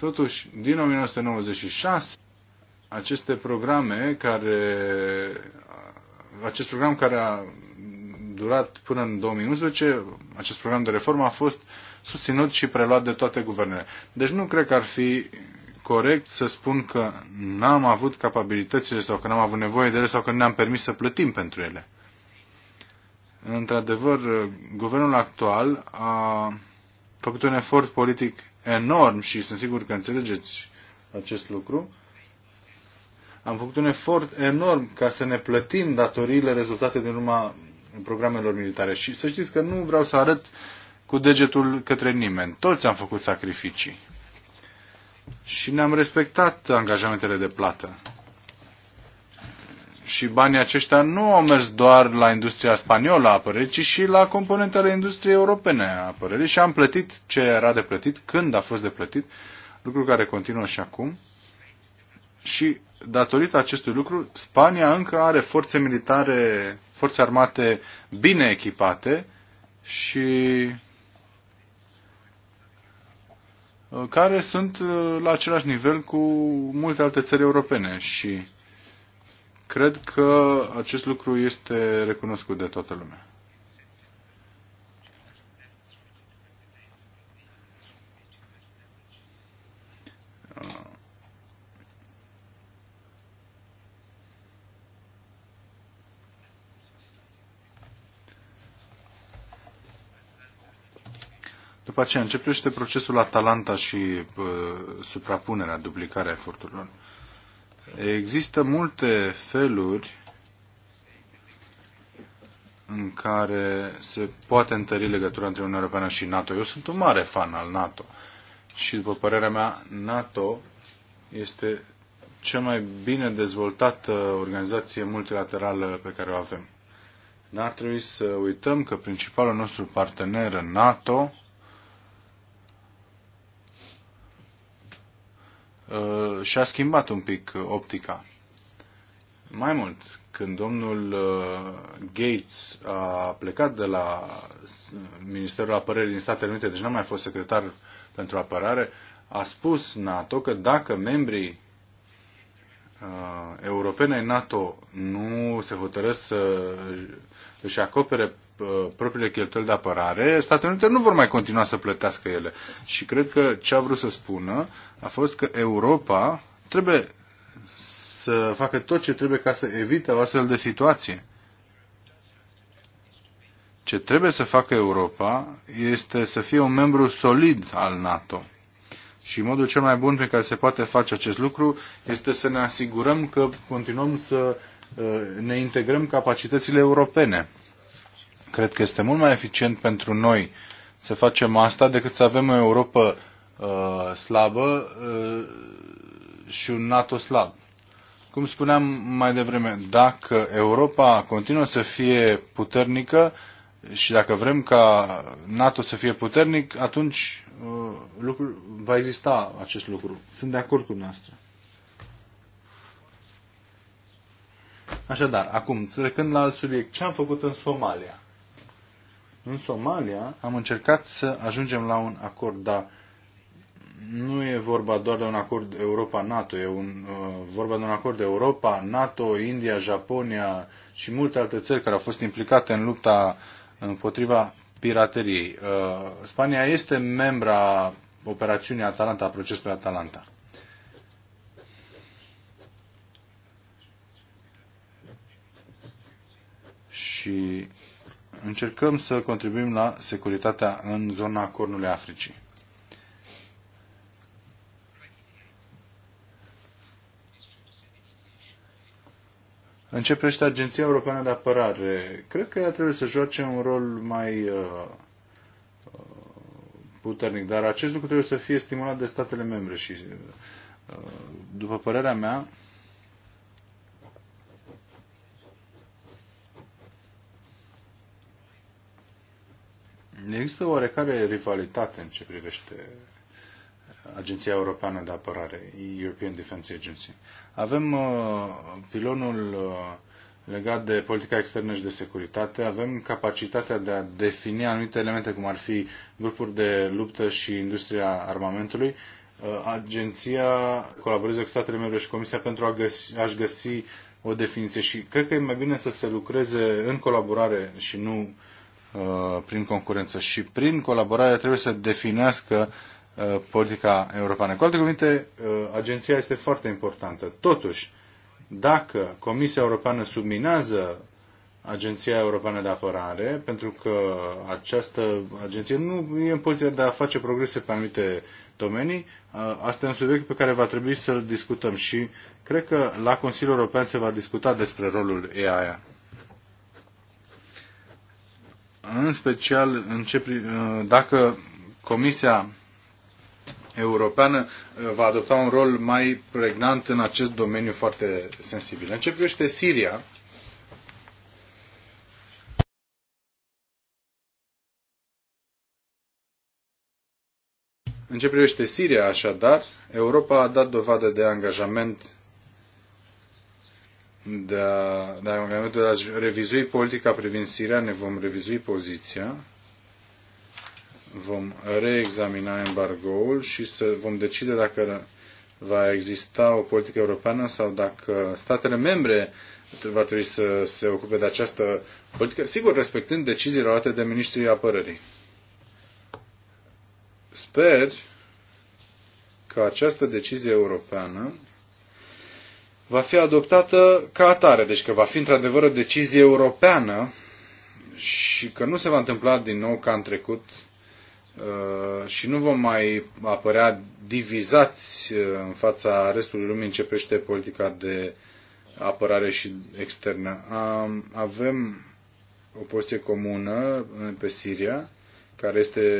Totuși, din 1996, aceste programe care, acest program care a durat până în 2011, acest program de reformă a fost susținut și preluat de toate guvernele. Deci nu cred că ar fi corect să spun că n-am avut capabilitățile sau că n-am avut nevoie de ele sau că nu ne-am permis să plătim pentru ele. Într-adevăr, guvernul actual a făcut un efort politic enorm și sunt sigur că înțelegeți acest lucru. Am făcut un efort enorm ca să ne plătim datoriile rezultate din urma programelor militare. Și să știți că nu vreau să arăt cu degetul către nimeni. Toți am făcut sacrificii. Și ne-am respectat angajamentele de plată. Și banii aceștia nu au mers doar la industria spaniolă a apărării, ci și la componentele industriei europene a apărării și am plătit ce era de plătit, când a fost de plătit, lucru care continuă și acum. Și datorită acestui lucru, Spania încă are forțe militare, forțe armate bine echipate și uh, care sunt uh, la același nivel cu multe alte țări europene și Cred că acest lucru este recunoscut de toată lumea. După aceea începește procesul Atalanta și uh, suprapunerea, duplicarea eforturilor. Uh, Există multe feluri în care se poate întări legătura între Uniunea Europeană și NATO. Eu sunt un mare fan al NATO și, după părerea mea, NATO este cea mai bine dezvoltată organizație multilaterală pe care o avem. N-ar trebui să uităm că principalul nostru partener în NATO Uh, și-a schimbat un pic uh, optica. Mai mult, când domnul uh, Gates a plecat de la Ministerul Apărării din Statele Unite, deci n-a mai fost secretar pentru apărare, a spus NATO că dacă membrii uh, europene NATO nu se hotărăsc să își acopere Uh, propriile cheltuieli de apărare, Statele Unite nu vor mai continua să plătească ele. Și cred că ce a vrut să spună a fost că Europa trebuie să facă tot ce trebuie ca să evite o astfel de situație. Ce trebuie să facă Europa este să fie un membru solid al NATO. Și modul cel mai bun pe care se poate face acest lucru este să ne asigurăm că continuăm să uh, ne integrăm capacitățile europene. Cred că este mult mai eficient pentru noi să facem asta decât să avem o Europa uh, slabă uh, și un NATO slab. Cum spuneam mai devreme, dacă Europa continuă să fie puternică și dacă vrem ca NATO să fie puternic, atunci uh, lucru, va exista acest lucru. Sunt de acord cu noastră. Așadar, acum, trecând la alt subiect, ce am făcut în Somalia? în Somalia am încercat să ajungem la un acord, dar nu e vorba doar de un acord Europa-NATO, e un, uh, vorba de un acord Europa, NATO, India, Japonia și multe alte țări care au fost implicate în lupta împotriva pirateriei. Uh, Spania este membra operațiunii Atalanta, a procesului Atalanta. Și încercăm să contribuim la securitatea în zona Cornului Africii. Începește Agenția Europeană de Apărare, cred că ea trebuie să joace un rol mai uh, uh, puternic, dar acest lucru trebuie să fie stimulat de statele membre și, uh, după părerea mea, Există oarecare rivalitate în ce privește Agenția Europeană de Apărare, European Defense Agency. Avem uh, pilonul uh, legat de politica externă și de securitate, avem capacitatea de a defini anumite elemente, cum ar fi grupuri de luptă și industria armamentului. Uh, agenția colaborează cu statele membre și Comisia pentru a găsi, a găsi o definiție și cred că e mai bine să se lucreze în colaborare și nu uh, Uh, prin concurență și prin colaborare trebuie să definească uh, politica europeană. Cu alte cuvinte, uh, agenția este foarte importantă. Totuși, dacă Comisia Europeană subminează Agenția Europeană de Apărare, pentru că această agenție nu e în poziția de a face progrese pe anumite domenii. Asta e un subiect pe care va trebui să-l discutăm și cred că la Consiliul European se va discuta despre rolul EAA în special în ce, uh, dacă Comisia Europeană uh, va adopta un rol mai pregnant în acest domeniu foarte sensibil. În ce privește Siria, În ce privește Siria, așadar, Europa a dat dovadă de angajament da, da, în momentul de a revizui politica privind Siria, ne vom revizui poziția, vom reexamina embargoul și să vom decide dacă va exista o politică europeană sau dacă statele membre va trebui să se ocupe de această politică, sigur respectând deciziile luate de ministrii apărării. Sper că această decizie europeană va fi adoptată ca atare, deci că va fi într-adevăr o decizie europeană și că nu se va întâmpla din nou ca în trecut uh, și nu vom mai apărea divizați uh, în fața restului lumii în ce politica de apărare și externă. Avem o poziție comună uh, pe Siria, care este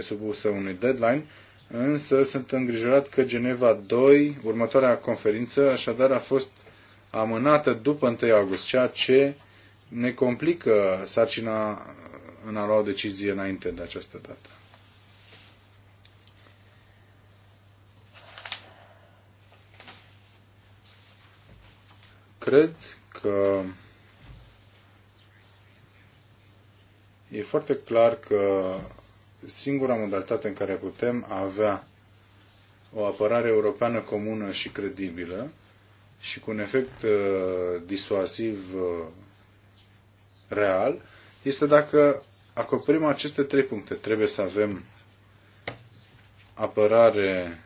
supusă unui deadline însă sunt îngrijorat că Geneva 2, următoarea conferință, așadar a fost amânată după 1 august, ceea ce ne complică sarcina în a lua o decizie înainte de această dată. Cred că e foarte clar că singura modalitate în care putem avea o apărare europeană comună și credibilă și cu un efect uh, disuasiv uh, real este dacă acoperim aceste trei puncte. Trebuie să avem apărare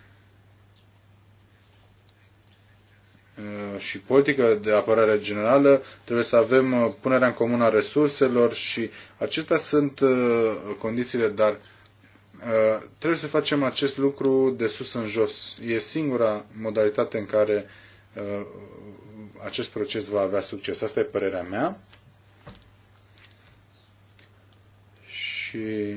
Uh, și politică de apărare generală, trebuie să avem uh, punerea în comun a resurselor și acestea sunt uh, condițiile, dar trebuie să facem acest lucru de sus în jos. E singura modalitate în care acest proces va avea succes. Asta e părerea mea. Și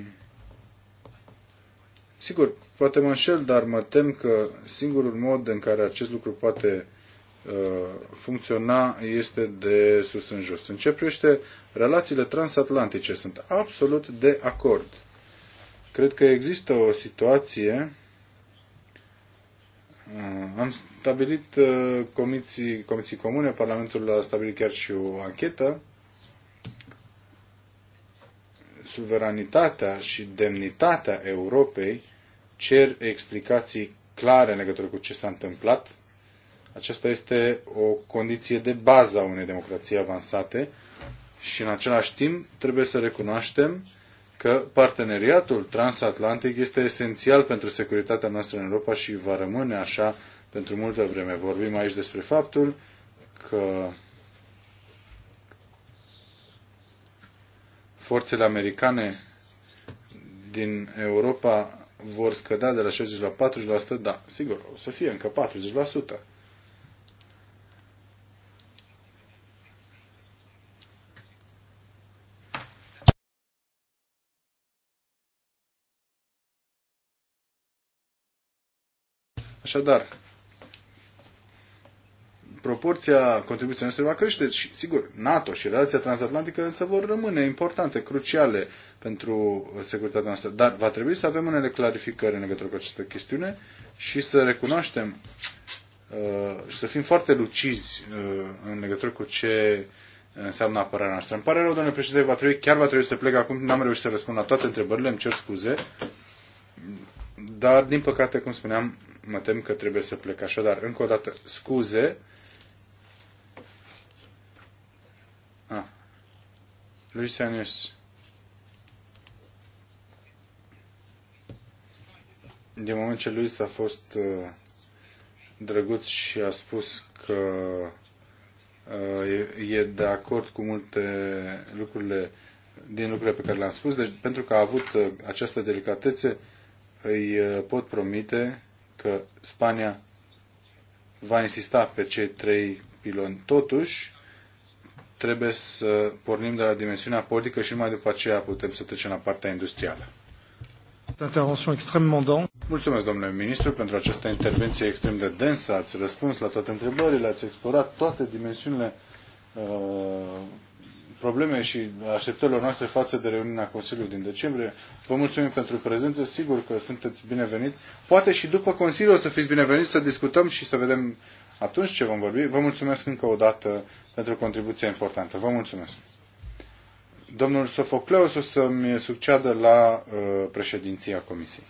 sigur, poate mă înșel, dar mă tem că singurul mod în care acest lucru poate Uh, funcționa este de sus în jos. În ce privește relațiile transatlantice, sunt absolut de acord. Cred că există o situație. Uh, am stabilit uh, comisii, comisii comune, Parlamentul a stabilit chiar și o anchetă. Suveranitatea și demnitatea Europei cer explicații clare în legătură cu ce s-a întâmplat aceasta este o condiție de bază a unei democrații avansate și în același timp trebuie să recunoaștem că parteneriatul transatlantic este esențial pentru securitatea noastră în Europa și va rămâne așa pentru multă vreme. Vorbim aici despre faptul că forțele americane din Europa vor scădea de la 60 la 40%, da, sigur, o să fie încă 40%. Așadar, proporția contribuției noastre va crește și, sigur, NATO și relația transatlantică însă vor rămâne importante, cruciale pentru securitatea noastră. Dar va trebui să avem unele clarificări în legătură cu această chestiune și să recunoaștem și uh, să fim foarte lucizi uh, în legătură cu ce înseamnă apărarea noastră. Îmi pare rău, domnule președinte, va trebui, chiar va trebui să plec acum, n-am reușit să răspund la toate întrebările, îmi cer scuze, dar, din păcate, cum spuneam, mă tem că trebuie să plec. Așadar, încă o dată, scuze. Ah. Luis Anius. Din moment ce Luis a fost uh, drăguț și a spus că uh, e de acord cu multe lucrurile din lucrurile pe care le-am spus, deci pentru că a avut uh, această delicatețe, îi uh, pot promite că Spania va insista pe cei trei piloni. Totuși, trebuie să pornim de la dimensiunea politică și numai după aceea putem să trecem la partea industrială. extrem Mulțumesc, domnule ministru, pentru această intervenție extrem de densă. Ați răspuns la toate întrebările, ați explorat toate dimensiunile uh, probleme și așteptărilor noastre față de reuniunea Consiliului din decembrie. Vă mulțumim pentru prezență, sigur că sunteți binevenit. Poate și după Consiliu o să fiți bineveniți să discutăm și să vedem atunci ce vom vorbi. Vă mulțumesc încă o dată pentru contribuția importantă. Vă mulțumesc. Domnul Sofocleos o să-mi succeadă la uh, președinția Comisiei.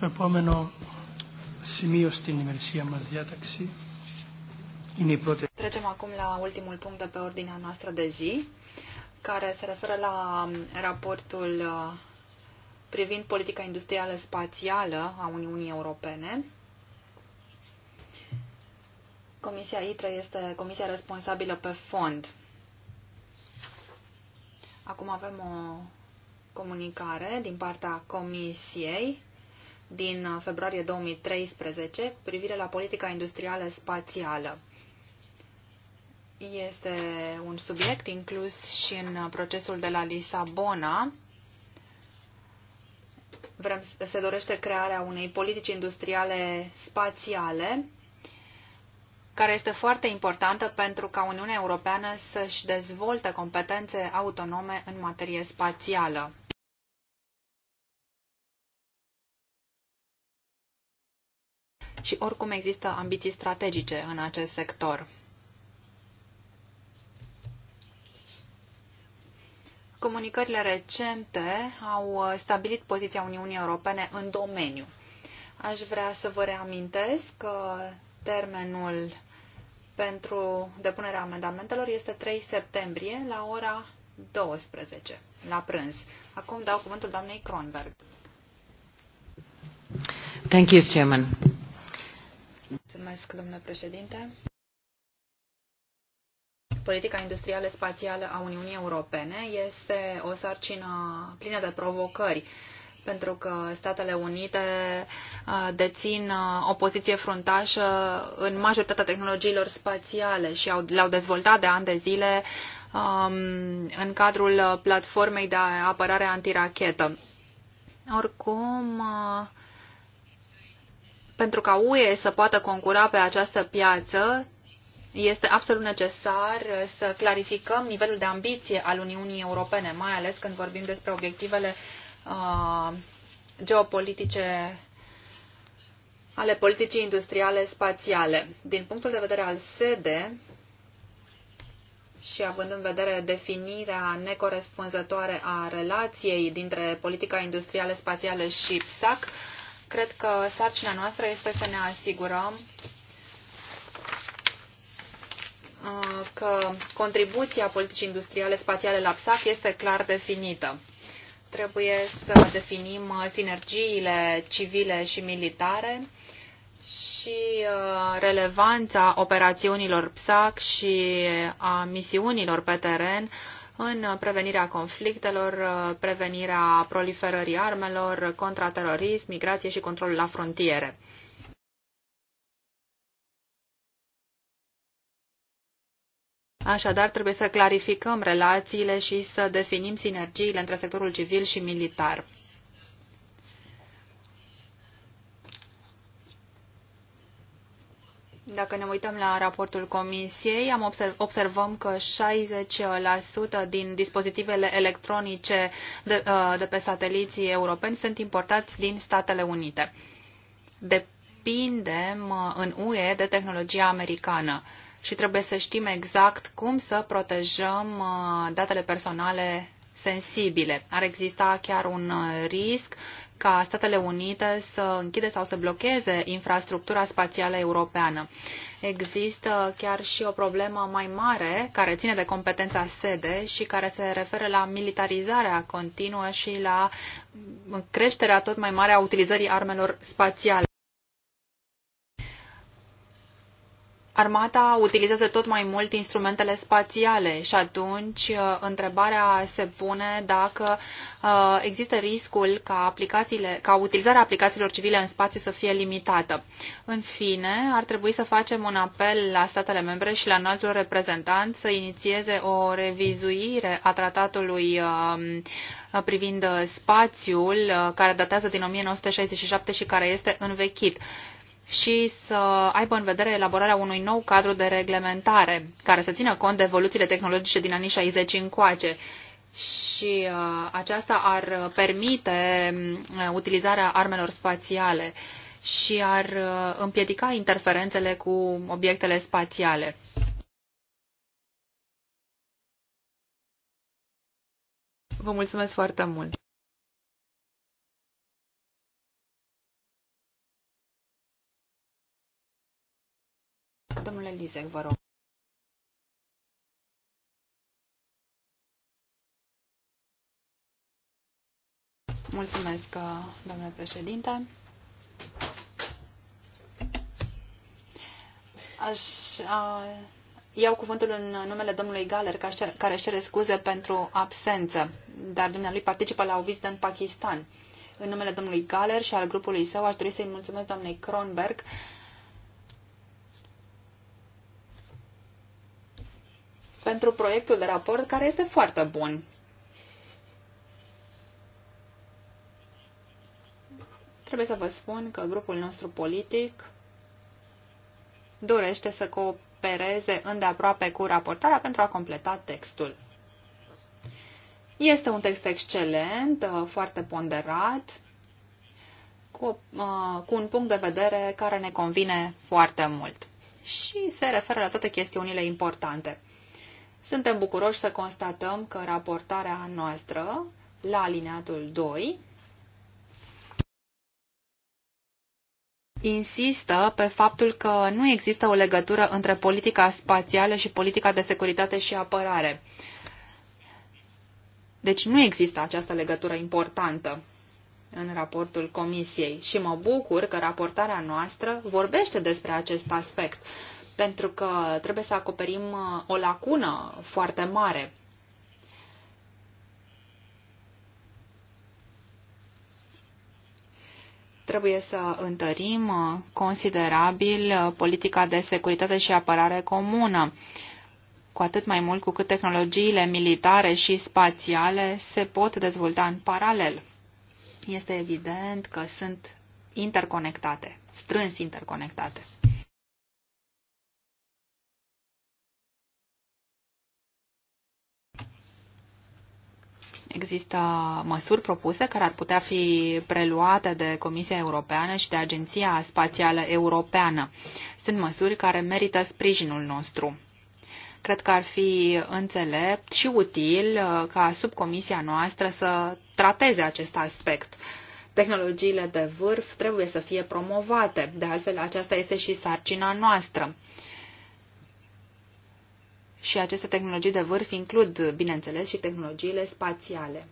Το επόμενο σημείο στην ημερησία μας διάταξη είναι η πρώτη... Trecem acum la ultimul punct de pe ordinea noastră de zi, care se referă la um, raportul uh, privind politica industrială spațială a Uniunii Europene. Comisia ITRE este comisia responsabilă pe fond. Acum avem o comunicare din partea Comisiei din februarie 2013 cu privire la politica industrială spațială. Este un subiect inclus și în procesul de la Lisabona. Vrem, se dorește crearea unei politici industriale spațiale care este foarte importantă pentru ca Uniunea Europeană să-și dezvolte competențe autonome în materie spațială. și oricum există ambiții strategice în acest sector. Comunicările recente au stabilit poziția Uniunii Europene în domeniu. Aș vrea să vă reamintesc că termenul pentru depunerea amendamentelor este 3 septembrie la ora 12, la prânz. Acum dau cuvântul doamnei Kronberg. Thank you, Chairman. Mulțumesc, domnule președinte. Politica industrială spațială a Uniunii Europene este o sarcină plină de provocări pentru că Statele Unite dețin o poziție fruntașă în majoritatea tehnologiilor spațiale și le-au dezvoltat de ani de zile în cadrul platformei de apărare antirachetă. Oricum, pentru ca UE să poată concura pe această piață, este absolut necesar să clarificăm nivelul de ambiție al Uniunii Europene, mai ales când vorbim despre obiectivele uh, geopolitice ale politicii industriale spațiale. Din punctul de vedere al SEDE și având în vedere definirea necorespunzătoare a relației dintre politica industrială spațială și PSAC, uh, Cred că sarcina noastră este să ne asigurăm uh, că contribuția politicii industriale spațiale la PSAC este clar definită. Trebuie să definim uh, sinergiile civile și militare și uh, relevanța operațiunilor PSAC și a misiunilor pe teren în prevenirea conflictelor, prevenirea proliferării armelor, contraterorism, migrație și controlul la frontiere. Așadar, trebuie să clarificăm relațiile și să definim sinergiile între sectorul civil și militar. Dacă ne uităm la raportul Comisiei, am observ observăm că 60% din dispozitivele electronice de, uh, de pe sateliții europeni sunt importați din Statele Unite. Depindem uh, în UE de tehnologia americană și trebuie să știm exact cum să protejăm uh, datele personale sensibile. Ar exista chiar un risc ca Statele Unite să închide sau să blocheze infrastructura spațială europeană. Există chiar și o problemă mai mare care ține de competența sede și care se referă la militarizarea continuă și la creșterea tot mai mare a utilizării armelor spațiale. Armata utilizează tot mai mult instrumentele spațiale și atunci uh, întrebarea se pune dacă uh, există riscul ca, aplicațiile, ca utilizarea aplicațiilor civile în spațiu să fie limitată. În fine, ar trebui să facem un apel la statele membre și la înaltul reprezentant să inițieze o revizuire a tratatului um, privind spațiul uh, care datează din 1967 și care este învechit și să aibă în vedere elaborarea unui nou cadru de reglementare care să țină cont de evoluțiile tehnologice din anii 60 încoace. Și uh, aceasta ar permite uh, utilizarea armelor spațiale și ar uh, împiedica interferențele cu obiectele spațiale. Vă mulțumesc foarte mult! Domnule Lizec, vă rog. Mulțumesc, domnule președinte. Aș, a, iau cuvântul în numele domnului Galer, care își cere scuze pentru absență, dar dumnealui participă la o vizită în Pakistan. În numele domnului Galer și al grupului său aș dori să-i mulțumesc doamnei Kronberg pentru proiectul de raport care este foarte bun. Trebuie să vă spun că grupul nostru politic dorește să coopereze îndeaproape cu raportarea pentru a completa textul. Este un text excelent, uh, foarte ponderat, cu, uh, cu un punct de vedere care ne convine foarte mult și se referă la toate chestiunile importante. Suntem bucuroși să constatăm că raportarea noastră la alineatul 2 insistă pe faptul că nu există o legătură între politica spațială și politica de securitate și apărare. Deci nu există această legătură importantă în raportul comisiei și mă bucur că raportarea noastră vorbește despre acest aspect pentru că trebuie să acoperim uh, o lacună foarte mare. Trebuie să întărim uh, considerabil uh, politica de securitate și apărare comună, cu atât mai mult cu cât tehnologiile militare și spațiale se pot dezvolta în paralel. Este evident că sunt interconectate, strâns interconectate. există măsuri propuse care ar putea fi preluate de Comisia Europeană și de Agenția Spațială Europeană. Sunt măsuri care merită sprijinul nostru. Cred că ar fi înțelept și util uh, ca subcomisia noastră să trateze acest aspect. Tehnologiile de vârf trebuie să fie promovate, de altfel aceasta este și sarcina noastră. Și aceste tehnologii de vârf includ, bineînțeles, și tehnologiile spațiale.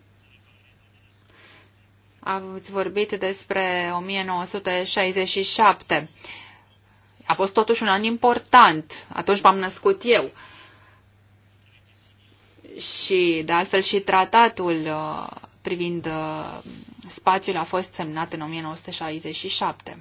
Ați vorbit despre 1967. A fost totuși un an important. Atunci m-am născut eu. Și, de altfel, și tratatul uh, privind uh, spațiul a fost semnat în 1967.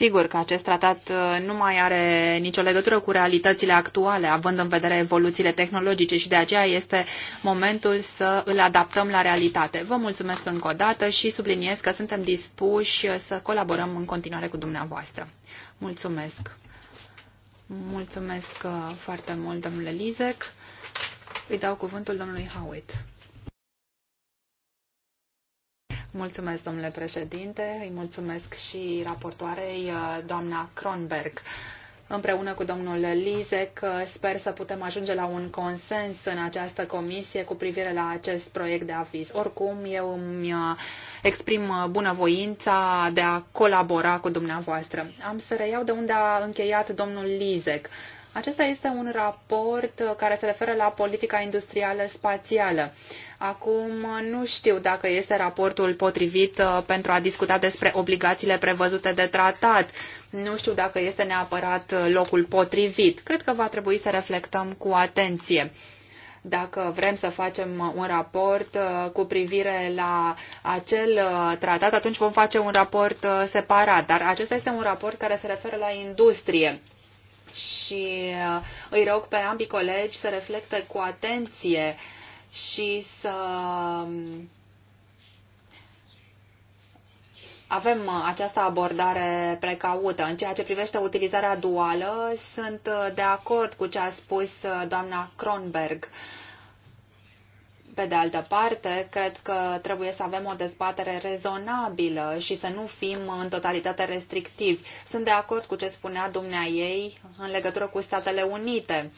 Sigur că acest tratat uh, nu mai are nicio legătură cu realitățile actuale, având în vedere evoluțiile tehnologice și de aceea este momentul să îl adaptăm la realitate. Vă mulțumesc încă o dată și subliniez că suntem dispuși să colaborăm în continuare cu dumneavoastră. Mulțumesc! Mulțumesc uh, foarte mult, domnule Lizec. Îi dau cuvântul domnului Howitt. Mulțumesc, domnule președinte, îi mulțumesc și raportoarei uh, doamna Kronberg. Împreună cu domnul Lizec, uh, sper să putem ajunge la un consens în această comisie cu privire la acest proiect de aviz. Oricum, eu îmi uh, exprim bunăvoința de a colabora cu dumneavoastră. Am să reiau de unde a încheiat domnul Lizec. Acesta este un raport care se referă la politica industrială spațială. Acum nu știu dacă este raportul potrivit uh, pentru a discuta despre obligațiile prevăzute de tratat. Nu știu dacă este neapărat uh, locul potrivit. Cred că va trebui să reflectăm cu atenție dacă vrem să facem uh, un raport cu privire la acel tratat, atunci vom face un raport separat. Dar acesta este un raport care se referă la industrie și uh, îi rog pe ambii colegi să reflecte cu atenție și să um, avem uh, această abordare precaută. În ceea ce privește utilizarea duală, sunt uh, de acord cu ce a spus doamna Kronberg. Uh, pe de altă parte, cred că trebuie să avem o dezbatere rezonabilă și să nu fim în totalitate restrictivi. Sunt de acord cu ce spunea dumnea ei în legătură cu Statele Unite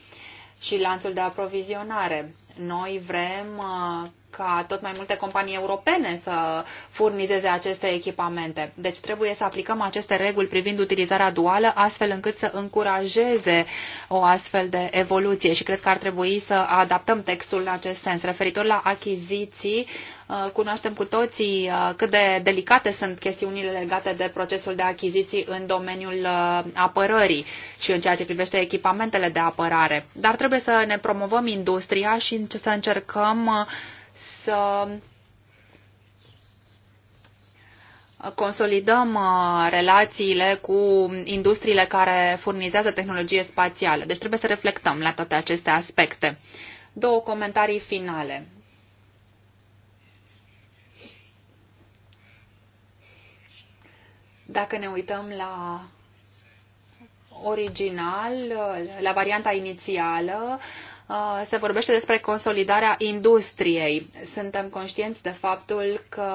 și lanțul de aprovizionare. Noi vrem uh, ca tot mai multe companii europene să furnizeze aceste echipamente. Deci trebuie să aplicăm aceste reguli privind utilizarea duală astfel încât să încurajeze o astfel de evoluție și cred că ar trebui să adaptăm textul în acest sens. Referitor la achiziții, uh, cunoaștem cu toții uh, cât de delicate sunt chestiunile legate de procesul de achiziții în domeniul uh, apărării și în ceea ce privește echipamentele de apărare. Dar trebuie să ne promovăm industria și să încercăm să consolidăm uh, relațiile cu industriile care furnizează tehnologie spațială. Deci trebuie să reflectăm la toate aceste aspecte. Două comentarii finale. Dacă ne uităm la original, la varianta inițială, uh, Uh, se vorbește despre consolidarea industriei. Suntem conștienți de faptul că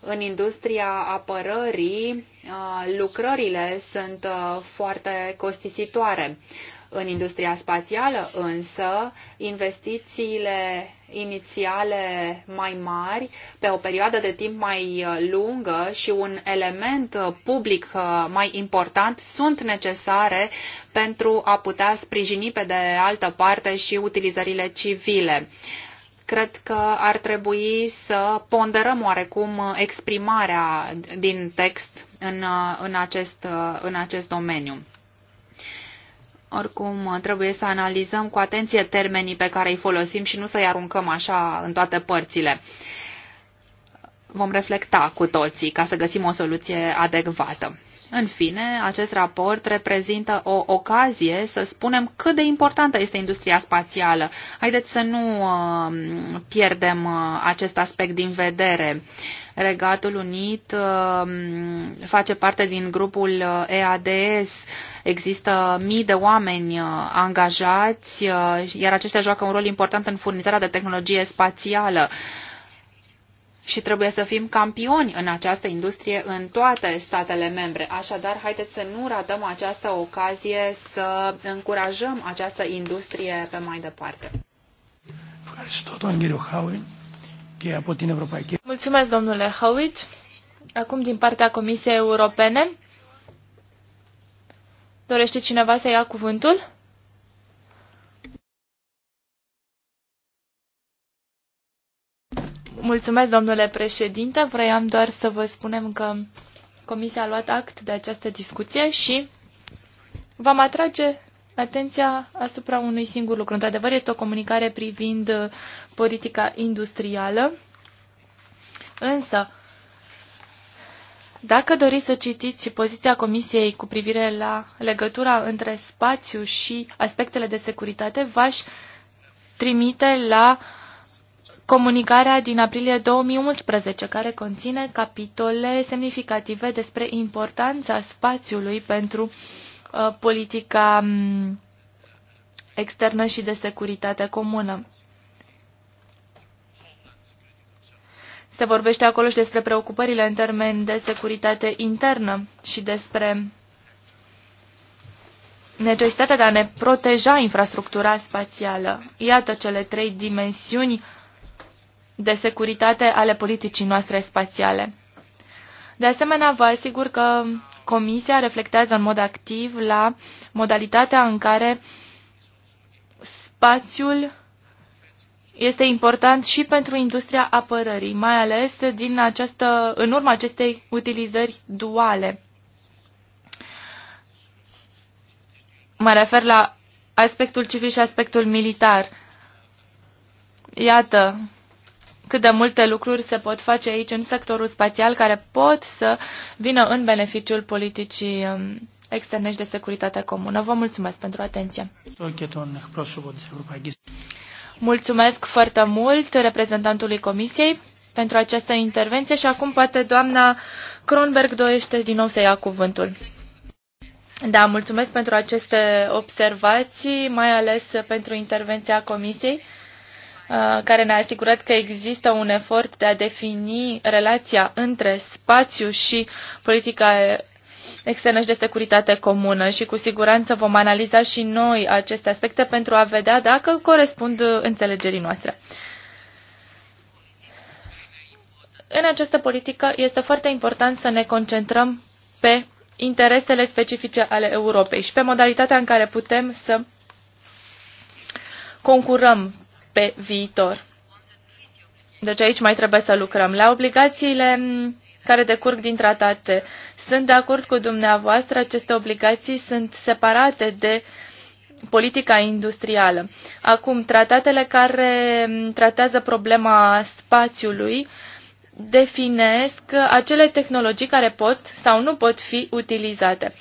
în industria apărării uh, lucrările sunt uh, foarte costisitoare. În industria spațială însă, investițiile inițiale mai mari, pe o perioadă de timp mai uh, lungă și un element uh, public uh, mai important sunt necesare pentru a putea sprijini pe de altă parte și utilizările civile. Cred că ar trebui să ponderăm oarecum exprimarea din text în, în, acest, în acest domeniu. Oricum, trebuie să analizăm cu atenție termenii pe care îi folosim și nu să-i aruncăm așa în toate părțile. Vom reflecta cu toții ca să găsim o soluție adecvată. În fine, acest raport reprezintă o ocazie să spunem cât de importantă este industria spațială. Haideți să nu um, pierdem uh, acest aspect din vedere. Regatul Unit um, face parte din grupul uh, EADS. Există mii de oameni uh, angajați, iar aceștia joacă un rol important în furnizarea de tehnologie spațială și trebuie să fim campioni în această industrie în toate statele membre. Așadar, haideți să nu ratăm această ocazie să încurajăm această industrie pe mai departe. Mulțumesc, domnule Howitt. Acum, din partea Comisiei Europene, dorește cineva să ia cuvântul? Mulțumesc, domnule președinte. Vreau doar să vă spunem că Comisia a luat act de această discuție și vă atrage atenția asupra unui singur lucru. Într-adevăr, este o comunicare privind politica industrială, însă dacă doriți să citiți poziția Comisiei cu privire la legătura între spațiu și aspectele de securitate, v-aș trimite la uh, comunicarea din aprilie 2011, care conține capitole semnificative despre importanța spațiului pentru uh, politica um, externă și de securitate comună. Se vorbește acolo și despre preocupările în termeni de securitate internă și despre necesitatea de a ne proteja infrastructura spațială. Iată cele trei dimensiuni uh, de securitate ale politicii noastre spațiale. De asemenea, vă asigur că Comisia reflectează în mod activ la modalitatea în care spațiul este important și pentru industria apărării, mai ales din această, în urma acestei utilizări duale. Mă refer la aspectul civil și aspectul militar. Iată, cât de multe lucruri se pot face aici în sectorul spațial care pot să vină în beneficiul politicii um, externe și de securitate comună. Vă mulțumesc pentru atenție. Mulțumesc foarte mult reprezentantului Comisiei pentru această intervenție și acum poate doamna Kronberg doiește din nou să ia cuvântul. Da, mulțumesc pentru aceste observații, mai ales pentru intervenția Comisiei. Uh, care ne-a asigurat că există un efort de a defini relația între spațiu și politica externă și de securitate comună și cu siguranță vom analiza și noi aceste aspecte pentru a vedea dacă corespund înțelegerii noastre. În această politică este foarte important să ne concentrăm pe interesele specifice ale Europei și pe modalitatea în care putem să concurăm pe viitor. Deci aici mai trebuie să lucrăm. La obligațiile care decurg din tratate. Sunt de acord cu dumneavoastră, aceste obligații sunt separate de politica industrială. Acum, tratatele care tratează problema spațiului definesc acele tehnologii care pot sau nu pot fi utilizate.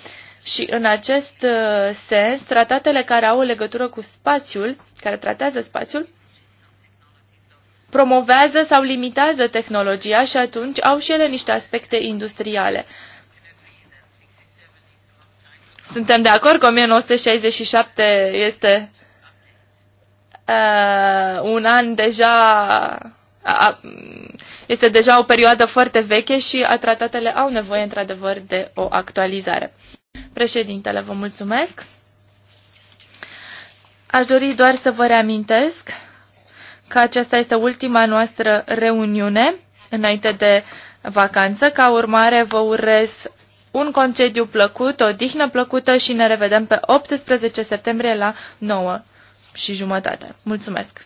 Și în acest uh, sens, tratatele care au legătură cu spațiul, care tratează spațiul, promovează sau limitează tehnologia și atunci au și ele niște aspecte industriale. Suntem de acord că 1967 este uh, un an deja, uh, este deja o perioadă foarte veche și tratatele au nevoie într-adevăr de o actualizare. Președintele, vă mulțumesc. Aș dori doar să vă reamintesc că aceasta este ultima noastră reuniune înainte de vacanță. Ca urmare, vă urez un concediu plăcut, o dihnă plăcută și ne revedem pe 18 septembrie la 9 și jumătate. Mulțumesc!